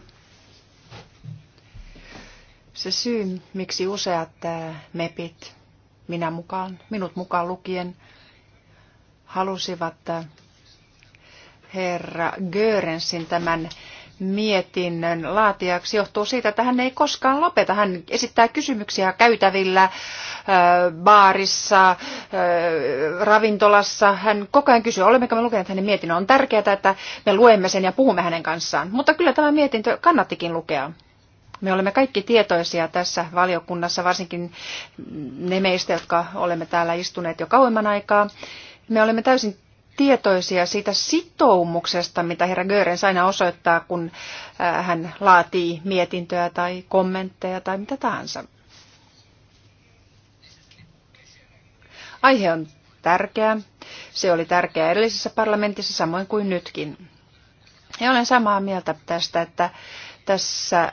se syy, miksi useat mepit, minä mukaan, minut mukaan lukien, halusivat herra Görensin tämän mietinnön laatiaksi johtuu siitä, että hän ei koskaan lopeta. Hän esittää kysymyksiä käytävillä, baarissa, ravintolassa. Hän koko ajan kysyy, olemmeko me lukeneet hänen mietinnön. On tärkeää, että me luemme sen ja puhumme hänen kanssaan. Mutta kyllä tämä mietintö kannattikin lukea. Me olemme kaikki tietoisia tässä valiokunnassa, varsinkin ne meistä, jotka olemme täällä istuneet jo kauemman aikaa. Me olemme täysin tietoisia siitä sitoumuksesta, mitä herra Görens aina osoittaa, kun äh, hän laatii mietintöä tai kommentteja tai mitä tahansa. Aihe on tärkeä. Se oli tärkeä edellisessä parlamentissa samoin kuin nytkin. Ja olen samaa mieltä tästä, että tässä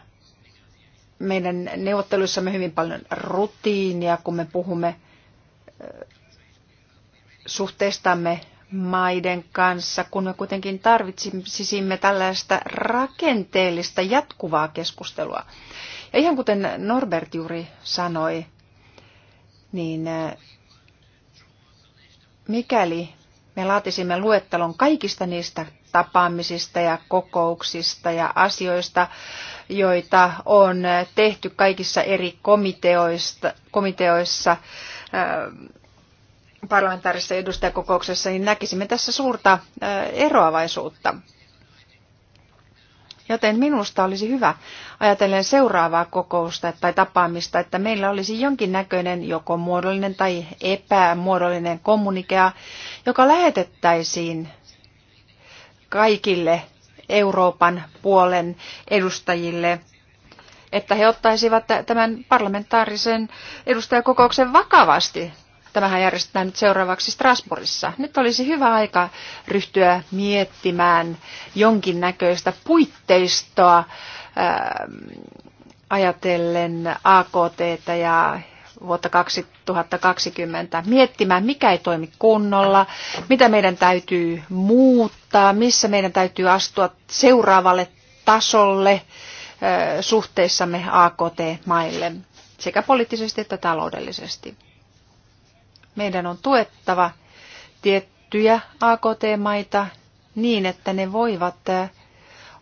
meidän neuvotteluissamme hyvin paljon rutiinia, kun me puhumme suhteestamme maiden kanssa, kun me kuitenkin tarvitsisimme tällaista rakenteellista jatkuvaa keskustelua. Ja ihan kuten Norbert juuri sanoi, niin mikäli me laatisimme luettelon kaikista niistä tapaamisista ja kokouksista ja asioista, joita on tehty kaikissa eri komiteoista, komiteoissa, parlamentaarisessa edustajakokouksessa, niin näkisimme tässä suurta eroavaisuutta. Joten minusta olisi hyvä ajatellen seuraavaa kokousta tai tapaamista, että meillä olisi jonkinnäköinen joko muodollinen tai epämuodollinen kommunikea, joka lähetettäisiin kaikille Euroopan puolen edustajille, että he ottaisivat tämän parlamentaarisen edustajakokouksen vakavasti Tämähän järjestetään nyt seuraavaksi Strasbourgissa. Nyt olisi hyvä aika ryhtyä miettimään jonkinnäköistä puitteistoa äh, ajatellen AKT ja vuotta 2020 miettimään, mikä ei toimi kunnolla, mitä meidän täytyy muuttaa, missä meidän täytyy astua seuraavalle tasolle äh, suhteissamme AKT-maille sekä poliittisesti että taloudellisesti. Meidän on tuettava tiettyjä AKT-maita niin, että ne voivat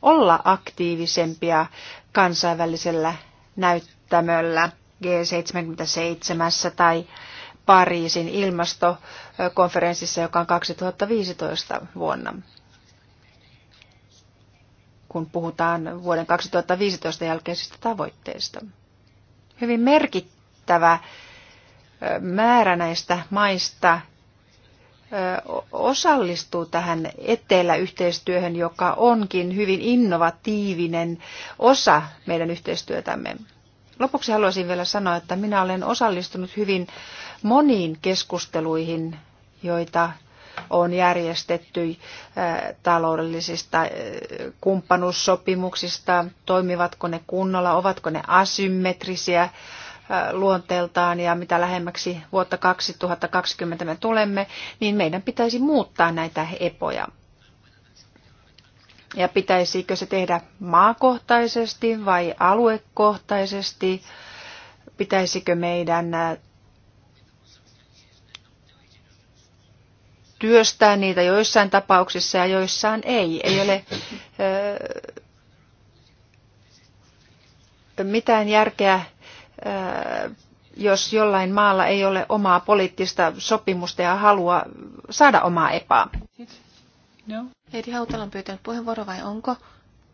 olla aktiivisempia kansainvälisellä näyttämöllä G77 tai Pariisin ilmastokonferenssissa, joka on 2015 vuonna kun puhutaan vuoden 2015 jälkeisistä tavoitteista. Hyvin merkittävä määrä näistä maista osallistuu tähän eteläyhteistyöhön, joka onkin hyvin innovatiivinen osa meidän yhteistyötämme. Lopuksi haluaisin vielä sanoa, että minä olen osallistunut hyvin moniin keskusteluihin, joita on järjestetty taloudellisista kumppanuussopimuksista, toimivatko ne kunnolla, ovatko ne asymmetrisiä, Äh, luonteeltaan ja mitä lähemmäksi vuotta 2020 me tulemme, niin meidän pitäisi muuttaa näitä epoja. Ja pitäisikö se tehdä maakohtaisesti vai aluekohtaisesti? Pitäisikö meidän äh, työstää niitä joissain tapauksissa ja joissain ei. Ei ole ö, äh, mitään järkeä jos jollain maalla ei ole omaa poliittista sopimusta ja halua saada omaa EPA: No. Heidi Hautala on pyytänyt puheenvuoroa vai onko?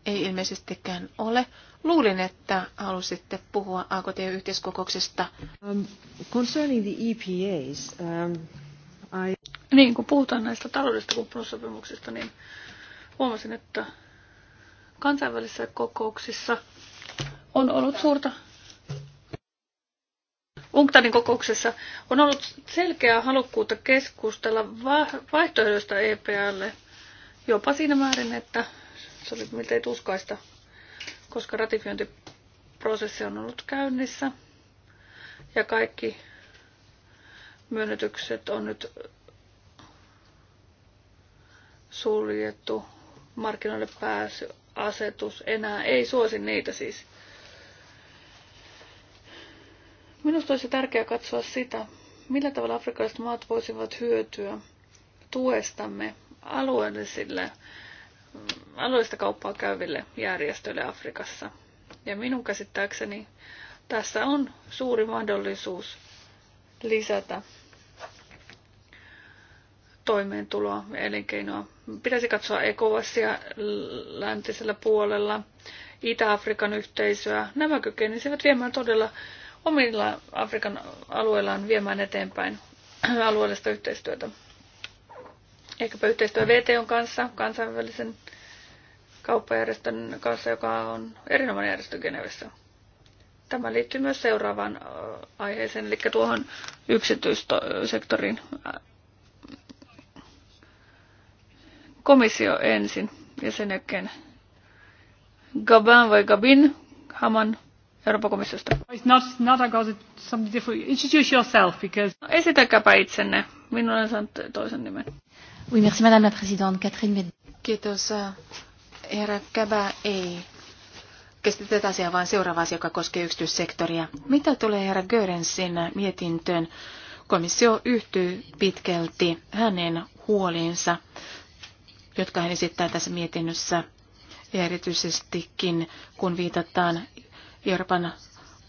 Ei ilmeisestikään ole. Luulin, että halusitte puhua AKT-yhteiskokouksesta. Um, concerning the EPAs, um, I... Niin, kun puhutaan näistä taloudellisista kumppanuussopimuksista, niin huomasin, että kansainvälisissä kokouksissa on ollut suurta UNCTADin kokouksessa on ollut selkeää halukkuutta keskustella vaihtoehdoista EPAlle jopa siinä määrin, että se oli miltei tuskaista, koska ratifiointiprosessi on ollut käynnissä ja kaikki myönnytykset on nyt suljettu, markkinoille pääsy, asetus enää ei suosi niitä siis. Minusta olisi tärkeää katsoa sitä, millä tavalla afrikkalaiset maat voisivat hyötyä tuestamme alueellisille, alueellista kauppaa käyville järjestöille Afrikassa. Ja minun käsittääkseni tässä on suuri mahdollisuus lisätä toimeentuloa ja elinkeinoa. Pitäisi katsoa ECOWASia läntisellä puolella, Itä-Afrikan yhteisöä. Nämä kykenisivät viemään todella omilla Afrikan alueillaan viemään eteenpäin alueellista yhteistyötä. Ehkäpä yhteistyö VTOn kanssa, kansainvälisen kauppajärjestön kanssa, joka on erinomainen järjestö Genevessä. Tämä liittyy myös seuraavaan aiheeseen, eli tuohon yksityissektoriin. komissio ensin ja sen jälkeen Gabin vai Gabin, Haman Euroopan komissiosta. Not, not Introduce yourself, because... No, esitäkääpä itsenne. Minun olen saanut toisen nimen. Oui, merci madame la présidente. Catherine Med... Kiitos. Äh, herra Käbä ei käsitä tätä asiaa, vaan seuraava asia, joka koskee yksityissektoria. Mitä tulee herra Görensin mietintöön? Komissio yhtyy pitkälti hänen huoliinsa, jotka hän esittää tässä mietinnössä ja erityisestikin kun viitataan Euroopan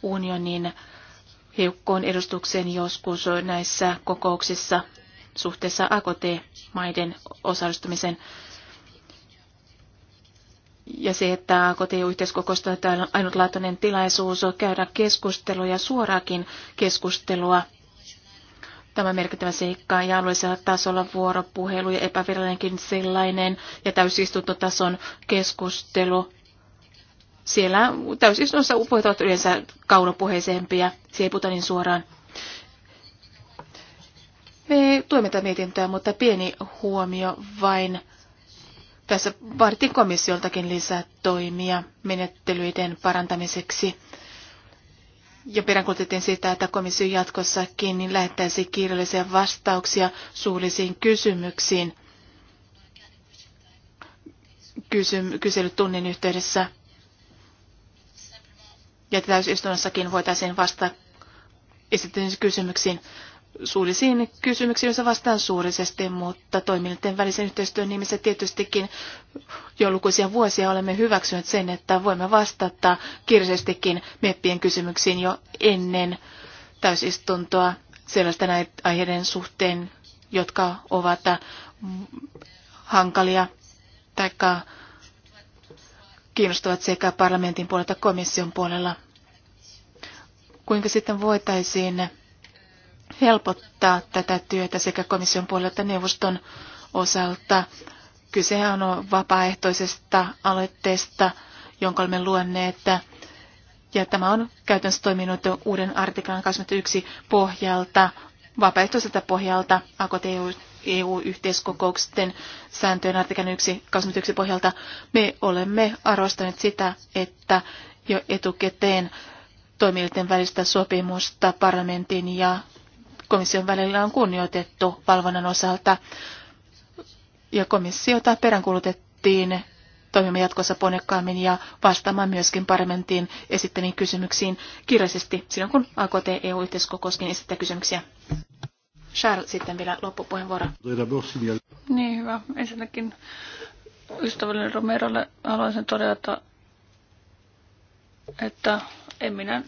unionin heukkoon edustukseen joskus näissä kokouksissa suhteessa AKT-maiden osallistumisen. Ja se, että AKT-yhteiskokousta on ainutlaatuinen tilaisuus on käydä keskustelua ja suoraakin keskustelua. Tämä merkittävä seikka ja alueellisella tasolla vuoropuhelu ja epävirallinenkin sellainen ja täysistuntotason keskustelu siellä täysistunnossa puheet ovat yleensä kaunopuheisempia, se ei puhuta niin suoraan. Me tuemme tätä mietintöä, mutta pieni huomio vain. Tässä vaadittiin komissioltakin lisää toimia menettelyiden parantamiseksi. Ja peräänkuulutettiin sitä, että komissio jatkossakin niin lähettäisi kirjallisia vastauksia suullisiin kysymyksiin kysy- kyselytunnin yhteydessä ja täysistunnossakin voitaisiin vastata esittämisen kysymyksiin suullisiin kysymyksiin, joissa vastaan suullisesti, mutta toimijoiden välisen yhteistyön nimissä tietystikin jo lukuisia vuosia olemme hyväksyneet sen, että voimme vastata kirjallisestikin meppien kysymyksiin jo ennen täysistuntoa sellaisten aiheiden suhteen, jotka ovat hankalia tai kiinnostavat sekä parlamentin puolella että komission puolella. Kuinka sitten voitaisiin helpottaa tätä työtä sekä komission puolella että neuvoston osalta? Kysehän on vapaaehtoisesta aloitteesta, jonka olemme luonneet, ja tämä on käytännössä toiminut uuden artiklan 21 pohjalta, vapaaehtoiselta pohjalta AKT e EU-yhteiskokouksen sääntöjen artikan 1, 21 pohjalta me olemme arvostaneet sitä, että jo etukäteen toimielinten välistä sopimusta parlamentin ja komission välillä on kunnioitettu valvonnan osalta. Ja komissiota peräänkuulutettiin toimimme jatkossa ponnekkaammin ja vastaamaan myöskin parlamentin esittämiin kysymyksiin kirjallisesti silloin, kun AKT EU-yhteiskokouskin esittää kysymyksiä. Charles sitten vielä loppupuheenvuoro. Niin hyvä. Ensinnäkin ystävälle Romerolle haluaisin todeta, että en minä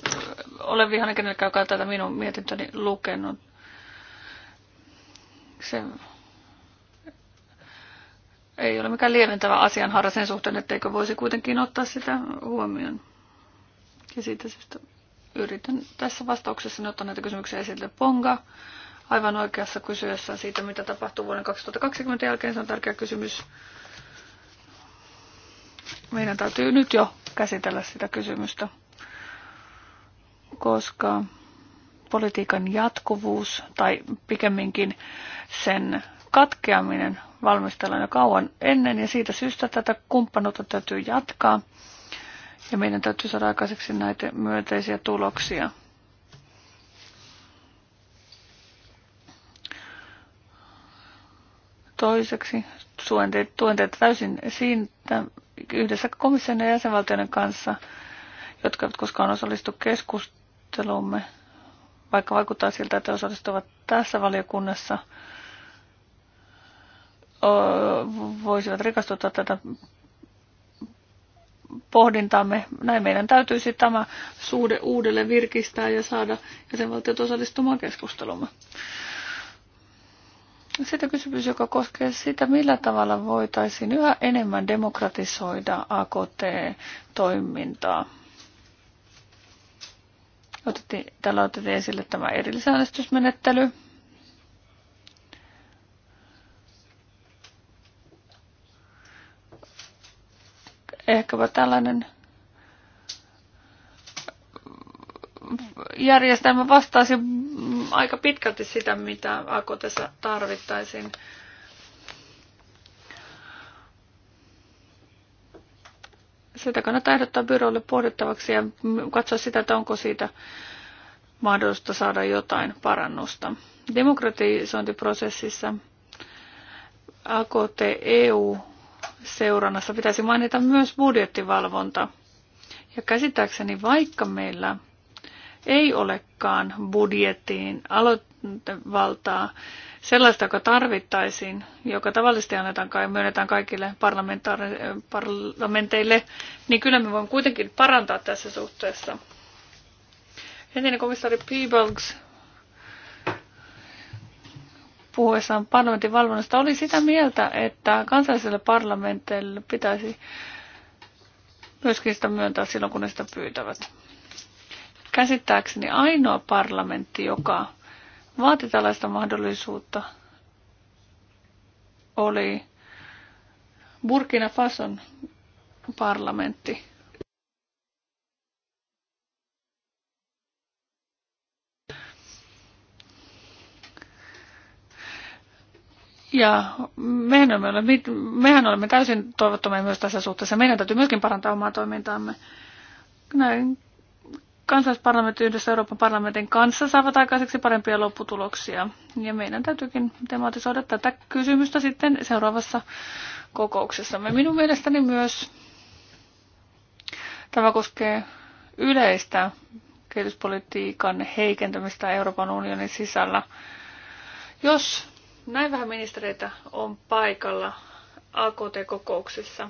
ole vihainen kenellekään, joka tätä minun mietintöni lukenut. Se ei ole mikään lieventävä asianhaara sen suhteen, etteikö voisi kuitenkin ottaa sitä huomioon. Ja siitä syystä yritän tässä vastauksessa niin ottaa näitä kysymyksiä esille. Ponga aivan oikeassa kysyessään siitä, mitä tapahtuu vuoden 2020 jälkeen. Se on tärkeä kysymys. Meidän täytyy nyt jo käsitellä sitä kysymystä, koska politiikan jatkuvuus tai pikemminkin sen katkeaminen valmistellaan jo kauan ennen ja siitä syystä tätä kumppanuutta täytyy jatkaa ja meidän täytyy saada aikaiseksi näitä myönteisiä tuloksia. Toiseksi tuen teet täysin siitä yhdessä komission ja jäsenvaltioiden kanssa, jotka eivät koskaan osallistu keskusteluumme, vaikka vaikuttaa siltä, että osallistuvat tässä valiokunnassa, voisivat rikastuttaa tätä pohdintaamme. Näin meidän täytyisi tämä suhde uudelleen virkistää ja saada jäsenvaltiot osallistumaan keskustelumme. Sitten kysymys, joka koskee sitä, millä tavalla voitaisiin yhä enemmän demokratisoida AKT-toimintaa. Otettiin, täällä otettiin esille tämä erillisäänestysmenettely. Ehkäpä tällainen järjestelmä vastaisi aika pitkälti sitä, mitä tässä tarvittaisiin. Sitä kannattaa ehdottaa byrolle pohdittavaksi ja katsoa sitä, että onko siitä mahdollista saada jotain parannusta. Demokratisointiprosessissa AKT-EU-seurannassa pitäisi mainita myös budjettivalvonta. Ja käsittääkseni, vaikka meillä ei olekaan budjettiin aloitevaltaa, sellaista, joka tarvittaisiin, joka tavallisesti annetaan kai, myönnetään kaikille parlamenteille, niin kyllä me voimme kuitenkin parantaa tässä suhteessa. Entinen komissaari Peebles puhuessaan parlamentin valvonnasta oli sitä mieltä, että kansalliselle parlamenteille pitäisi myöskin sitä myöntää silloin, kun ne sitä pyytävät käsittääkseni ainoa parlamentti, joka vaati tällaista mahdollisuutta, oli Burkina Fason parlamentti. Ja mehän olemme, mehän olemme täysin toivottomia myös tässä suhteessa. Meidän täytyy myöskin parantaa omaa toimintaamme. Näin kansallisparlamentti yhdessä Euroopan parlamentin kanssa saavat aikaiseksi parempia lopputuloksia. Ja meidän täytyykin tematisoida tätä kysymystä sitten seuraavassa kokouksessamme. Minun mielestäni myös tämä koskee yleistä kehityspolitiikan heikentämistä Euroopan unionin sisällä. Jos näin vähän ministereitä on paikalla AKT-kokouksissa,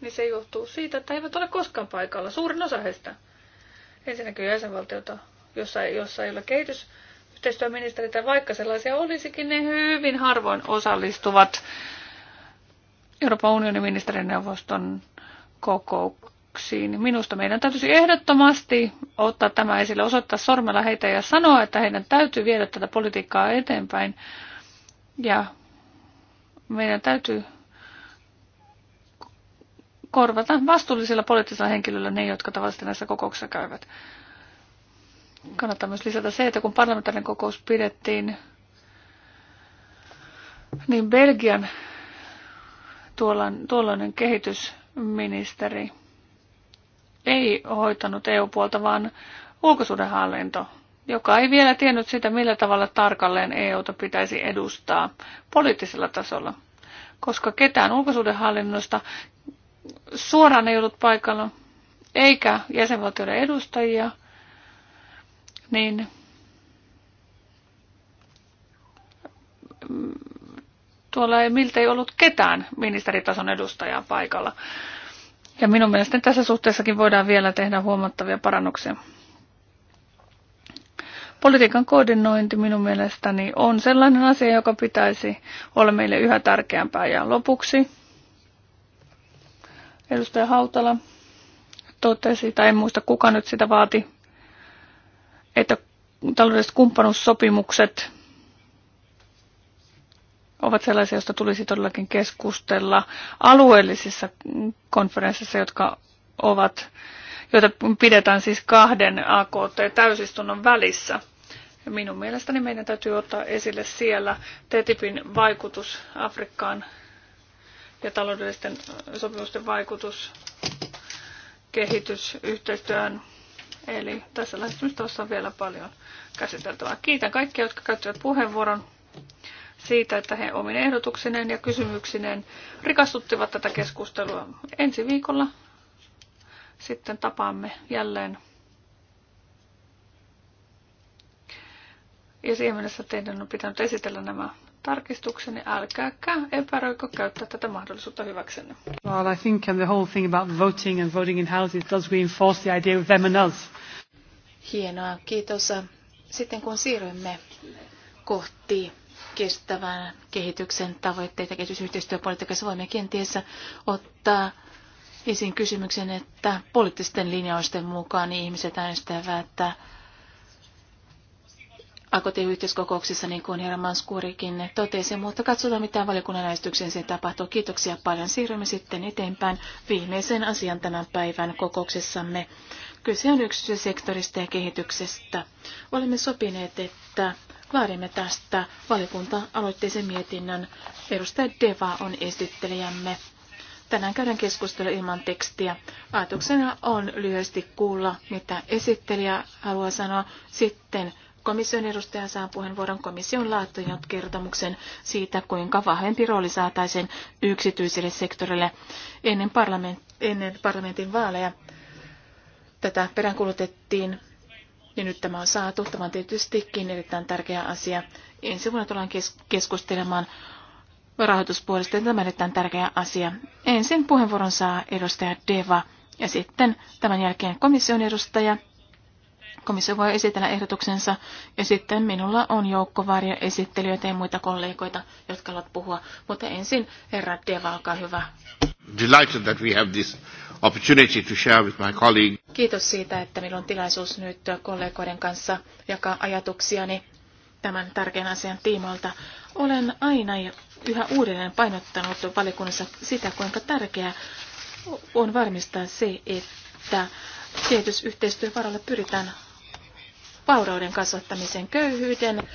niin se johtuu siitä, että he eivät ole koskaan paikalla. Suurin osa heistä. Ensinnäkin jäsenvaltiota, jossa, jossa ei ole kehitys, tai vaikka sellaisia olisikin, ne hyvin harvoin osallistuvat Euroopan unionin ministerineuvoston kokouksiin. Minusta meidän täytyisi ehdottomasti ottaa tämä esille, osoittaa sormella heitä ja sanoa, että heidän täytyy viedä tätä politiikkaa eteenpäin. Ja meidän täytyy korvata vastuullisilla poliittisilla henkilöillä ne, jotka tavallisesti näissä kokouksissa käyvät. Kannattaa myös lisätä se, että kun parlamentaarinen kokous pidettiin, niin Belgian tuollainen kehitysministeri ei hoitanut EU-puolta, vaan ulkosuudenhallinto, joka ei vielä tiennyt sitä, millä tavalla tarkalleen EUta pitäisi edustaa poliittisella tasolla, koska ketään ulkosuudenhallinnosta suoraan ei ollut paikalla, eikä jäsenvaltioiden edustajia, niin tuolla ei miltei ollut ketään ministeritason edustajaa paikalla. Ja minun mielestäni tässä suhteessakin voidaan vielä tehdä huomattavia parannuksia. Politiikan koordinointi minun mielestäni on sellainen asia, joka pitäisi olla meille yhä tärkeämpää. Ja lopuksi Edustaja Hautala totesi, tai en muista kuka nyt sitä vaati, että taloudelliset kumppanuussopimukset ovat sellaisia, joista tulisi todellakin keskustella alueellisissa konferensseissa, jotka ovat, joita pidetään siis kahden AKT-täysistunnon välissä. Ja minun mielestäni meidän täytyy ottaa esille siellä TTIPin vaikutus Afrikkaan ja taloudellisten sopimusten vaikutus kehitysyhteistyöhön. Eli tässä lähestymistavassa on vielä paljon käsiteltävää. Kiitän kaikkia, jotka käyttivät puheenvuoron siitä, että he omin ehdotuksineen ja kysymyksineen rikastuttivat tätä keskustelua. Ensi viikolla sitten tapaamme jälleen. Ja siihen mennessä teidän on pitänyt esitellä nämä tarkistukseni. Älkääkä epäröikö käyttää tätä mahdollisuutta hyväksenne. Well, I think um, the whole thing about voting and voting in houses does reinforce the idea of them and us. Hienoa, kiitos. Sitten kun siirrymme kohti kestävän kehityksen tavoitteita kehitysyhteistyöpolitiikassa, voimme kenties ottaa esiin kysymyksen, että poliittisten linjausten mukaan ihmiset äänestävät akt niin kuin herra Manskuurikin totesi, mutta katsotaan mitä valiokunnan äänestykseen se tapahtuu. Kiitoksia paljon. Siirrymme sitten eteenpäin viimeisen asian tämän päivän kokouksessamme. Kyse on yksityissektorista ja kehityksestä. Olemme sopineet, että vaadimme tästä valiokunta-aloitteisen mietinnön. Edustaja Deva on esittelijämme. Tänään käydään keskustelua ilman tekstiä. Ajatuksena on lyhyesti kuulla, mitä esittelijä haluaa sanoa. Sitten Komission edustaja saa puheenvuoron komission laatujat kertomuksen siitä, kuinka vahvempi rooli saataisiin yksityiselle sektorille ennen, parlament, ennen parlamentin vaaleja. Tätä peräänkulutettiin ja nyt tämä on saatu. Tämä on tietystikin erittäin tärkeä asia. Ensi vuonna tullaan kes- keskustelemaan rahoituspuolesta. Tämä on erittäin tärkeä asia. Ensin puheenvuoron saa edustaja Deva ja sitten tämän jälkeen komission edustaja Komissio voi esitellä ehdotuksensa ja sitten minulla on joukko esittelijöitä ja muita kollegoita, jotka haluavat puhua. Mutta ensin herra Deva, olkaa hyvä. Delighted that we have this opportunity to share with my colleague. Kiitos siitä, että minulla on tilaisuus nyt kollegoiden kanssa jakaa ajatuksiani tämän tärkeän asian tiimoilta. Olen aina yhä uudelleen painottanut valiokunnassa sitä, kuinka tärkeää on varmistaa se, että kehitysyhteistyövaroilla pyritään vaurauden kasvattamisen. Köyhyyden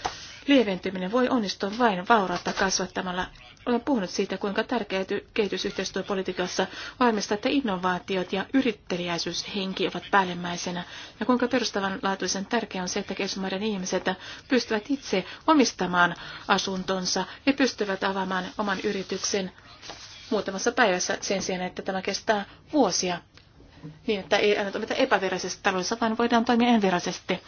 lieventyminen voi onnistua vain vaurautta kasvattamalla. Olen puhunut siitä, kuinka tärkeää kehitysyhteistyöpolitiikassa varmistaa, että innovaatiot ja yrittäjäisyyshenki ovat päällimmäisenä, ja kuinka perustavanlaatuisen tärkeää on se, että kehitysmaiden ihmiset pystyvät itse omistamaan asuntonsa ja pystyvät avaamaan oman yrityksen muutamassa päivässä sen sijaan, että tämä kestää vuosia niin, että ei toimita epävirallisesti taloudessa, vaan voidaan toimia envirallisesti.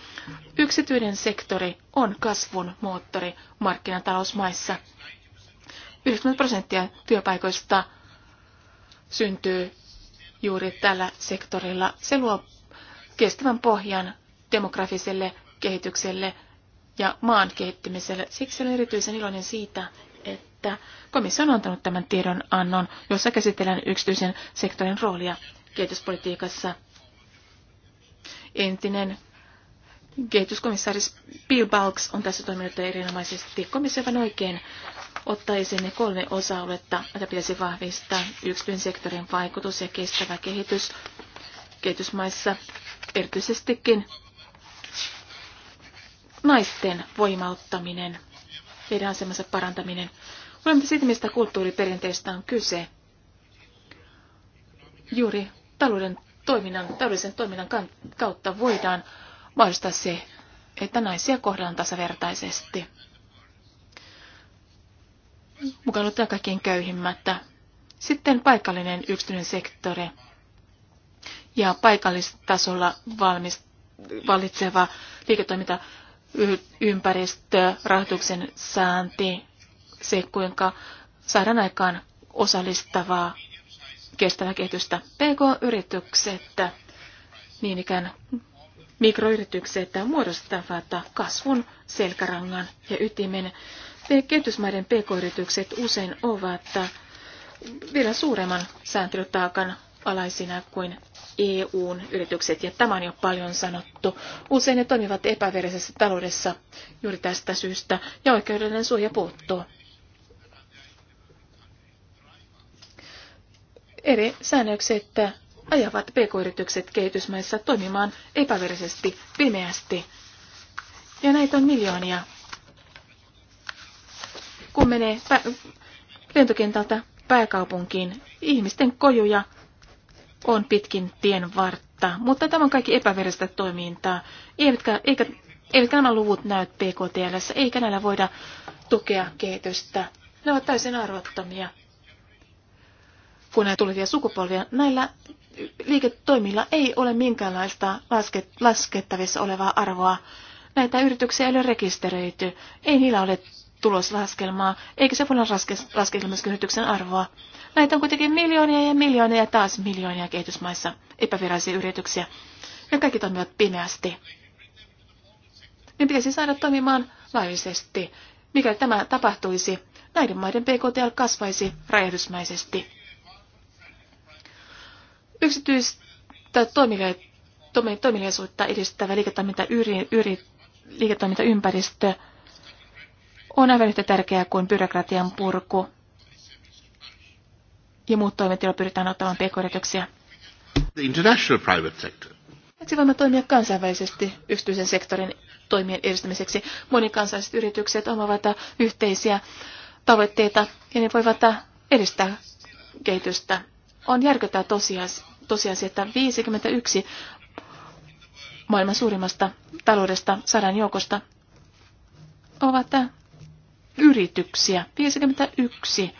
Yksityinen sektori on kasvun moottori markkinatalousmaissa. 90 prosenttia työpaikoista syntyy juuri tällä sektorilla. Se luo kestävän pohjan demografiselle kehitykselle ja maan kehittymiselle. Siksi olen erityisen iloinen siitä, että komissio on antanut tämän tiedonannon, jossa käsitellään yksityisen sektorin roolia kehityspolitiikassa. Entinen kehityskomissaari Balks on tässä toiminut erinomaisesti. Komissio on oikein ottaa esiin ne kolme osa-aluetta, joita pitäisi vahvistaa. Yksityisen sektorin vaikutus ja kestävä kehitys kehitysmaissa erityisestikin naisten voimauttaminen, heidän asemansa parantaminen. Olemme siitä, mistä kulttuuriperinteistä on kyse. Juuri talouden toiminnan, taloudellisen toiminnan kautta voidaan mahdollistaa se, että naisia kohdellaan tasavertaisesti. Mukaan ottaa kaikkein köyhimmät. Sitten paikallinen yksityinen sektori ja paikallistasolla valmis, valitseva liiketoimintaympäristö, rahoituksen saanti, se kuinka saadaan aikaan osallistavaa kestävää kehitystä. PK-yritykset, niin ikään mikroyritykset muodostavat kasvun selkärangan ja ytimen. Kehitysmaiden PK-yritykset usein ovat vielä suuremman sääntelytaakan alaisina kuin EUn yritykset, ja tämä on jo paljon sanottu. Usein ne toimivat epäverisessä taloudessa juuri tästä syystä, ja oikeudellinen suoja puuttuu. Eri säännökset ajavat pk-yritykset kehitysmaissa toimimaan epäverisesti, pimeästi. Ja näitä on miljoonia. Kun menee lentokentältä pääkaupunkiin, ihmisten kojuja on pitkin tien vartta, mutta tämä on kaikki epäveristä toimintaa. Eivätkä, eikä, eivätkä nämä luvut näy PKTLssä, eikä näillä voida tukea kehitystä. Ne ovat täysin arvottomia kun näitä tulevia sukupolvia. Näillä liiketoimilla ei ole minkäänlaista laskettavissa olevaa arvoa. Näitä yrityksiä ei ole rekisteröity, ei niillä ole tuloslaskelmaa, eikä se voi olla laskea myöskin yrityksen arvoa. Näitä on kuitenkin miljoonia ja miljoonia ja taas miljoonia kehitysmaissa epävirallisia yrityksiä. Ja kaikki toimivat pimeästi. Ne pitäisi saada toimimaan laillisesti. Mikäli tämä tapahtuisi, näiden maiden PKT kasvaisi räjähdysmäisesti. Yksityistä toimiliaisuutta edistävä yri, liiketoimintaympäristö on aivan yhtä tärkeää kuin byrokratian purku ja muut toimet, joilla pyritään ottamaan pk-yrityksiä. Miksi voimme toimia kansainvälisesti yksityisen sektorin toimien edistämiseksi? Monikansalliset yritykset omavat yhteisiä tavoitteita ja ne voivat edistää kehitystä on järkyttävä tosiasia, tosiasia, että 51 maailman suurimmasta taloudesta sadan joukosta ovat yrityksiä. 51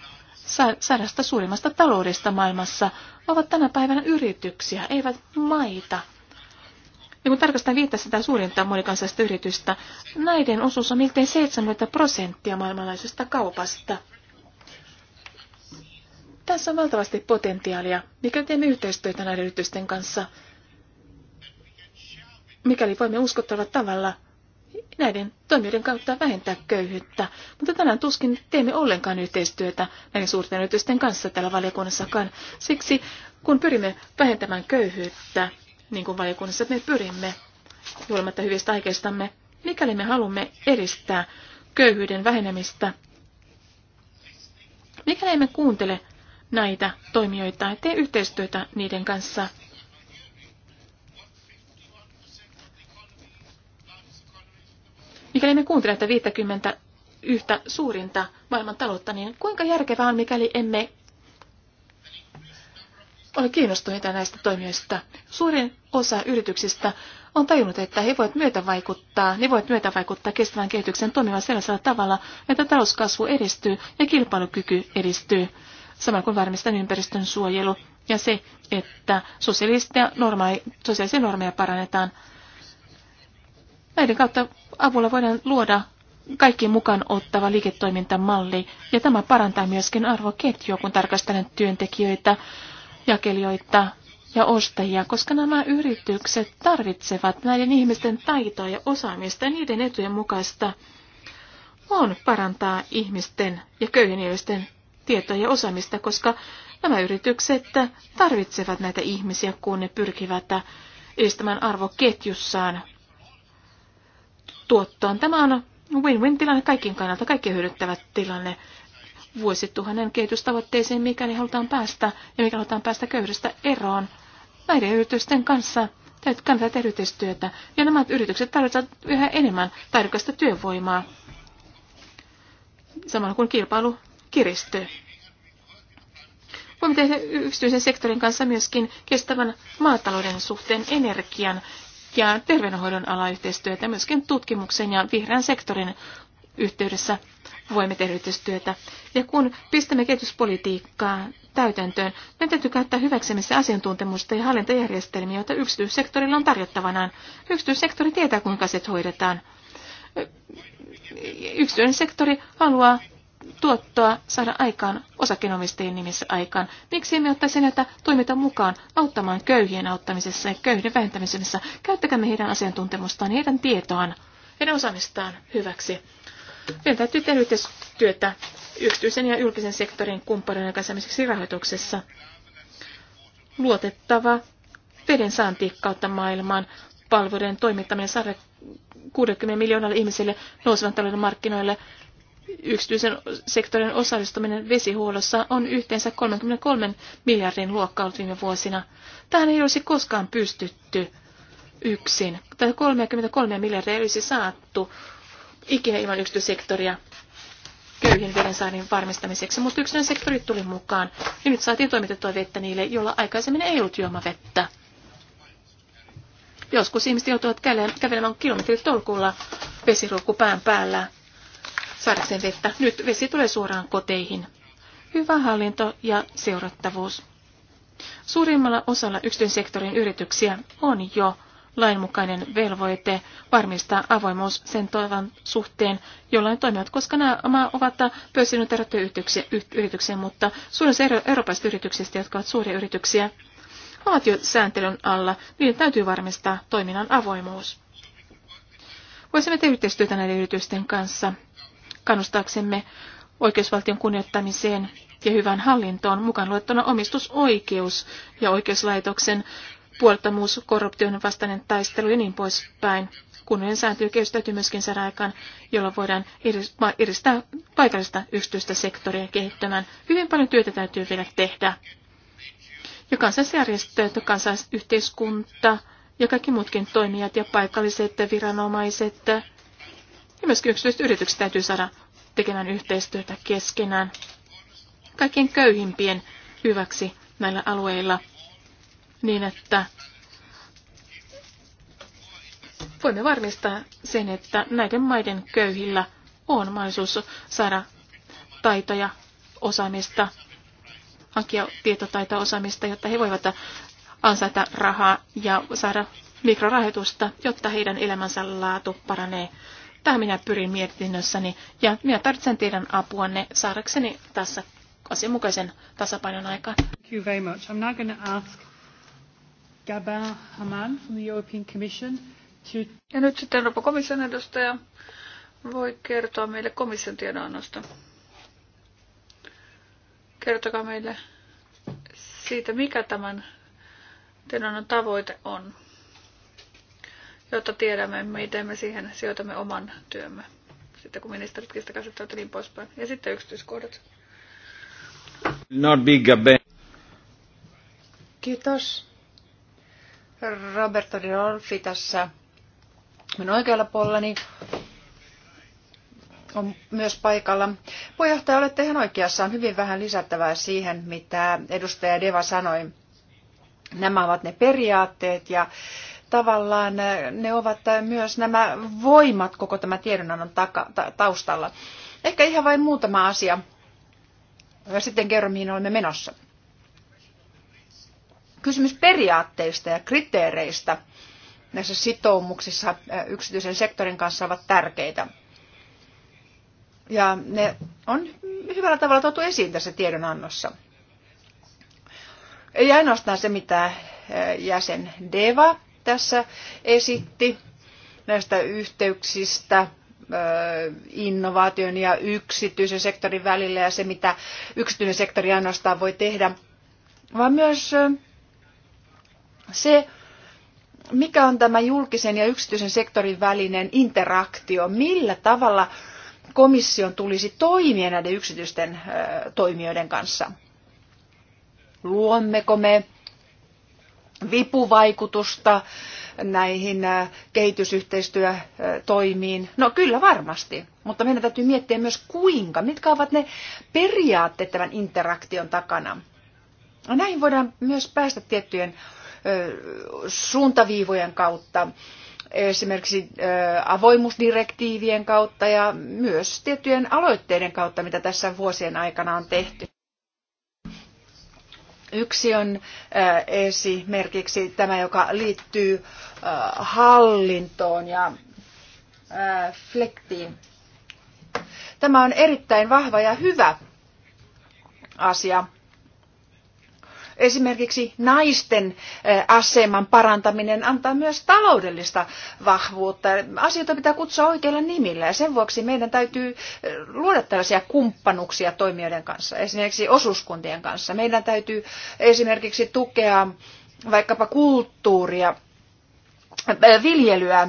sadasta suurimmasta taloudesta maailmassa ovat tänä päivänä yrityksiä, eivät maita. Ja kun tarkastan 500 suurinta monikansallista yritystä, näiden osuus on miltei 70 prosenttia maailmanlaisesta kaupasta. Tässä on valtavasti potentiaalia, mikäli teemme yhteistyötä näiden yritysten kanssa. Mikäli voimme uskottavalla tavalla näiden toimijoiden kautta vähentää köyhyyttä, mutta tänään tuskin teemme ollenkaan yhteistyötä näiden suurten yritysten kanssa täällä valiokunnassakaan. Siksi kun pyrimme vähentämään köyhyyttä, niin kuin valiokunnassa me pyrimme, huolimatta hyvistä aikeistamme, mikäli me haluamme edistää köyhyyden vähenemistä, mikäli emme kuuntele näitä toimijoita ja tee yhteistyötä niiden kanssa. Mikäli me kuuntele, että 50 yhtä suurinta maailman taloutta, niin kuinka järkevää on, mikäli emme ole kiinnostuneita näistä toimijoista. Suurin osa yrityksistä on tajunnut, että he voivat myötävaikuttaa, ne voivat myötävaikuttaa kestävän kehityksen toimivan sellaisella tavalla, että talouskasvu edistyy ja kilpailukyky edistyy samalla kun varmistan ympäristön suojelu ja se, että sosiaalisia sosiaalisia normeja parannetaan. Näiden kautta avulla voidaan luoda kaikki mukaan ottava liiketoimintamalli, ja tämä parantaa myöskin arvoketjua, kun tarkastelen työntekijöitä, jakelijoita ja ostajia, koska nämä yritykset tarvitsevat näiden ihmisten taitoa ja osaamista ja niiden etujen mukaista on parantaa ihmisten ja köyhien ihmisten tietoa ja osaamista, koska nämä yritykset tarvitsevat näitä ihmisiä, kun ne pyrkivät edistämään arvoketjussaan tuottoon. Tämä on win-win tilanne kaikkien kannalta, kaikki hyödyttävät tilanne vuosituhannen kehitystavoitteisiin, mikäli halutaan päästä ja mikäli halutaan päästä köyhdestä eroon. Näiden yritysten kanssa kannattaa tehdä yhteistyötä ja nämä yritykset tarvitsevat yhä enemmän taidokasta työvoimaa. Samalla kun kilpailu kiristyy. Voimme tehdä yksityisen sektorin kanssa myöskin kestävän maatalouden suhteen energian ja terveydenhoidon alayhteistyötä, myöskin tutkimuksen ja vihreän sektorin yhteydessä voimme tehdä yhteistyötä. Ja kun pistämme kehityspolitiikkaa täytäntöön, meidän täytyy käyttää hyväksemissä asiantuntemusta ja hallintajärjestelmiä, joita yksityissektorilla on tarjottavanaan. Yksityissektori tietää, kuinka se hoidetaan. Yksityinen sektori haluaa tuottoa saada aikaan osakkeenomistajien nimissä aikaan. Miksi emme ottaisi näitä toimita mukaan auttamaan köyhien auttamisessa ja köyhien vähentämisessä? Käyttäkäämme heidän asiantuntemustaan, heidän tietoaan, heidän osaamistaan hyväksi. Meidän täytyy tehdä yhteistyötä yksityisen ja julkisen sektorin kumppanin aikaisemmiseksi rahoituksessa. Luotettava veden saanti kautta maailmaan, palveluiden toimittaminen 60 miljoonalle ihmiselle nousevan talouden markkinoille, yksityisen sektorin osallistuminen vesihuollossa on yhteensä 33 miljardin luokkaa ollut viime vuosina. Tähän ei olisi koskaan pystytty yksin. Tätä 33 miljardia ei olisi saattu ikinä ilman yksityissektoria köyhien vedensaannin varmistamiseksi, mutta yksityinen sektori tuli mukaan ja nyt saatiin toimitettua vettä niille, joilla aikaisemmin ei ollut juomavettä. Joskus ihmiset joutuvat kävelemään kilometrit tolkulla vesiruukku pään päällä saadakseen vettä. Nyt vesi tulee suoraan koteihin. Hyvä hallinto ja seurattavuus. Suurimmalla osalla sektorin yrityksiä on jo lainmukainen velvoite varmistaa avoimuus sen toivon suhteen, jollain toimivat, koska nämä ovat erottuja yrityksiä, mutta suurin osa eurooppalaisista yrityksistä, jotka ovat suuria yrityksiä, ovat jo sääntelyn alla, niin täytyy varmistaa toiminnan avoimuus. Voisimme tehdä yhteistyötä näiden yritysten kanssa kannustaaksemme oikeusvaltion kunnioittamiseen ja hyvään hallintoon, mukaan luettuna omistusoikeus ja oikeuslaitoksen puolettomuus, korruption vastainen taistelu ja niin poispäin. Kunnollinen sääntelykehys täytyy myöskin saada aikaan, jolla voidaan edistää paikallista yksityistä sektoria kehittämään. Hyvin paljon työtä täytyy vielä tehdä. Ja kansalaisjärjestöt, kansalaisyhteiskunta ja kaikki muutkin toimijat ja paikalliset viranomaiset ja myöskin yksityiset yritykset täytyy saada tekemään yhteistyötä keskenään kaikkien köyhimpien hyväksi näillä alueilla niin, että voimme varmistaa sen, että näiden maiden köyhillä on mahdollisuus saada taitoja, osaamista, hankkia tietotaitoa, osaamista, jotta he voivat ansaita rahaa ja saada mikrorahoitusta, jotta heidän elämänsä laatu paranee. Tähän minä pyrin mietinnössäni ja minä tarvitsen teidän apuanne saadakseni tässä asianmukaisen tasapainon aikaan. Thank you very much. I'm now going to ask Gabin Haman from the European Commission to... Ja nyt sitten Euroopan komission edustaja voi kertoa meille komission tiedonannosta. Kertokaa meille siitä, mikä tämän tiedonannon tavoite on jotta tiedämme, miten me siihen sijoitamme oman työmme. Sitten kun ministeritkin sitä käsittävät niin poispäin. Ja sitten yksityiskohdat. Not big Kiitos. Roberto de Rolfi tässä minun oikealla puolellani on myös paikalla. Puheenjohtaja, olette ihan oikeassa. On hyvin vähän lisättävää siihen, mitä edustaja Deva sanoi. Nämä ovat ne periaatteet ja tavallaan eh, ne ovat eh, myös nämä voimat koko tämä tiedonannon taustalla. Ehkä ihan vain muutama asia. Sitten kerron, mihin olemme menossa. Kysymys periaatteista ja kriteereistä näissä sitoumuksissa eh, yksityisen sektorin kanssa ovat tärkeitä. Ja ne on hyvällä tavalla tuotu esiin tässä tiedonannossa. Ei ainoastaan se, mitä jäsen Deva tässä esitti näistä yhteyksistä innovaation ja yksityisen sektorin välillä ja se, mitä yksityinen sektori ainoastaan voi tehdä, vaan myös se, mikä on tämä julkisen ja yksityisen sektorin välinen interaktio, millä tavalla komission tulisi toimia näiden yksityisten toimijoiden kanssa. Luommeko me vipuvaikutusta näihin äh, kehitysyhteistyötoimiin? No kyllä varmasti, mutta meidän täytyy miettiä myös kuinka, mitkä ovat ne periaatteet tämän interaktion takana. No, näihin voidaan myös päästä tiettyjen suuntaviivojen kautta, esimerkiksi avoimuusdirektiivien kautta ja myös tiettyjen aloitteiden kautta, mitä tässä vuosien aikana on tehty. Yksi on esimerkiksi tämä, joka liittyy hallintoon ja flektiin. Tämä on erittäin vahva ja hyvä asia Esimerkiksi naisten aseman parantaminen antaa myös taloudellista vahvuutta. Asioita pitää kutsua oikeilla nimillä ja sen vuoksi meidän täytyy luoda tällaisia kumppanuksia toimijoiden kanssa, esimerkiksi osuuskuntien kanssa. Meidän täytyy esimerkiksi tukea vaikkapa kulttuuria, viljelyä,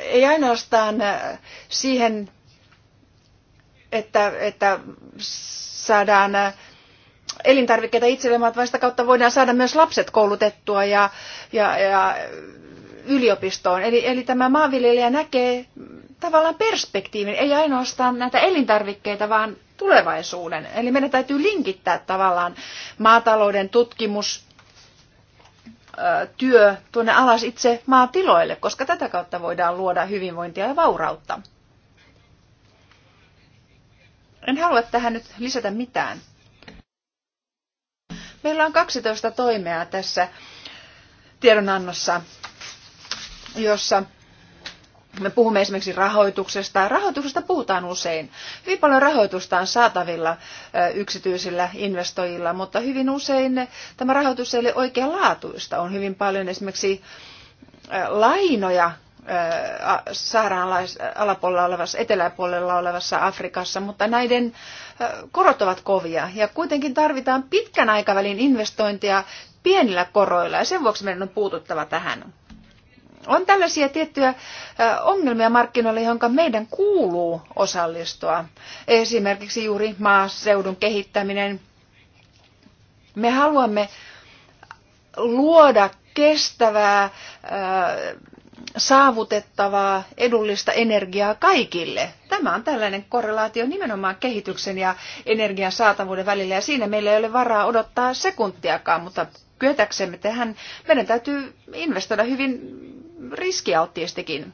ei ainoastaan siihen, että, että saadaan elintarvikkeita itsellemme, vaan sitä kautta voidaan saada myös lapset koulutettua ja, ja, ja yliopistoon. Eli, eli tämä maanviljelijä näkee tavallaan perspektiivin, ei ainoastaan näitä elintarvikkeita, vaan tulevaisuuden. Eli meidän täytyy linkittää tavallaan maatalouden tutkimus, työ tuonne alas itse maatiloille, koska tätä kautta voidaan luoda hyvinvointia ja vaurautta. En halua tähän nyt lisätä mitään. Meillä on 12 toimea tässä tiedonannossa, jossa me puhumme esimerkiksi rahoituksesta. Rahoituksesta puhutaan usein. Hyvin paljon rahoitusta on saatavilla yksityisillä investoijilla, mutta hyvin usein tämä rahoitus ei ole oikeanlaatuista. On hyvin paljon esimerkiksi lainoja Saharan alapuolella olevassa, eteläpuolella olevassa Afrikassa, mutta näiden korot ovat kovia ja kuitenkin tarvitaan pitkän aikavälin investointia pienillä koroilla ja sen vuoksi meidän on puututtava tähän. On tällaisia tiettyjä ongelmia markkinoilla, jonka meidän kuuluu osallistua. Esimerkiksi juuri maaseudun kehittäminen. Me haluamme luoda kestävää saavutettavaa, edullista energiaa kaikille. Tämä on tällainen korrelaatio nimenomaan kehityksen ja energian saatavuuden välillä, ja siinä meillä ei ole varaa odottaa sekuntiakaan, mutta kyetäksemme tähän, meidän täytyy investoida hyvin riskialttiistikin.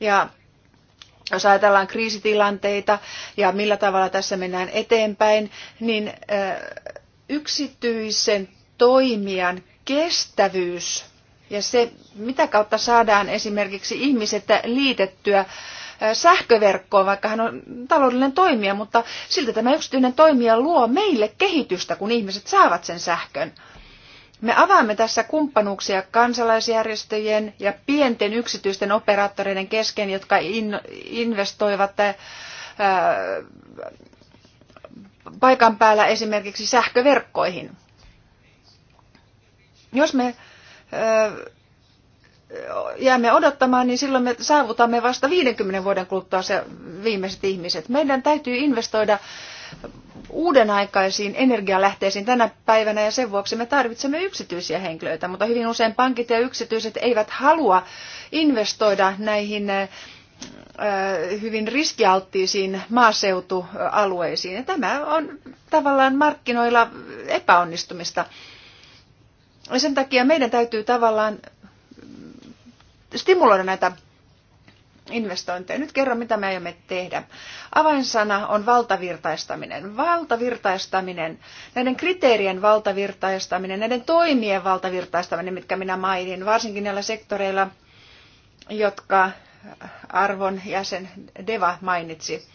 Ja jos ajatellaan kriisitilanteita ja millä tavalla tässä mennään eteenpäin, niin yksityisen toimijan kestävyys ja se, mitä kautta saadaan esimerkiksi ihmiset liitettyä sähköverkkoon, vaikka hän on taloudellinen toimija, mutta siltä tämä yksityinen toimija luo meille kehitystä, kun ihmiset saavat sen sähkön. Me avaamme tässä kumppanuuksia kansalaisjärjestöjen ja pienten yksityisten operaattoreiden kesken, jotka in, investoivat ää, paikan päällä esimerkiksi sähköverkkoihin. Jos me jäämme odottamaan, niin silloin me saavutamme vasta 50 vuoden kuluttua se viimeiset ihmiset. Meidän täytyy investoida uuden aikaisiin energialähteisiin tänä päivänä ja sen vuoksi me tarvitsemme yksityisiä henkilöitä, mutta hyvin usein pankit ja yksityiset eivät halua investoida näihin hyvin riskialttiisiin maaseutualueisiin. Ja tämä on tavallaan markkinoilla epäonnistumista sen takia meidän täytyy tavallaan stimuloida näitä investointeja. Nyt kerron, mitä me aiomme tehdä. Avainsana on valtavirtaistaminen. Valtavirtaistaminen, näiden kriteerien valtavirtaistaminen, näiden toimien valtavirtaistaminen, mitkä minä mainin, varsinkin näillä sektoreilla, jotka arvon jäsen Deva mainitsi.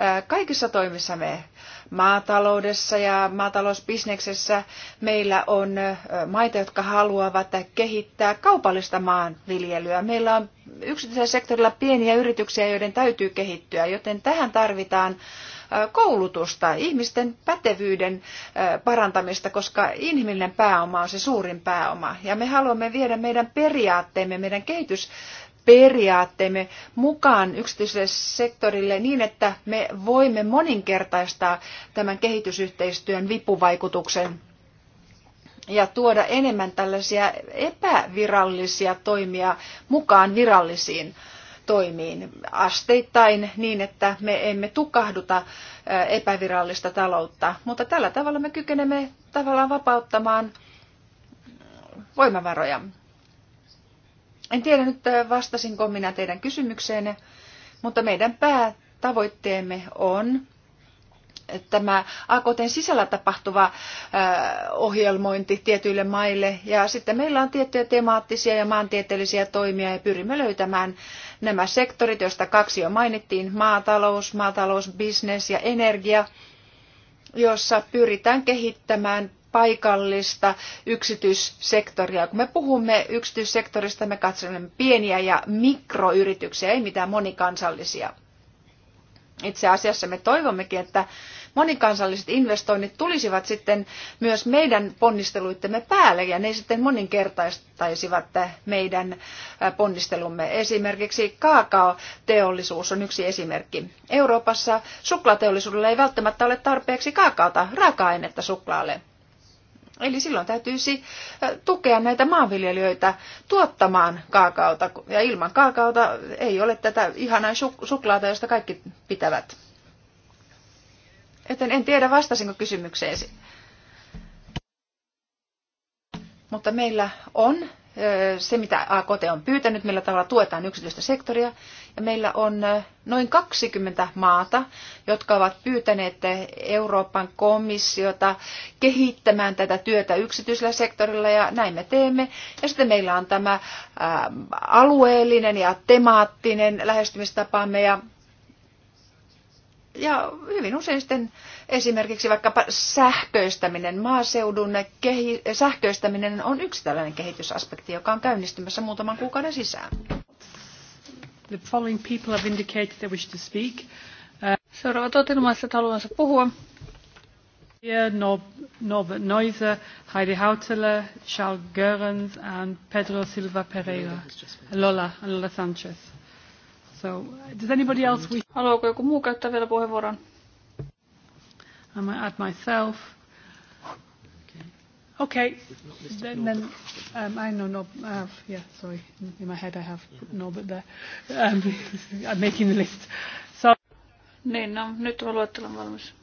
Äh, kaikissa toimissa me maataloudessa ja maatalousbisneksessä meillä on äh, maita, jotka haluavat kehittää kaupallista maanviljelyä. Meillä on yksityisellä sektorilla pieniä yrityksiä, joiden täytyy kehittyä, joten tähän tarvitaan äh, koulutusta, ihmisten pätevyyden parantamista, koska inhimillinen pääoma on se suurin pääoma. Ja me haluamme viedä meidän periaatteemme, meidän kehitys periaatteemme mukaan yksityiselle sektorille niin, että me voimme moninkertaistaa tämän kehitysyhteistyön vipuvaikutuksen ja tuoda enemmän tällaisia epävirallisia toimia mukaan virallisiin toimiin asteittain niin, että me emme tukahduta epävirallista taloutta, mutta tällä tavalla me kykenemme tavallaan vapauttamaan voimavaroja. En tiedä nyt äh, vastasinko minä teidän kysymykseenne, mutta meidän päätavoitteemme on tämä AKTn sisällä tapahtuva äh, ohjelmointi tietyille maille. Ja sitten meillä on tiettyjä temaattisia ja maantieteellisiä toimia ja pyrimme löytämään nämä sektorit, joista kaksi jo mainittiin, maatalous, maatalousbisnes ja energia, jossa pyritään kehittämään paikallista yksityissektoria. Kun me puhumme yksityissektorista, me katsomme pieniä ja mikroyrityksiä, ei mitään monikansallisia. Itse asiassa me toivommekin, että monikansalliset investoinnit tulisivat sitten myös meidän ponnisteluittemme päälle ja ne sitten moninkertaistaisivat meidän ponnistelumme. Esimerkiksi kaakaoteollisuus on yksi esimerkki. Euroopassa suklaateollisuudella ei välttämättä ole tarpeeksi kaakaota, raaka-ainetta suklaalle. Eli silloin täytyisi tukea näitä maanviljelijöitä tuottamaan kaakaota, ja ilman kaakaota ei ole tätä ihanaa suklaata, josta kaikki pitävät. Joten en tiedä, vastasinko kysymykseesi. Mutta meillä on se, mitä AKT on pyytänyt, millä tavalla tuetaan yksityistä sektoria, meillä on noin 20 maata, jotka ovat pyytäneet Euroopan komissiota kehittämään tätä työtä yksityisellä sektorilla ja näin me teemme. Ja sitten meillä on tämä alueellinen ja temaattinen lähestymistapaamme ja ja hyvin usein sitten esimerkiksi vaikkapa sähköistäminen, maaseudun kehi- sähköistäminen on yksi tällainen kehitysaspekti, joka on käynnistymässä muutaman kuukauden sisään. The following people have indicated they wish to speak. Seuraavat ovat ilmaiset haluansa puhua. Norbert Neuser, Heidi Hautala, Charles Görens and Pedro Silva Pereira. Lola, Lola Sanchez. So, does anybody else wish... Haluaako joku muu käyttää vielä puheenvuoron? I might add myself. Okay. Then, then um, I know Uh, yeah, sorry. In my head I have Norbert there. Um, I'm making the list. So. Niin, no, nyt on luettelon valmis.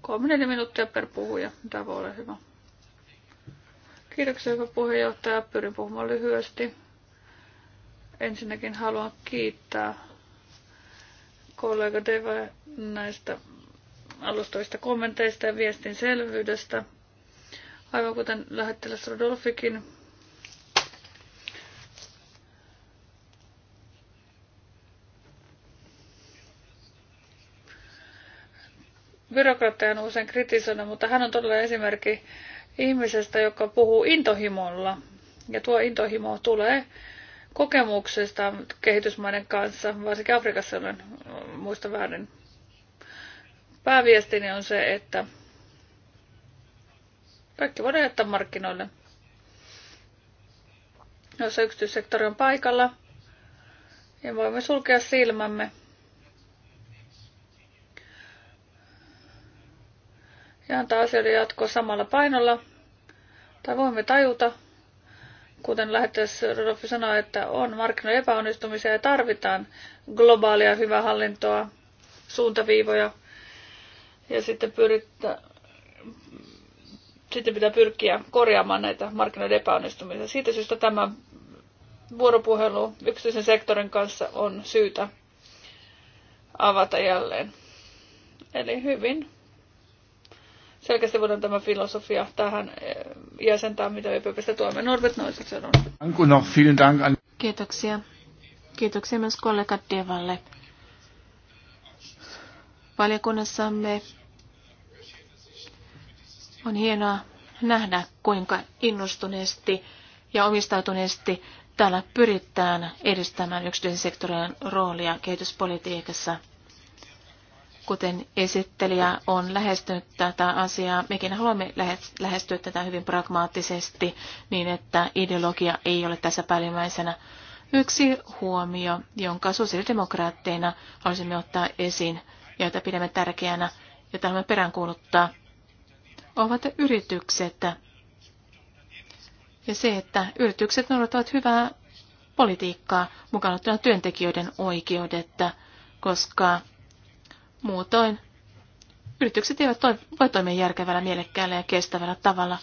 Kolme minuuttia per puhuja. Tämä voi olla hyvä. Kiitoksia, hyvä puheenjohtaja. Pyrin puhumaan lyhyesti. Ensinnäkin haluan kiittää kollega Deva näistä alustavista kommenteista ja viestin selvyydestä. Aivan kuten lähettiläs Rodolfikin. Byrokraatteja on usein kritisoinut, mutta hän on todella esimerkki ihmisestä, joka puhuu intohimolla. Ja tuo intohimo tulee kokemuksesta kehitysmaiden kanssa, varsinkin Afrikassa olen muista väärin Pääviestini on se, että kaikki voidaan jättää markkinoille. Jos yksityissektori on paikalla, ja niin voimme sulkea silmämme. Ja antaa asioiden jatkoa samalla painolla. Tai voimme tajuta, kuten lähettiläs Rodolfi sanoi, että on markkinoiden epäonnistumisia ja tarvitaan globaalia hyvää hallintoa, suuntaviivoja, ja sitten, pyrittä, sitten pitää pyrkiä korjaamaan näitä markkinoiden epäonnistumisia. Siitä syystä tämä vuoropuhelu yksityisen sektorin kanssa on syytä avata jälleen. Eli hyvin selkeästi voidaan tämä filosofia tähän eh, jäsentää, mitä YPPstä e tuomme. Norbert Noiset sanoo. No, Kiitoksia. Kiitoksia myös kollega Devalle. Valiokunnassamme on hienoa nähdä, kuinka innostuneesti ja omistautuneesti täällä pyritään edistämään yksityisen sektorin roolia kehityspolitiikassa. Kuten esittelijä on lähestynyt tätä asiaa, mekin haluamme lähestyä tätä hyvin pragmaattisesti niin, että ideologia ei ole tässä päällimmäisenä. Yksi huomio, jonka sosiaalidemokraatteina haluaisimme ottaa esiin ja jota pidämme tärkeänä, jota haluamme peräänkuuluttaa, ovat yritykset. Ja se, että yritykset noudattavat hyvää politiikkaa, mukaan ottaen työntekijöiden oikeudet, koska muutoin yritykset eivät voi toimia järkevällä, mielekkäällä ja kestävällä tavalla.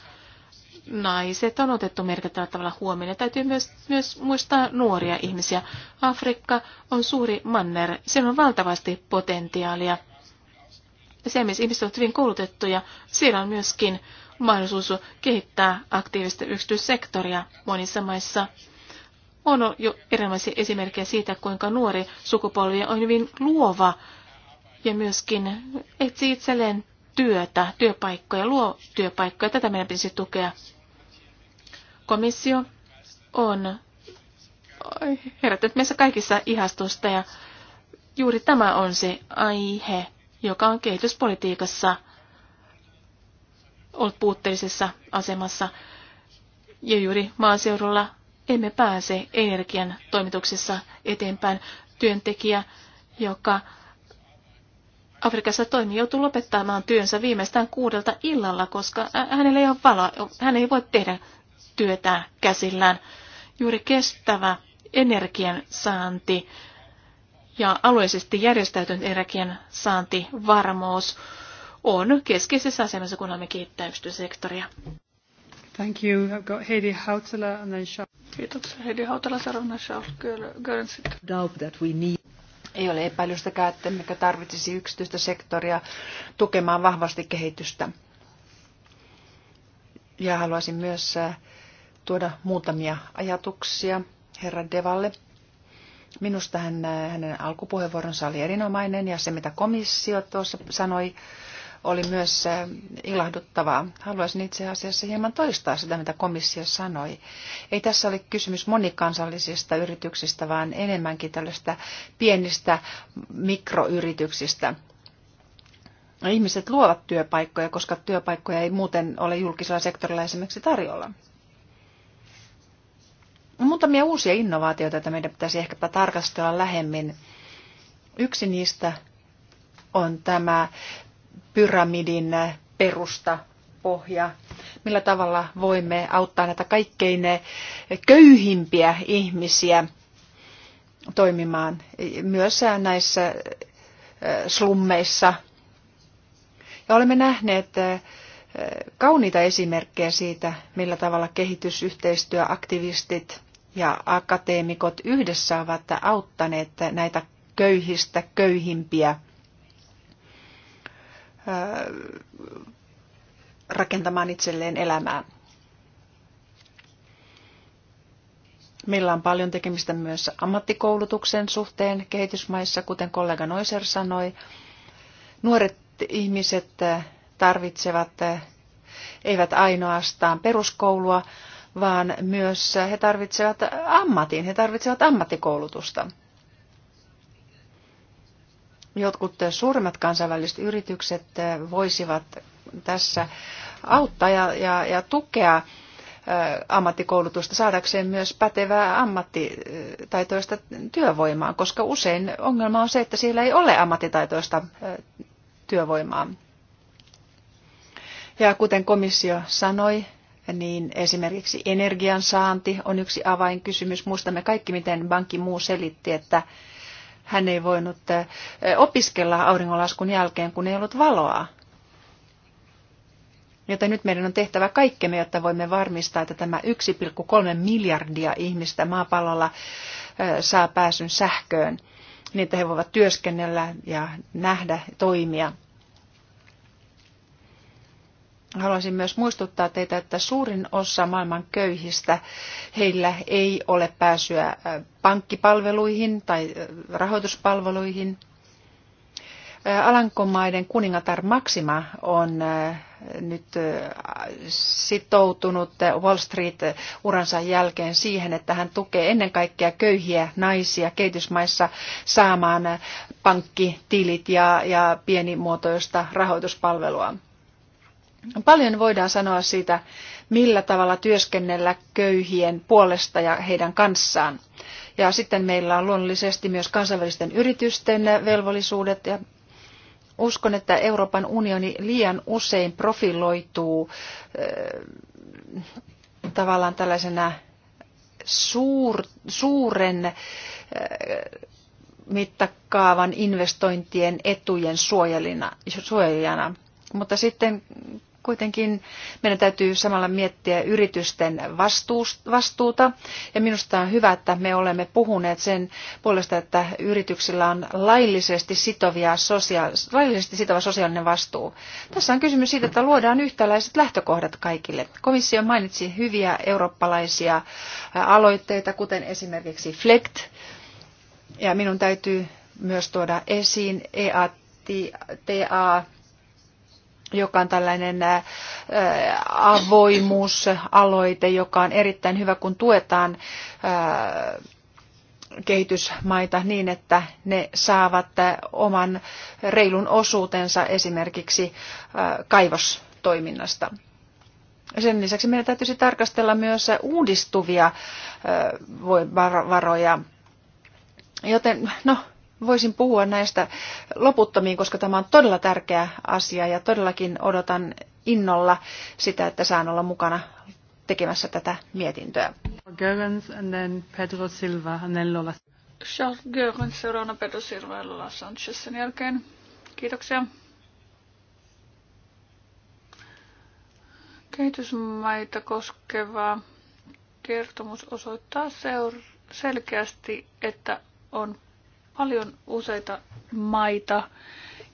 Naiset on otettu merkittävällä tavalla huomioon ja täytyy myös, myös muistaa nuoria ihmisiä. Afrikka on suuri manner, siellä on valtavasti potentiaalia – siellä missä ihmiset ovat hyvin koulutettuja, siellä on myöskin mahdollisuus kehittää aktiivista yksityissektoria monissa maissa. On jo erilaisia esimerkkejä siitä, kuinka nuori sukupolvi on hyvin luova ja myöskin etsii itselleen työtä, työpaikkoja, luo työpaikkoja. Tätä meidän pitäisi tukea. Komissio on herättänyt meissä kaikissa ihastusta ja juuri tämä on se aihe, joka on kehityspolitiikassa ollut puutteellisessa asemassa. Ja juuri maaseudulla emme pääse energian toimituksessa eteenpäin. Työntekijä, joka Afrikassa toimii, joutuu lopettamaan työnsä viimeistään kuudelta illalla, koska hänellä ei ole valoa, hän ei voi tehdä työtään käsillään. Juuri kestävä energian saanti ja alueellisesti järjestäytynyt energian varmoos on keskeisessä asemassa, kun olemme kiittää yksityissektoria. Thank you. I've got Heidi Hautala and then Charles. Kiitoksia. Heidi Hautala, Sarona Charles Doubt that we need ei ole epäilystäkään, että mikä tarvitsisi yksityistä sektoria tukemaan vahvasti kehitystä. Ja haluaisin myös äh, tuoda muutamia ajatuksia herra Devalle. Minusta hän, hänen alkupuheenvuoronsa oli erinomainen ja se, mitä komissio tuossa sanoi, oli myös äh, ilahduttavaa. Haluaisin itse asiassa hieman toistaa sitä, mitä komissio sanoi. Ei tässä ole kysymys monikansallisista yrityksistä, vaan enemmänkin tällaista pienistä mikroyrityksistä. Ihmiset luovat työpaikkoja, koska työpaikkoja ei muuten ole julkisella sektorilla esimerkiksi tarjolla muutamia uusia innovaatioita, joita meidän pitäisi ehkäpä tarkastella lähemmin. Yksi niistä on tämä pyramidin perusta, pohja, millä tavalla voimme auttaa näitä kaikkein köyhimpiä ihmisiä toimimaan myös näissä slummeissa. Ja olemme nähneet kauniita esimerkkejä siitä, millä tavalla kehitysyhteistyöaktivistit ja akateemikot yhdessä ovat auttaneet näitä köyhistä köyhimpiä rakentamaan itselleen elämää. Meillä on paljon tekemistä myös ammattikoulutuksen suhteen kehitysmaissa, kuten kollega Noiser sanoi. Nuoret ihmiset tarvitsevat eivät ainoastaan peruskoulua, vaan myös he tarvitsevat ammatin, he tarvitsevat ammattikoulutusta. Jotkut suurimmat kansainväliset yritykset voisivat tässä auttaa ja, ja, ja tukea ammattikoulutusta saadakseen myös pätevää ammattitaitoista työvoimaa, koska usein ongelma on se, että siellä ei ole ammattitaitoista työvoimaa. Ja kuten komissio sanoi, niin esimerkiksi energian saanti on yksi avainkysymys. Muistamme kaikki, miten Banki muu selitti, että hän ei voinut eh, opiskella auringonlaskun jälkeen, kun ei ollut valoa. Joten nyt meidän on tehtävä kaikkemme, jotta voimme varmistaa, että tämä 1,3 miljardia ihmistä maapallolla eh, saa pääsyn sähköön, niin että he voivat työskennellä ja nähdä toimia Haluaisin myös muistuttaa teitä, että suurin osa maailman köyhistä, heillä ei ole pääsyä äh, pankkipalveluihin tai äh, rahoituspalveluihin. Äh, Alankomaiden kuningatar Maxima on nyt sitoutunut Wall Street-uransa jälkeen siihen, että hän tukee ennen kaikkea köyhiä naisia kehitysmaissa saamaan pankkitilit ja, ja pienimuotoista rahoituspalvelua. Paljon voidaan sanoa siitä, millä tavalla työskennellä köyhien puolesta ja heidän kanssaan. Ja sitten meillä on luonnollisesti myös kansainvälisten yritysten velvollisuudet ja uskon, että Euroopan unioni liian usein profiloituu äh, tavallaan tällaisena suur, suuren äh, mittakaavan investointien etujen suojelijana. Mutta sitten kuitenkin meidän täytyy samalla miettiä yritysten vastuuta. Ja minusta on hyvä, että me olemme puhuneet sen puolesta, että yrityksillä on laillisesti, sitovia sosia- laillisesti sitova sosiaalinen vastuu. Tässä on kysymys siitä, että luodaan yhtäläiset lähtökohdat kaikille. Komissio mainitsi hyviä eurooppalaisia aloitteita, kuten esimerkiksi FLECT. Ja minun täytyy myös tuoda esiin EATA joka on tällainen avoimuusaloite, joka on erittäin hyvä, kun tuetaan kehitysmaita niin, että ne saavat oman reilun osuutensa esimerkiksi kaivostoiminnasta. Sen lisäksi meidän täytyisi tarkastella myös uudistuvia varoja. Joten no, voisin puhua näistä loputtomiin, koska tämä on todella tärkeä asia ja todellakin odotan innolla sitä, että saan olla mukana tekemässä tätä mietintöä. Görens and then Pedro Silva and Charles Görens, seuraavana Pedro Silva ja Lola sen jälkeen. Kiitoksia. Kehitysmaita koskeva kertomus osoittaa seur- selkeästi, että on paljon useita maita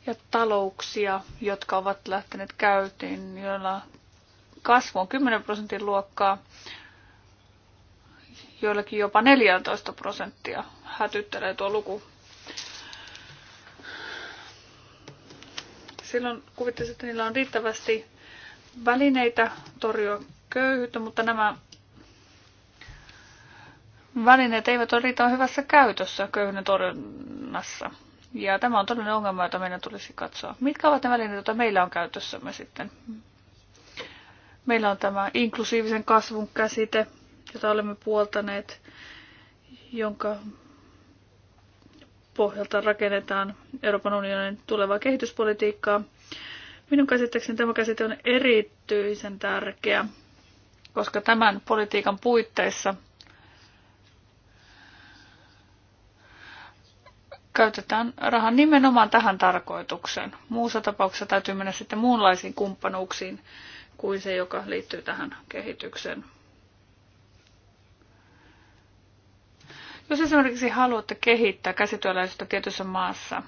ja talouksia, jotka ovat lähteneet käytiin, joilla kasvu on 10 prosentin luokkaa, joillakin jopa 14 prosenttia hätyttelee tuo luku. Silloin kuvittaisin, että niillä on riittävästi välineitä torjua köyhyyttä, mutta nämä välineet eivät ole riittävän hyvässä käytössä köyhyyden torjunnassa. Ja tämä on todellinen ongelma, jota meidän tulisi katsoa. Mitkä ovat ne välineet, joita meillä on käytössämme sitten? Meillä on tämä inklusiivisen kasvun käsite, jota olemme puoltaneet, jonka pohjalta rakennetaan Euroopan unionin tulevaa kehityspolitiikkaa. Minun käsittääkseni tämä käsite on erityisen tärkeä, koska tämän politiikan puitteissa – käytetään rahaa nimenomaan tähän tarkoitukseen. Muussa tapauksessa täytyy mennä sitten muunlaisiin kumppanuuksiin kuin se, joka liittyy tähän kehitykseen. Jos esimerkiksi haluatte kehittää käsityöläisyyttä tietyssä maassa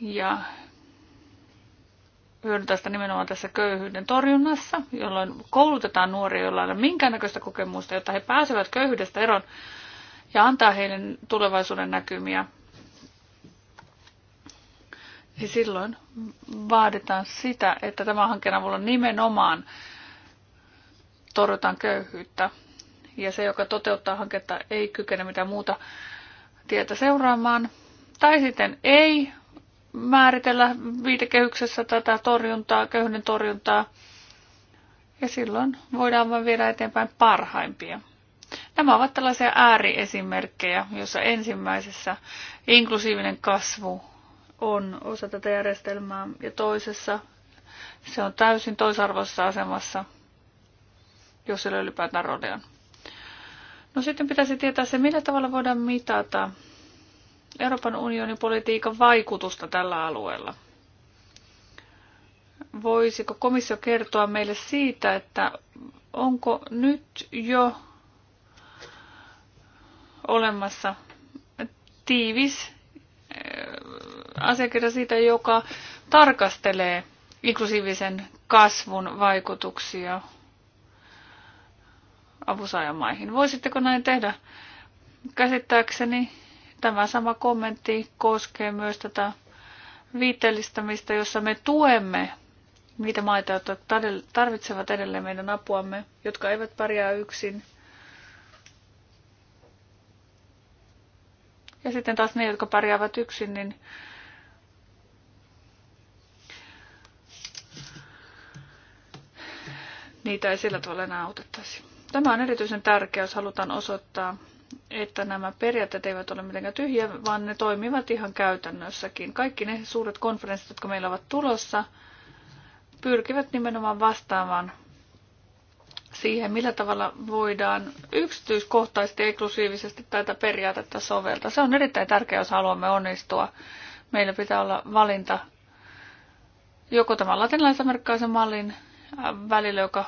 ja hyödyntää sitä nimenomaan tässä köyhyyden torjunnassa, jolloin koulutetaan nuoria, joilla ei ole minkäännäköistä kokemusta, jotta he pääsevät köyhyydestä eroon, ja antaa heille tulevaisuuden näkymiä, niin silloin vaaditaan sitä, että tämä hankkeen avulla nimenomaan torjutaan köyhyyttä. Ja se, joka toteuttaa hanketta, ei kykene mitään muuta tietä seuraamaan. Tai sitten ei määritellä viitekehyksessä tätä torjuntaa, köyhyyden torjuntaa. Ja silloin voidaan vain viedä eteenpäin parhaimpia. Nämä ovat tällaisia ääriesimerkkejä, jossa ensimmäisessä inklusiivinen kasvu on osa tätä järjestelmää ja toisessa se on täysin toisarvoisessa asemassa, jos sillä ylipäätään rodean. No sitten pitäisi tietää se, millä tavalla voidaan mitata Euroopan unionin politiikan vaikutusta tällä alueella. Voisiko komissio kertoa meille siitä, että onko nyt jo olemassa tiivis äh, asiakirja siitä, joka tarkastelee inklusiivisen kasvun vaikutuksia avusaajamaihin. Voisitteko näin tehdä? Käsittääkseni tämä sama kommentti koskee myös tätä viitellistämistä, jossa me tuemme niitä maita, jotka tarvitsevat edelleen meidän apuamme, jotka eivät pärjää yksin – Ja sitten taas ne, jotka pärjäävät yksin, niin niitä ei sillä tavalla enää autettaisi. Tämä on erityisen tärkeä, jos halutaan osoittaa, että nämä periaatteet eivät ole mitenkään tyhjiä, vaan ne toimivat ihan käytännössäkin. Kaikki ne suuret konferenssit, jotka meillä ovat tulossa, pyrkivät nimenomaan vastaamaan siihen, millä tavalla voidaan yksityiskohtaisesti ja eklusiivisesti tätä periaatetta soveltaa. Se on erittäin tärkeä jos haluamme onnistua. Meillä pitää olla valinta joko tämän latinalaisamerikkaisen mallin äh, välillä, joka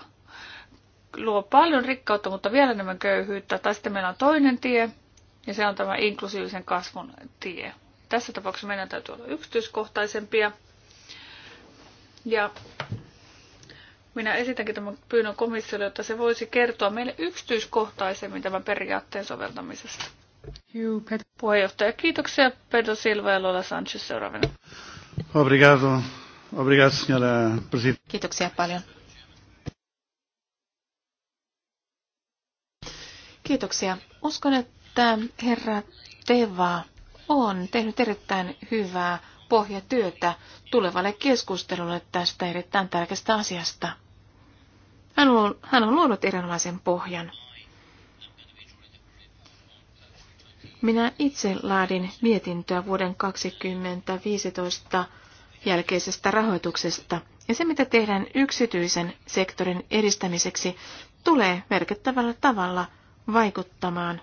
luo paljon rikkautta, mutta vielä enemmän köyhyyttä, tai sitten meillä on toinen tie, ja se on tämä inklusiivisen kasvun tie. Tässä tapauksessa meidän täytyy olla yksityiskohtaisempia. Ja minä esitänkin tämän pyynnön komissiolle, jotta se voisi kertoa meille yksityiskohtaisemmin tämän periaatteen soveltamisesta. Puheenjohtaja, kiitoksia. Pedro Silva ja Lola Sanchez seuraavana. Obrigado. Obrigado, signora presidente. Kiitoksia paljon. Kiitoksia. Uskon, että herra Teva on tehnyt erittäin hyvää pohjatyötä tulevalle keskustelulle tästä erittäin tärkeästä asiasta. Hän on, hän on luonut erinomaisen pohjan. Minä itse laadin mietintöä vuoden 2015 jälkeisestä rahoituksesta, ja se mitä tehdään yksityisen sektorin edistämiseksi tulee merkittävällä tavalla vaikuttamaan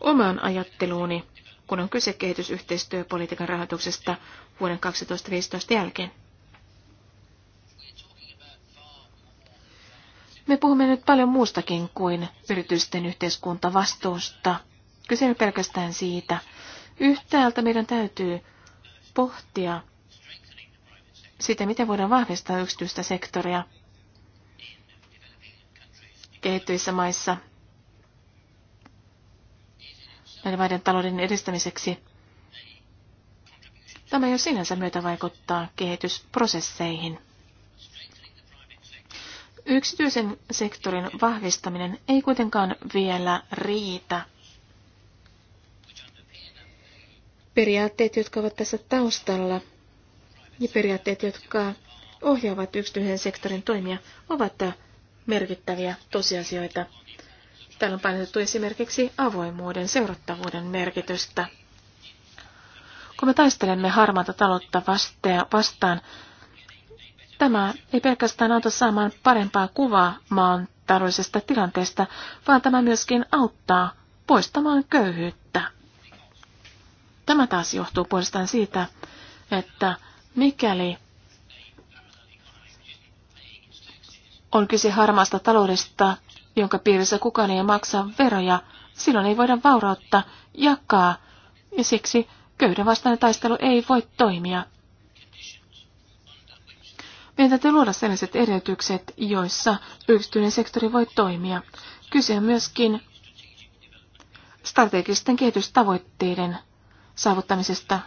omaan ajatteluuni, kun on kyse kehitysyhteistyöpolitiikan rahoituksesta vuoden 2015 jälkeen. Me puhumme nyt paljon muustakin kuin yritysten yhteiskuntavastuusta. Kysymme pelkästään siitä. Yhtäältä meidän täytyy pohtia sitä, miten voidaan vahvistaa yksityistä sektoria kehittyissä maissa näiden maiden talouden edistämiseksi. Tämä jo sinänsä myötä vaikuttaa kehitysprosesseihin. Yksityisen sektorin vahvistaminen ei kuitenkaan vielä riitä. Periaatteet, jotka ovat tässä taustalla, ja periaatteet, jotka ohjaavat yksityisen sektorin toimia, ovat merkittäviä tosiasioita. Täällä on painotettu esimerkiksi avoimuuden seurattavuuden merkitystä. Kun me taistelemme harmaata taloutta vastaan, Tämä ei pelkästään auta saamaan parempaa kuvaa maan taloudellisesta tilanteesta, vaan tämä myöskin auttaa poistamaan köyhyyttä. Tämä taas johtuu puolestaan siitä, että mikäli on kyse harmaasta taloudesta, jonka piirissä kukaan ei maksa veroja, silloin ei voida vaurautta jakaa, ja siksi köyhden vastainen taistelu ei voi toimia. Meidän täytyy luoda sellaiset edellytykset, joissa yksityinen sektori voi toimia. Kyse on myöskin strategisten kehitystavoitteiden saavuttamisesta,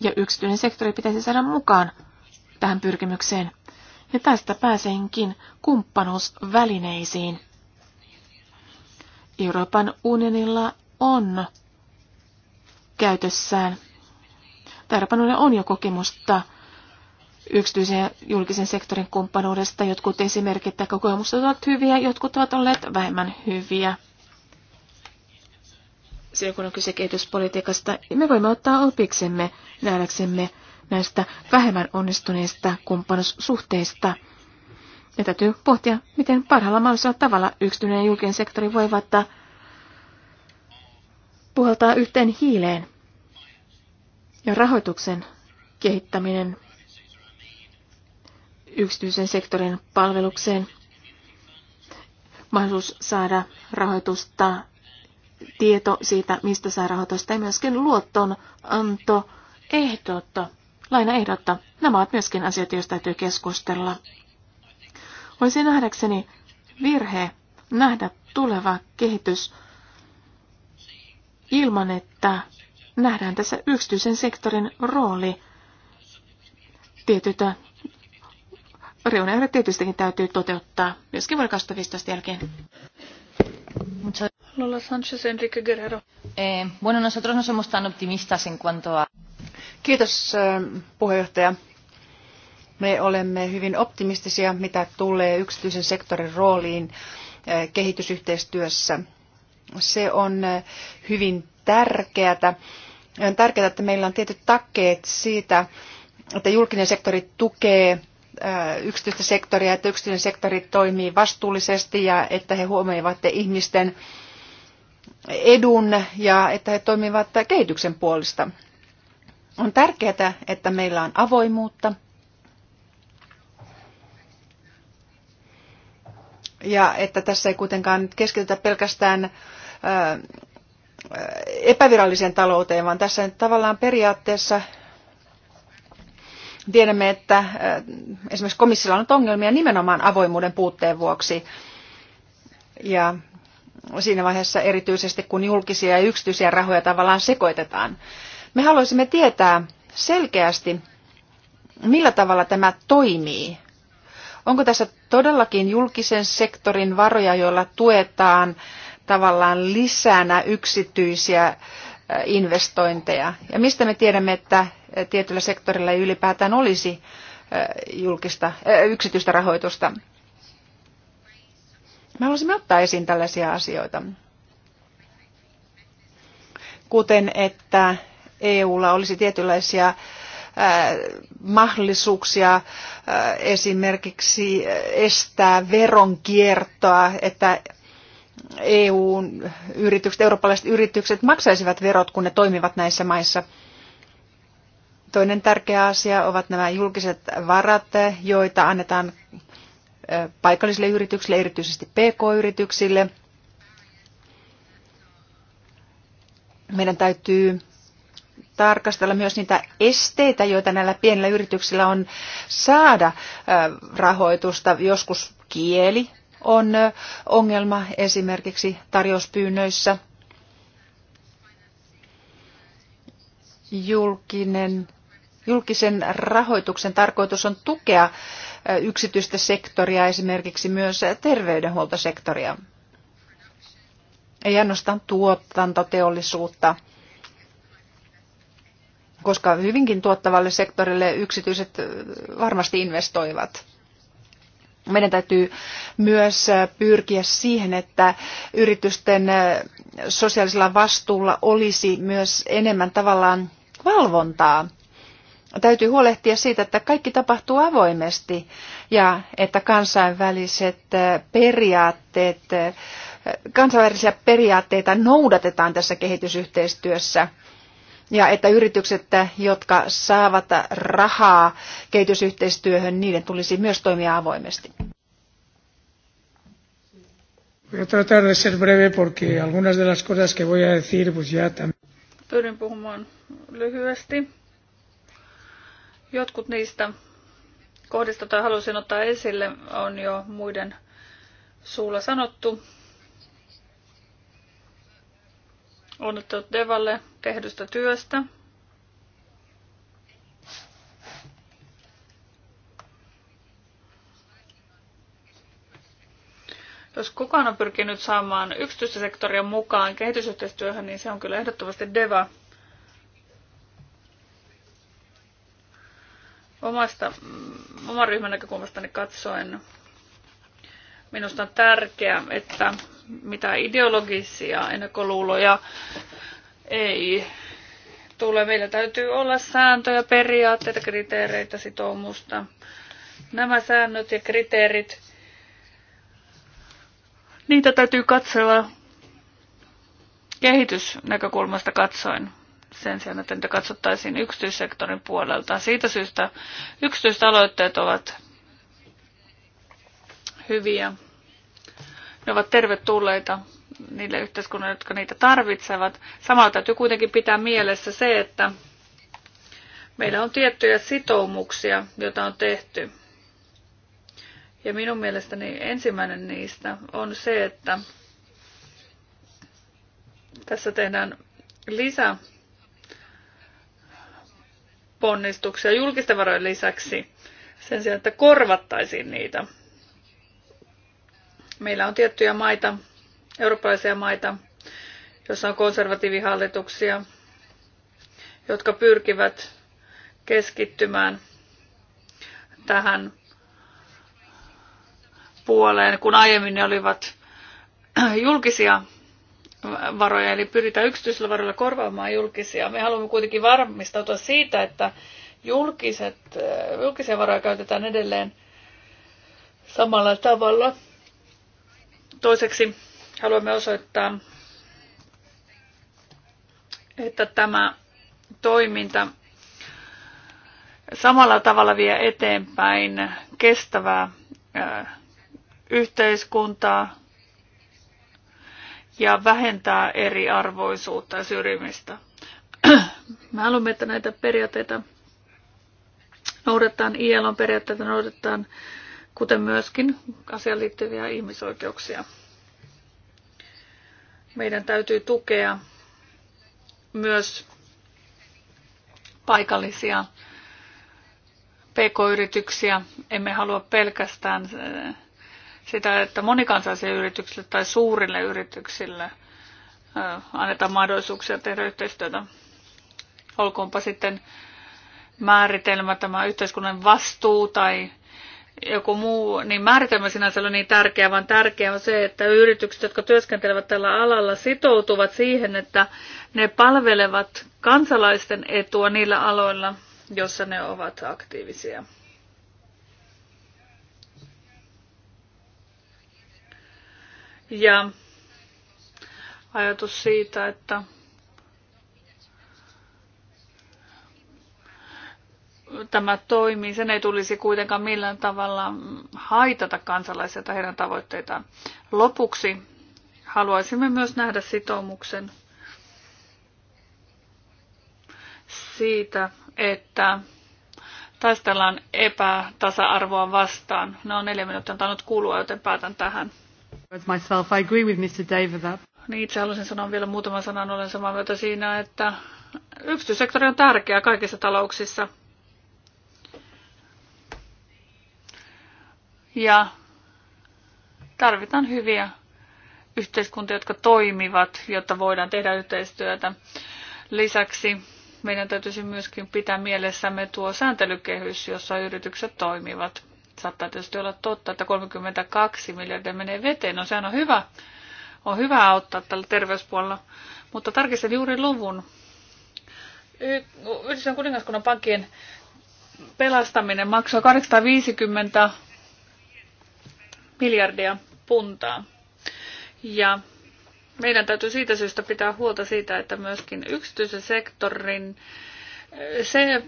ja yksityinen sektori pitäisi saada mukaan tähän pyrkimykseen. Ja tästä pääsenkin kumppanuusvälineisiin. Euroopan unionilla on käytössään. Euroopan unionilla on jo kokemusta yksityisen ja julkisen sektorin kumppanuudesta. Jotkut esimerkit tai kokemukset ovat hyviä, jotkut ovat olleet vähemmän hyviä. Silloin kun on kyse kehityspolitiikasta, me voimme ottaa opiksemme nähdäksemme näistä vähemmän onnistuneista kumppanussuhteista. Ja täytyy pohtia, miten parhaalla mahdollisella tavalla yksityinen ja julkinen sektori voivat puhaltaa yhteen hiileen. Ja rahoituksen kehittäminen yksityisen sektorin palvelukseen. Mahdollisuus saada rahoitusta, tieto siitä, mistä saa rahoitusta ja myöskin luottonanto ehdotta, lainaehdotta. Nämä ovat myöskin asioita, joista täytyy keskustella. Voisi nähdäkseni virhe nähdä tuleva kehitys ilman, että nähdään tässä yksityisen sektorin rooli. Tietyt reunaehdot tietystikin täytyy toteuttaa myöskin vuoden 2015 jälkeen. Lola Sanchez, Enrique Guerrero. Eh, bueno, nosotros no somos tan optimistas en cuanto a... Kiitos eh, puheenjohtaja. Me olemme hyvin optimistisia, mitä tulee yksityisen sektorin rooliin eh, kehitysyhteistyössä. Se on eh, hyvin tärkeää. On tärkeää, että meillä on tietyt takkeet siitä, että julkinen sektori tukee yksityistä sektoria, että yksityinen sektori toimii vastuullisesti ja että he huomioivat ihmisten edun ja että he toimivat kehityksen puolesta. On tärkeää, että meillä on avoimuutta ja että tässä ei kuitenkaan keskitytä pelkästään epäviralliseen talouteen, vaan tässä tavallaan periaatteessa Tiedämme, että äh, esimerkiksi komissiolla on ongelmia nimenomaan avoimuuden puutteen vuoksi. Ja siinä vaiheessa erityisesti, kun julkisia ja yksityisiä rahoja tavallaan sekoitetaan. Me haluaisimme tietää selkeästi, millä tavalla tämä toimii. Onko tässä todellakin julkisen sektorin varoja, joilla tuetaan tavallaan lisänä yksityisiä äh, investointeja? Ja mistä me tiedämme, että tietyllä sektorilla ei ylipäätään olisi eh, julkista, eh, yksityistä rahoitusta. Me haluaisimme ottaa esiin tällaisia asioita, kuten että EUlla olisi tietynlaisia eh, mahdollisuuksia esimerkiksi estää veronkiertoa, että EUn yritykset, eurooppalaiset yritykset maksaisivat verot, kun ne toimivat näissä maissa – Toinen tärkeä asia ovat nämä julkiset varat, joita annetaan paikallisille yrityksille, erityisesti PK-yrityksille. Meidän täytyy tarkastella myös niitä esteitä, joita näillä pienillä yrityksillä on saada rahoitusta. Joskus kieli on ongelma esimerkiksi tarjouspyynnöissä. Julkinen Julkisen rahoituksen tarkoitus on tukea yksityistä sektoria, esimerkiksi myös terveydenhuoltosektoria. Ei ainoastaan tuotantoteollisuutta, koska hyvinkin tuottavalle sektorille yksityiset varmasti investoivat. Meidän täytyy myös pyrkiä siihen, että yritysten sosiaalisella vastuulla olisi myös enemmän tavallaan valvontaa täytyy huolehtia siitä, että kaikki tapahtuu avoimesti ja että kansainväliset eh, periaatteet, eh, kansainvälisiä periaatteita noudatetaan tässä kehitysyhteistyössä ja että yritykset, eh, jotka saavat rahaa kehitysyhteistyöhön, niiden tulisi myös toimia avoimesti. Voy a tratar de ser breve porque algunas de las cosas que voy a decir pues ya también. Pyrin puhumaan lyhyesti Jotkut niistä kohdista, joita halusin ottaa esille, on jo muiden suulla sanottu. Onnittelut Devalle tehdystä työstä. Jos kukaan on pyrkinyt saamaan yksityistä sektoria mukaan kehitysyhteistyöhön, niin se on kyllä ehdottomasti Deva. omasta, oman ryhmän näkökulmastani niin katsoen minusta on tärkeää, että mitä ideologisia ennakkoluuloja ei tule. Meillä täytyy olla sääntöjä, periaatteita, kriteereitä, sitoumusta. Nämä säännöt ja kriteerit, niitä täytyy katsella kehitysnäkökulmasta katsoen sen sijaan, että niitä katsottaisiin yksityissektorin puolelta. Siitä syystä yksityistaloitteet ovat hyviä. Ne ovat tervetulleita niille yhteiskunnille, jotka niitä tarvitsevat. Samalla täytyy kuitenkin pitää mielessä se, että meillä on tiettyjä sitoumuksia, joita on tehty. Ja minun mielestäni ensimmäinen niistä on se, että tässä tehdään lisää ponnistuksia julkisten varojen lisäksi sen sijaan, että korvattaisiin niitä. Meillä on tiettyjä maita, eurooppalaisia maita, joissa on konservatiivihallituksia, jotka pyrkivät keskittymään tähän puoleen, kun aiemmin ne olivat julkisia varoja, eli pyritään yksityisillä varoilla korvaamaan julkisia. Me haluamme kuitenkin varmistautua siitä, että julkiset, äh, julkisia varoja käytetään edelleen samalla tavalla. Toiseksi haluamme osoittaa, että tämä toiminta samalla tavalla vie eteenpäin kestävää äh, yhteiskuntaa, ja vähentää eriarvoisuutta ja syrjimistä. Mä haluamme, että näitä periaatteita noudatetaan, ILOn periaatteita noudatetaan, kuten myöskin asiaan liittyviä ihmisoikeuksia. Meidän täytyy tukea myös paikallisia pk-yrityksiä. Emme halua pelkästään sitä, että monikansaisille yrityksille tai suurille yrityksille annetaan mahdollisuuksia tehdä yhteistyötä. Olkoonpa sitten määritelmä tämä yhteiskunnan vastuu tai joku muu, niin määritelmä sinänsä on niin tärkeä, vaan tärkeä on se, että yritykset, jotka työskentelevät tällä alalla, sitoutuvat siihen, että ne palvelevat kansalaisten etua niillä aloilla, jossa ne ovat aktiivisia. Ja ajatus siitä, että tämä toimii, sen ei tulisi kuitenkaan millään tavalla haitata kansalaisia tai heidän tavoitteitaan. Lopuksi haluaisimme myös nähdä sitoumuksen siitä, että taistellaan epätasa-arvoa vastaan. No neljä minuuttia on tainnut kulua, joten päätän tähän. Myself, I agree with Mr. that. Niin, itse haluaisin sanoa vielä muutaman sanan. Olen samaa mieltä siinä, että yksityissektori on tärkeä kaikissa talouksissa. Ja tarvitaan hyviä yhteiskuntia, jotka toimivat, jotta voidaan tehdä yhteistyötä. Lisäksi meidän täytyisi myöskin pitää mielessämme tuo sääntelykehys, jossa yritykset toimivat saattaa tietysti olla totta, että 32 miljardia menee veteen. No sehän on hyvä, on hyvä auttaa tällä terveyspuolella, mutta tarkistin juuri luvun. Yhdistön kuningaskunnan pankkien pelastaminen maksoi 850 miljardia puntaa. Ja meidän täytyy siitä syystä pitää huolta siitä, että myöskin yksityisen sektorin se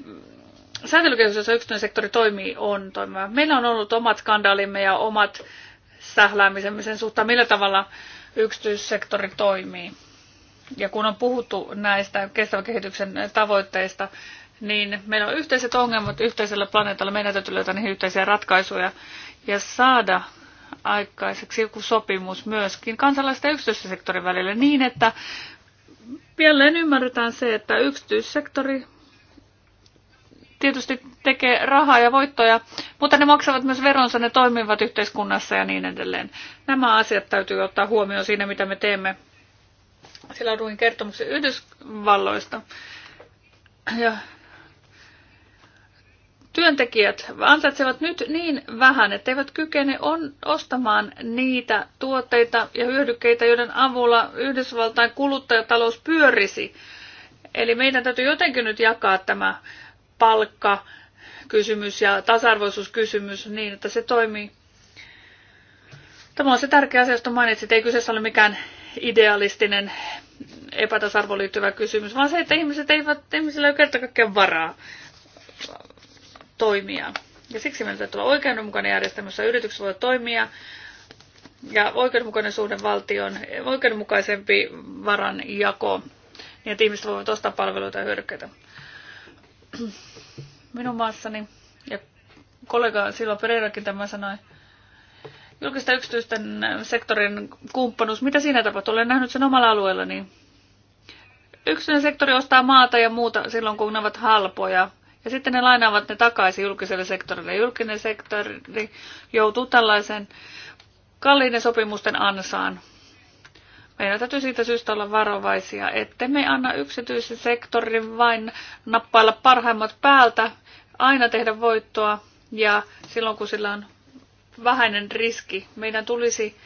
sääntelykehys, jossa yksityinen sektori toimii, on toimiva. Meillä on ollut omat skandaalimme ja omat sähläämisemme sen suhteen, millä tavalla yksityissektori toimii. Ja kun on puhuttu näistä kestävän kehityksen tavoitteista, niin meillä on yhteiset ongelmat yhteisellä planeetalla. Meidän täytyy löytää niihin yhteisiä ratkaisuja ja saada aikaiseksi joku sopimus myöskin kansalaisten ja yksityissektorin välillä niin, että jälleen ymmärretään se, että yksityissektori tietysti tekee rahaa ja voittoja, mutta ne maksavat myös veronsa, ne toimivat yhteiskunnassa ja niin edelleen. Nämä asiat täytyy ottaa huomioon siinä, mitä me teemme. Sillä luin kertomuksen Yhdysvalloista. Ja työntekijät ansaitsevat nyt niin vähän, että eivät kykene on ostamaan niitä tuotteita ja hyödykkeitä, joiden avulla Yhdysvaltain kuluttajatalous pyörisi. Eli meidän täytyy jotenkin nyt jakaa tämä palkka kysymys ja tasa-arvoisuuskysymys niin, että se toimii. Tämä on se tärkeä asia, josta mainitsit. Ei kyseessä ole mikään idealistinen epätasa liittyvä kysymys, vaan se, että ihmiset eivät, ihmisillä ei ole kerta kaikkiaan varaa toimia. Ja siksi meillä täytyy olla oikeudenmukainen järjestelmä, jossa yritykset voivat toimia, ja oikeudenmukainen suhde valtion, oikeudenmukaisempi varan jako, niin että ihmiset voivat ostaa palveluita ja hyödykkeitä minun maassani, ja kollega silloin Pereirakin tämä sanoi, julkista yksityisten äh, sektorin kumppanuus, mitä siinä tapahtuu? Olen nähnyt sen omalla alueella, niin yksityinen sektori ostaa maata ja muuta silloin, kun ne ovat halpoja. Ja sitten ne lainaavat ne takaisin julkiselle sektorille. Julkinen sektori joutuu tällaisen kalliiden sopimusten ansaan. Meidän täytyy siitä syystä olla varovaisia, että me anna yksityisen sektorin vain nappailla parhaimmat päältä, aina tehdä voittoa ja silloin kun sillä on vähäinen riski, meidän tulisi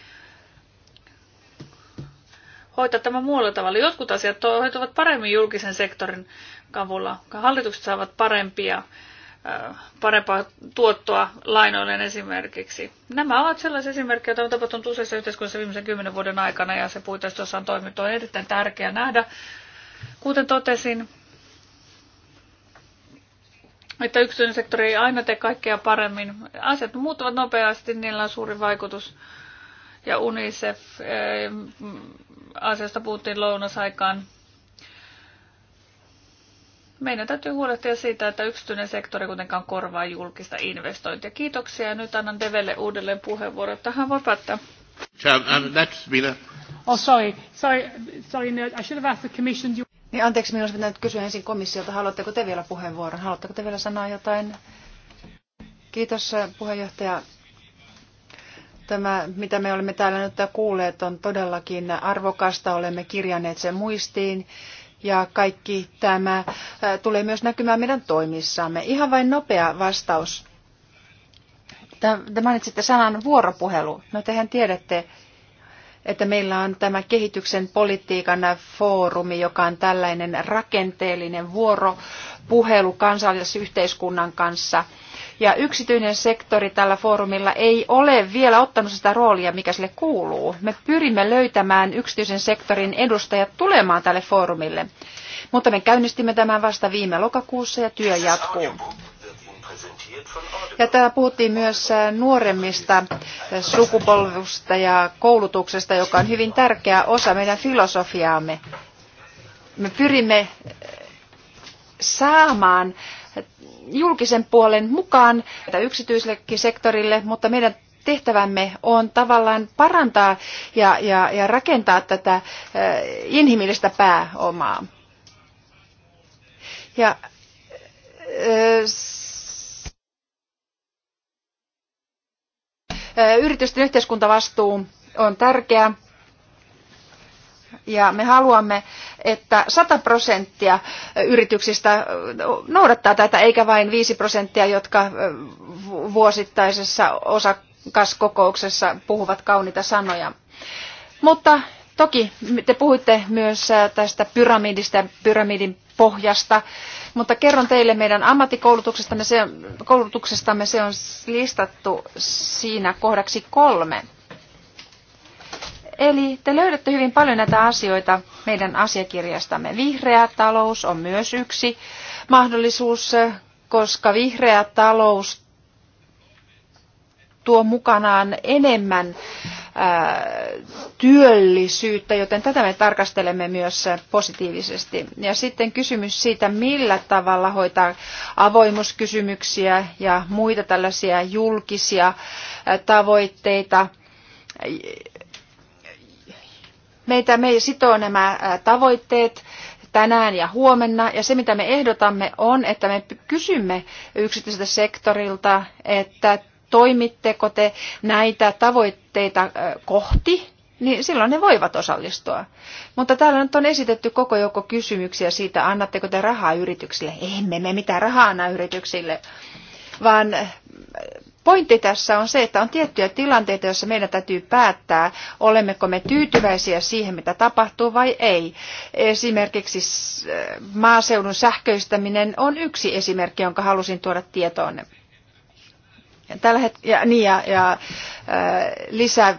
hoitaa tämä muulla tavalla. Jotkut asiat hoituvat paremmin julkisen sektorin kavulla, hallitukset saavat parempia parempaa tuottoa lainoille esimerkiksi. Nämä ovat sellaisia esimerkkejä, joita on tapahtunut useissa yhteiskunnissa viimeisen kymmenen vuoden aikana ja se puiteistossa on toimittu on erittäin tärkeää nähdä. Kuten totesin, että yksityinen sektori ei aina tee kaikkea paremmin. Asiat muuttuvat nopeasti, niillä on suuri vaikutus. Ja UNICEF, eh, asiasta puhuttiin lounasaikaan, meidän täytyy huolehtia siitä, että yksityinen sektori kuitenkaan korvaa julkista investointia. Kiitoksia ja nyt annan Develle uudelleen puheenvuoron. Tähän voi um, oh, no, päättää. Niin, anteeksi, minun olisi pitänyt kysyä ensin komissiolta, haluatteko te vielä puheenvuoron? Haluatteko te vielä sanoa jotain? Kiitos äh, puheenjohtaja. Tämä, mitä me olemme täällä nyt kuulleet, on todellakin arvokasta. Olemme kirjanneet sen muistiin ja kaikki tämä äh, tulee myös näkymään meidän toimissamme. Ihan vain nopea vastaus. Te mainitsitte sanan vuoropuhelu. No tehän tiedätte, että meillä on tämä kehityksen politiikan foorumi, joka on tällainen rakenteellinen vuoropuhelu kansallisyhteiskunnan kanssa – ja yksityinen sektori tällä foorumilla ei ole vielä ottanut sitä roolia, mikä sille kuuluu. Me pyrimme löytämään yksityisen sektorin edustajat tulemaan tälle foorumille. Mutta me käynnistimme tämän vasta viime lokakuussa ja työ jatkuu. Ja täällä puhuttiin myös äh, nuoremmista äh, sukupolvusta ja koulutuksesta, joka on hyvin tärkeä osa meidän filosofiaamme. Me pyrimme äh, saamaan julkisen puolen mukaan yksityisellekin sektorille, mutta meidän tehtävämme on tavallaan parantaa ja, ja, ja rakentaa tätä inhimillistä pääomaa. Ja, yritysten yhteiskuntavastuu on tärkeä ja me haluamme, että 100 prosenttia yrityksistä noudattaa tätä, eikä vain 5 prosenttia, jotka vuosittaisessa osakaskokouksessa puhuvat kauniita sanoja. Mutta toki te puhuitte myös tästä pyramidista ja pyramidin pohjasta, mutta kerron teille meidän ammattikoulutuksestamme, se, koulutuksestamme se on listattu siinä kohdaksi kolme. Eli te löydätte hyvin paljon näitä asioita meidän asiakirjastamme. Vihreä talous on myös yksi mahdollisuus, eh, koska vihreä talous tuo mukanaan enemmän eh, työllisyyttä, joten tätä me tarkastelemme myös eh, positiivisesti. Ja sitten kysymys siitä, millä tavalla hoitaa avoimuuskysymyksiä ja muita tällaisia julkisia tavoitteita Meitä me sitoo nämä tavoitteet tänään ja huomenna. Ja se, mitä me ehdotamme, on, että me kysymme yksityiseltä sektorilta, että toimitteko te näitä tavoitteita kohti, niin silloin ne voivat osallistua. Mutta täällä nyt on esitetty koko joukko kysymyksiä siitä, annatteko te rahaa yrityksille. Emme me mitään rahaa anna yrityksille, vaan Pointti tässä on se, että on tiettyjä tilanteita, joissa meidän täytyy päättää, olemmeko me tyytyväisiä siihen, mitä tapahtuu vai ei. Esimerkiksi äh, maaseudun sähköistäminen on yksi esimerkki, jonka halusin tuoda tietoon. Tällä het- ja, niin, ja, ja äh, lisää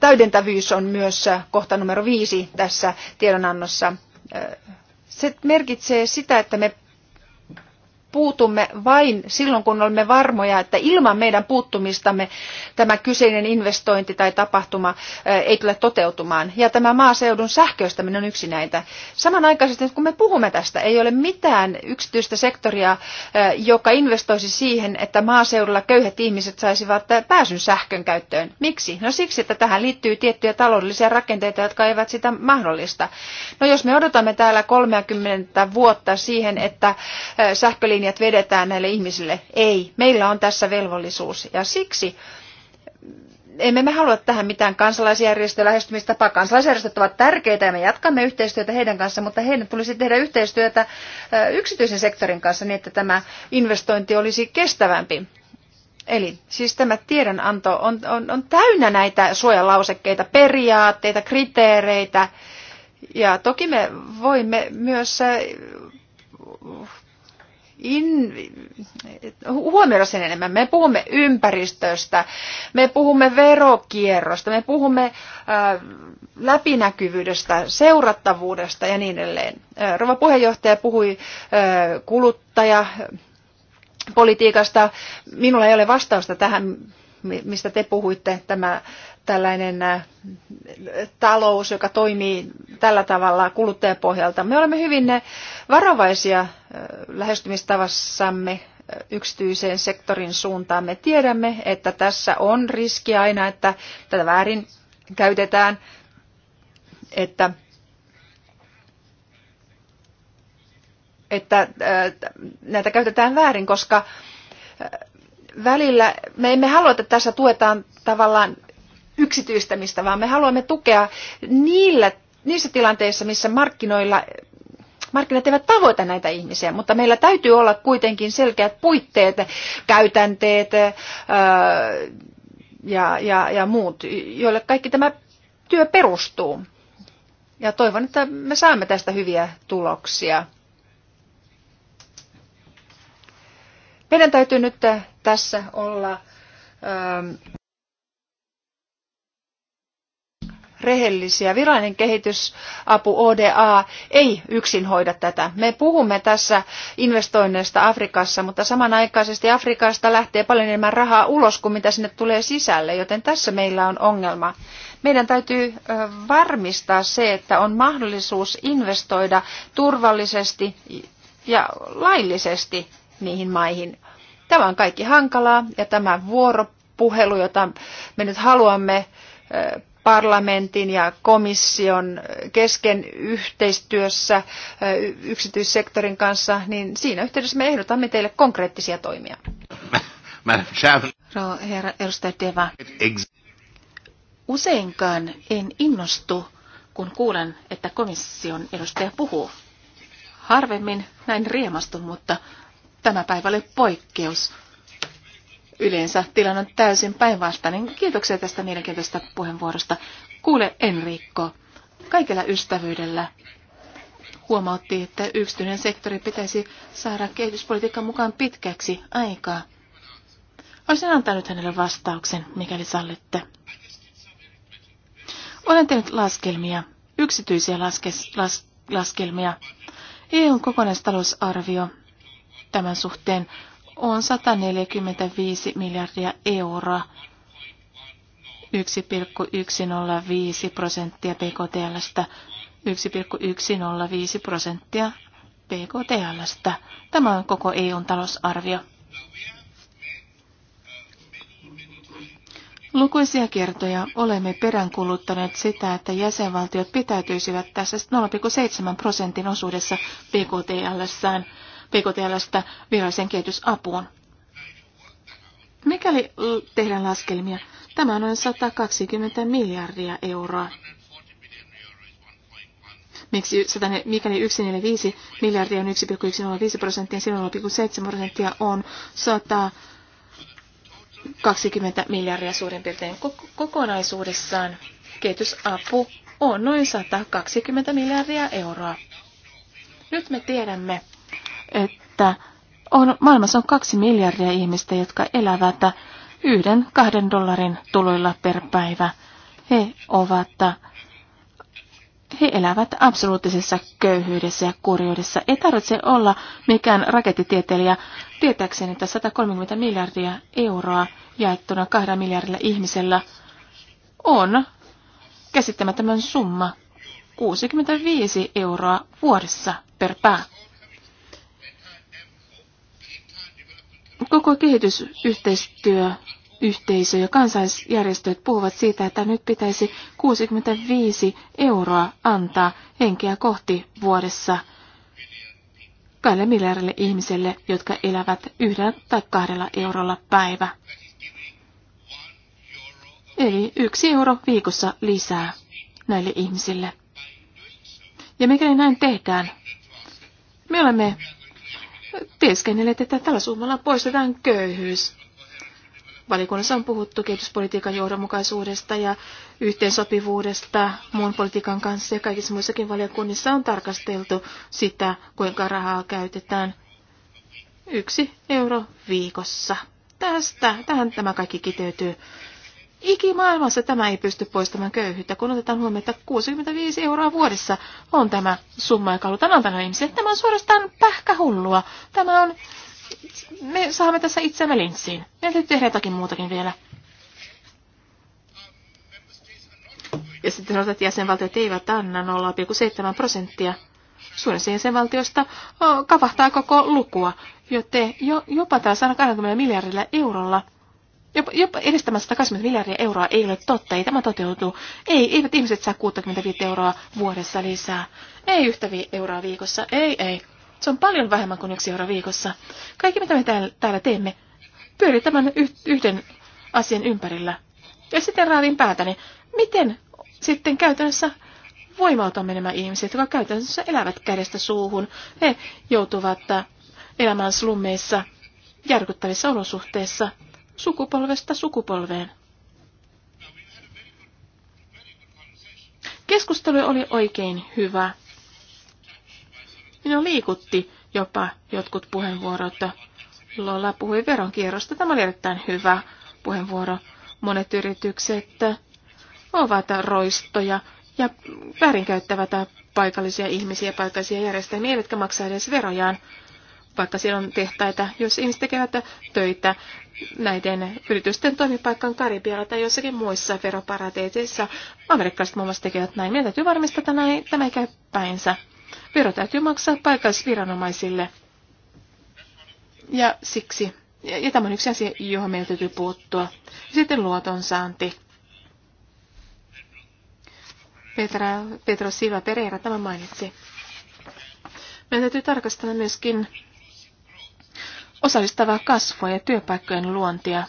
täydentävyys on myös äh, kohta numero viisi tässä tiedonannossa. Se merkitsee sitä, että me puutumme vain silloin, kun olemme varmoja, että ilman meidän puuttumistamme tämä kyseinen investointi tai tapahtuma eh, ei tule toteutumaan. Ja tämä maaseudun sähköistäminen on yksi näitä. Samanaikaisesti, kun me puhumme tästä, ei ole mitään yksityistä sektoria, eh, joka investoisi siihen, että maaseudulla köyhät ihmiset saisivat eh, pääsyn sähkön käyttöön. Miksi? No siksi, että tähän liittyy tiettyjä taloudellisia rakenteita, jotka eivät sitä mahdollista. No jos me odotamme täällä 30 vuotta siihen, että sähkölinjat linjat vedetään näille ihmisille. Ei, meillä on tässä velvollisuus ja siksi emme me halua tähän mitään kansalaisjärjestö lähestymistapaa. Kansalaisjärjestöt ovat tärkeitä ja me jatkamme yhteistyötä heidän kanssa, mutta heidän tulisi tehdä yhteistyötä yksityisen sektorin kanssa niin, että tämä investointi olisi kestävämpi. Eli siis tämä tiedonanto on, on, on täynnä näitä suojalausekkeita, periaatteita, kriteereitä. Ja toki me voimme myös in, huomioida sen enemmän. Me puhumme ympäristöstä, me puhumme verokierrosta, me puhumme ää, äh, läpinäkyvyydestä, seurattavuudesta ja niin edelleen. Äh, Rova puheenjohtaja puhui ää, äh, kuluttaja politiikasta. Minulla ei ole vastausta tähän, mistä te puhuitte. Tämä tällainen äh, talous, joka toimii tällä tavalla kuluttajapohjalta. Me olemme hyvin äh, varovaisia äh, lähestymistavassamme yksityiseen sektorin suuntaan. Me tiedämme, että tässä on riski aina, että tätä väärin käytetään, että että näitä käytetään väärin, koska välillä me emme halua, että tässä tuetaan tavallaan yksityistämistä, vaan me haluamme tukea niillä, niissä tilanteissa, missä markkinoilla markkinat eivät tavoita näitä ihmisiä, mutta meillä täytyy olla kuitenkin selkeät puitteet, käytänteet ja, ja, ja muut, joille kaikki tämä työ perustuu. Ja toivon, että me saamme tästä hyviä tuloksia. Meidän täytyy nyt tässä olla rehellisiä. Virallinen kehitysapu ODA ei yksin hoida tätä. Me puhumme tässä investoinneista Afrikassa, mutta samanaikaisesti Afrikasta lähtee paljon enemmän rahaa ulos kuin mitä sinne tulee sisälle, joten tässä meillä on ongelma. Meidän täytyy varmistaa se, että on mahdollisuus investoida turvallisesti ja laillisesti niihin maihin. Tämä on kaikki hankalaa ja tämä vuoropuhelu, jota me nyt haluamme parlamentin ja komission kesken yhteistyössä yksityissektorin kanssa, niin siinä yhteydessä me ehdotamme teille konkreettisia toimia. herra edustaja Deva. Useinkaan en innostu, kun kuulen, että komission edustaja puhuu. Harvemmin näin riemastun, mutta tämä päivä oli poikkeus. Yleensä tilanne on täysin päinvastainen. Kiitoksia tästä mielenkiintoisesta puheenvuorosta. Kuule Enrico, kaikella ystävyydellä huomautti, että yksityinen sektori pitäisi saada kehityspolitiikan mukaan pitkäksi aikaa. Olisin antanut hänelle vastauksen, mikäli sallitte. Olen tehnyt laskelmia, yksityisiä laskes, las, laskelmia. EUn kokonaistalousarvio tämän suhteen on 145 miljardia euroa, 1,105 prosenttia PKTLstä, 1,105 prosenttia PKTLstä. Tämä on koko EUn talousarvio. Lukuisia kertoja olemme peräänkuluttaneet sitä, että jäsenvaltiot pitäytyisivät tässä 0,7 prosentin osuudessa PKTLssään PKTLstä viralliseen kehitysapuun. Mikäli tehdään laskelmia, tämä on noin 120 miljardia euroa. Miksi, mikäli 145 miljardia on 1,105 prosenttia, silloin 0,7 prosenttia on 120 miljardia suurin piirtein kokonaisuudessaan. Kehitysapu on noin 120 miljardia euroa. Nyt me tiedämme, että on, maailmassa on kaksi miljardia ihmistä, jotka elävät yhden kahden dollarin tuloilla per päivä. He ovat he elävät absoluuttisessa köyhyydessä ja kurjuudessa. Ei tarvitse olla mikään rakettitieteilijä tietääkseni, että 130 miljardia euroa jaettuna kahden miljardilla ihmisellä on käsittämätön summa 65 euroa vuodessa per pää. Koko kehitysyhteistyö yhteisö ja kansaisjärjestöt puhuvat siitä, että nyt pitäisi 65 euroa antaa henkeä kohti vuodessa kahdelle miljardille ihmiselle, jotka elävät yhden tai kahdella eurolla päivä. Eli yksi euro viikossa lisää näille ihmisille. Ja mikäli näin tehdään, me olemme teeskennelet, että tällä summalla poistetaan köyhyys. Valikunnassa on puhuttu kehityspolitiikan johdonmukaisuudesta ja yhteensopivuudesta muun politiikan kanssa ja kaikissa muissakin valiokunnissa on tarkasteltu sitä, kuinka rahaa käytetään yksi euro viikossa. Tästä, tähän tämä kaikki kiteytyy. Ikimaailmassa tämä ei pysty poistamaan köyhyyttä, kun otetaan huomioon, että 65 euroa vuodessa on tämä summa, joka tämän tämän ihmisen. Tämä on suorastaan pähkähullua. Tämä on, me saamme tässä itsemme linssiin. Meidän täytyy tehdä jotakin muutakin vielä. Ja sitten sanotaan, että jäsenvaltiot eivät anna 0,7 prosenttia. Suurissa jäsenvaltiosta kavahtaa koko lukua, joten jo, jopa tämä 120 miljardilla eurolla Jopa, jopa edes tämä miljardia euroa ei ole totta, ei tämä toteutu. Ei, eivät ihmiset saa 65 euroa vuodessa lisää. Ei yhtä vi- euroa viikossa, ei, ei. Se on paljon vähemmän kuin yksi euro viikossa. Kaikki mitä me täällä, täällä teemme, pyörii tämän yhden asian ympärillä. Ja sitten raavin päätäni, miten sitten käytännössä voimautamme nämä ihmiset, jotka käytännössä elävät kädestä suuhun. He joutuvat elämään slummeissa, järkyttävissä olosuhteissa sukupolvesta sukupolveen. Keskustelu oli oikein hyvä. Minua liikutti jopa jotkut puheenvuorot. Lola puhui veronkierrosta. Tämä oli erittäin hyvä puheenvuoro. Monet yritykset ovat roistoja ja väärinkäyttävät paikallisia ihmisiä, paikallisia järjestelmiä, eivätkä maksa edes verojaan vaikka siellä on tehtaita, jos ihmiset tekevät töitä näiden yritysten toimipaikan Karibialla tai jossakin muissa veroparateeteissa. Amerikkalaiset muun muassa tekevät näin. Meidän täytyy varmistaa, että näin, tämä ei käy päinsä. Vero täytyy maksaa paikallisviranomaisille. Ja siksi, ja, ja tämä on yksi asia, johon meidän täytyy puuttua. Sitten luotonsaanti. Petra, Petro Silva Pereira tämä mainitsi. Meidän täytyy tarkastella myöskin osallistavaa kasvua ja työpaikkojen luontia.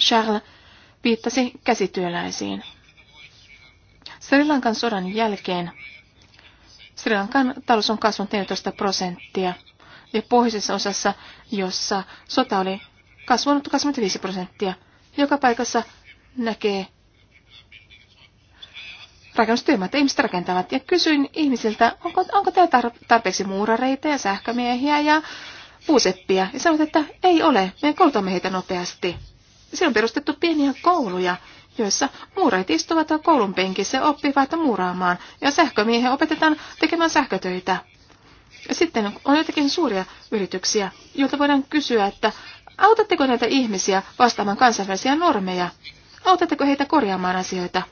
Charles viittasi käsityöläisiin. Sri Lankan sodan jälkeen Sri Lankan talous on kasvanut 14 prosenttia ja pohjoisessa osassa, jossa sota oli kasvanut 25 prosenttia. Joka paikassa näkee rakennustyömaat, ihmiset rakentavat. Ja kysyin ihmisiltä, onko, onko teillä tarpeeksi muurareita ja sähkömiehiä ja Puuseppiä, ja sanoit, että ei ole, me koulutamme heitä nopeasti. Siellä on perustettu pieniä kouluja, joissa muurit istuvat koulun penkissä ja oppivat muuraamaan, ja sähkömiehen opetetaan tekemään sähkötöitä. Sitten on jotakin suuria yrityksiä, joilta voidaan kysyä, että autatteko näitä ihmisiä vastaamaan kansainvälisiä normeja? Autatteko heitä korjaamaan asioita?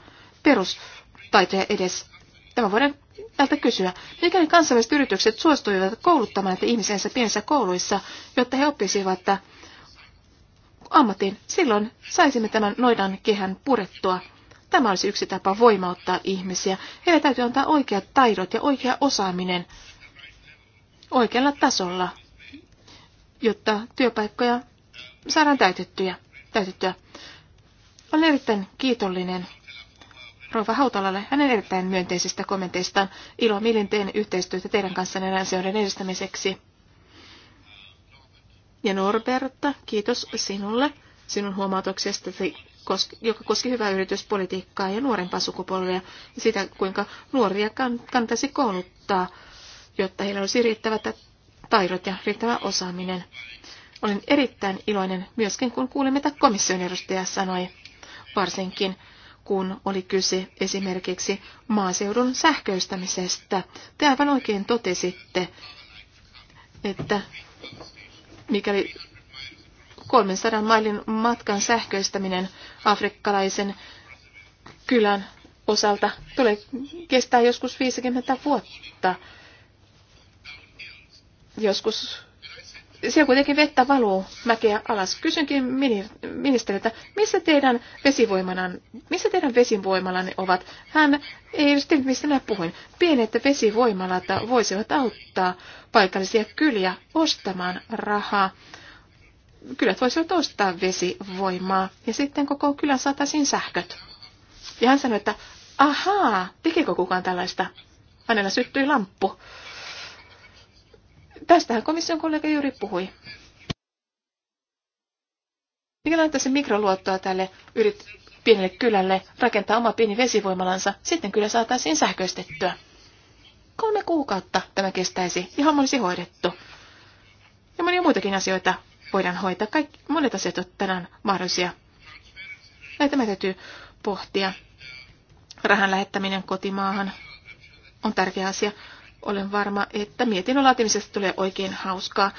Perustaitoja edes. Tämä voidaan tältä kysyä, mikäli kansainväliset yritykset suostuivat kouluttamaan että ihmisensä pienissä kouluissa, jotta he oppisivat että ammatin, silloin saisimme tämän noidan kehän purettua. Tämä olisi yksi tapa voimauttaa ihmisiä. Heille täytyy antaa oikeat taidot ja oikea osaaminen oikealla tasolla, jotta työpaikkoja saadaan täytettyä. täytettyä. Olen erittäin kiitollinen rouva Hautalalle hänen erittäin myönteisistä kommenteistaan. Ilo mielin teen yhteistyötä teidän kanssanne länsioiden edistämiseksi. Ja Norberta, kiitos sinulle sinun huomautuksesta, joka koski hyvää yrityspolitiikkaa ja nuorempaa sukupolvea ja sitä, kuinka nuoria kannattaisi kouluttaa, jotta heillä olisi riittävät taidot ja riittävä osaaminen. Olin erittäin iloinen myöskin, kun kuulin, mitä komission edustaja sanoi, varsinkin kun oli kyse esimerkiksi maaseudun sähköistämisestä. Te aivan oikein totesitte, että mikäli 300 mailin matkan sähköistäminen afrikkalaisen kylän osalta tulee kestää joskus 50 vuotta. Joskus siellä kuitenkin vettä valuu mäkeä alas. Kysynkin ministeriltä, missä teidän, vesivoimalan, missä teidän vesivoimalanne ovat? Hän ei sitten, mistä minä puhuin. Pienet vesivoimalat voisivat auttaa paikallisia kyliä ostamaan rahaa. Kylät voisivat ostaa vesivoimaa ja sitten koko kylän saataisiin sähköt. Ja hän sanoi, että ahaa, tekeekö kukaan tällaista? Hänellä syttyi lamppu. Tästähän komission kollega juuri puhui. Mikä antaisi mikroluottoa tälle yrit pienelle kylälle rakentaa oma pieni vesivoimalansa, sitten kyllä saataisiin sähköistettyä. Kolme kuukautta tämä kestäisi ja olisi hoidettu. Ja monia muitakin asioita voidaan hoitaa. Kaikki, monet asiat ovat tänään mahdollisia. Näitä me täytyy pohtia. Rahan lähettäminen kotimaahan on tärkeä asia. Olen varma, että mietinnön laatimisesta tulee oikein hauskaa.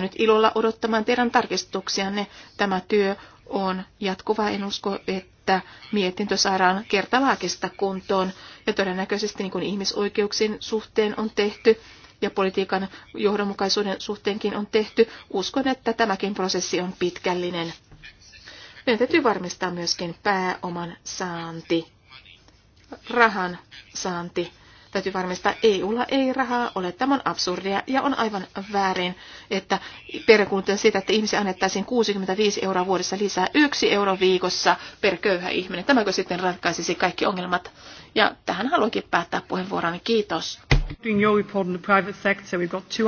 nyt ilolla odottamaan teidän tarkistuksianne. Tämä työ on jatkuva. En usko, että mietintö saadaan kertalaakista kuntoon. Ja todennäköisesti niin kuin ihmisoikeuksien suhteen on tehty ja politiikan johdonmukaisuuden suhteenkin on tehty, uskon, että tämäkin prosessi on pitkällinen. Meidän täytyy varmistaa myöskin pääoman saanti, rahan saanti Täytyy varmistaa, EUlla ei rahaa ole. Tämä on absurdia ja on aivan väärin, että peräkuuntaan sitä, että ihmisiä annettaisiin 65 euroa vuodessa lisää yksi euro viikossa per köyhä ihminen. Tämäkö sitten ratkaisisi kaikki ongelmat? Ja tähän haluankin päättää puheenvuoroni. Kiitos.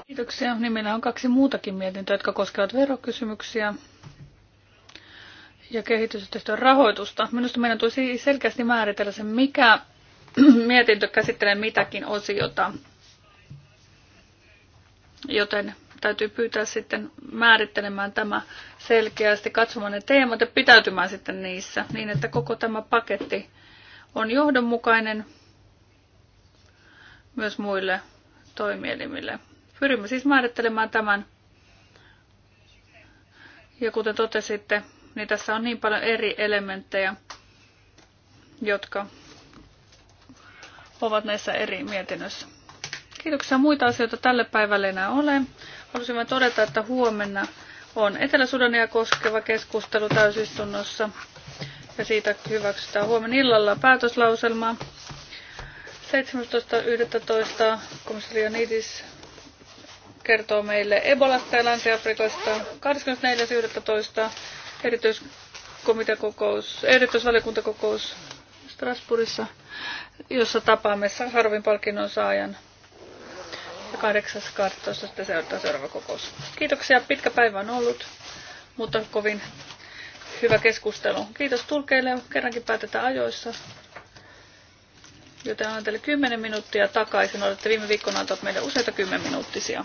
Kiitoksia. Niin meillä on kaksi muutakin mietintöä, jotka koskevat verokysymyksiä ja kehitysyhteistyön rahoitusta. Minusta meidän tulisi selkeästi määritellä se, mikä mietintö käsittelee mitäkin osiota, joten täytyy pyytää sitten määrittelemään tämä selkeästi, katsomaan ne teemat ja pitäytymään sitten niissä, niin että koko tämä paketti on johdonmukainen myös muille toimielimille. Pyrimme siis määrittelemään tämän. Ja kuten totesitte, niin tässä on niin paljon eri elementtejä, jotka ovat näissä eri mietinnöissä. Kiitoksia. Muita asioita tälle päivälle enää ole. Haluaisimme todeta, että huomenna on Etelä-Sudania koskeva keskustelu täysistunnossa. Ja siitä hyväksytään huomenna illalla päätöslauselma. 17.11. komissario Nidis kertoo meille Ebolasta ja Länsi-Afrikasta. 24.11. erityiskomiteakokous, erityisvaliokuntakokous Strasbourgissa, jossa tapaamme Saharovin palkinnon saajan. Ja 8.12. sitten seuraava, seuraava kokous. Kiitoksia, pitkä päivä on ollut, mutta kovin hyvä keskustelu. Kiitos tulkeille, kerrankin päätetään ajoissa. Joten annan teille 10 minuuttia takaisin. Olette viime viikkoina antaneet meille useita 10 minuuttisia.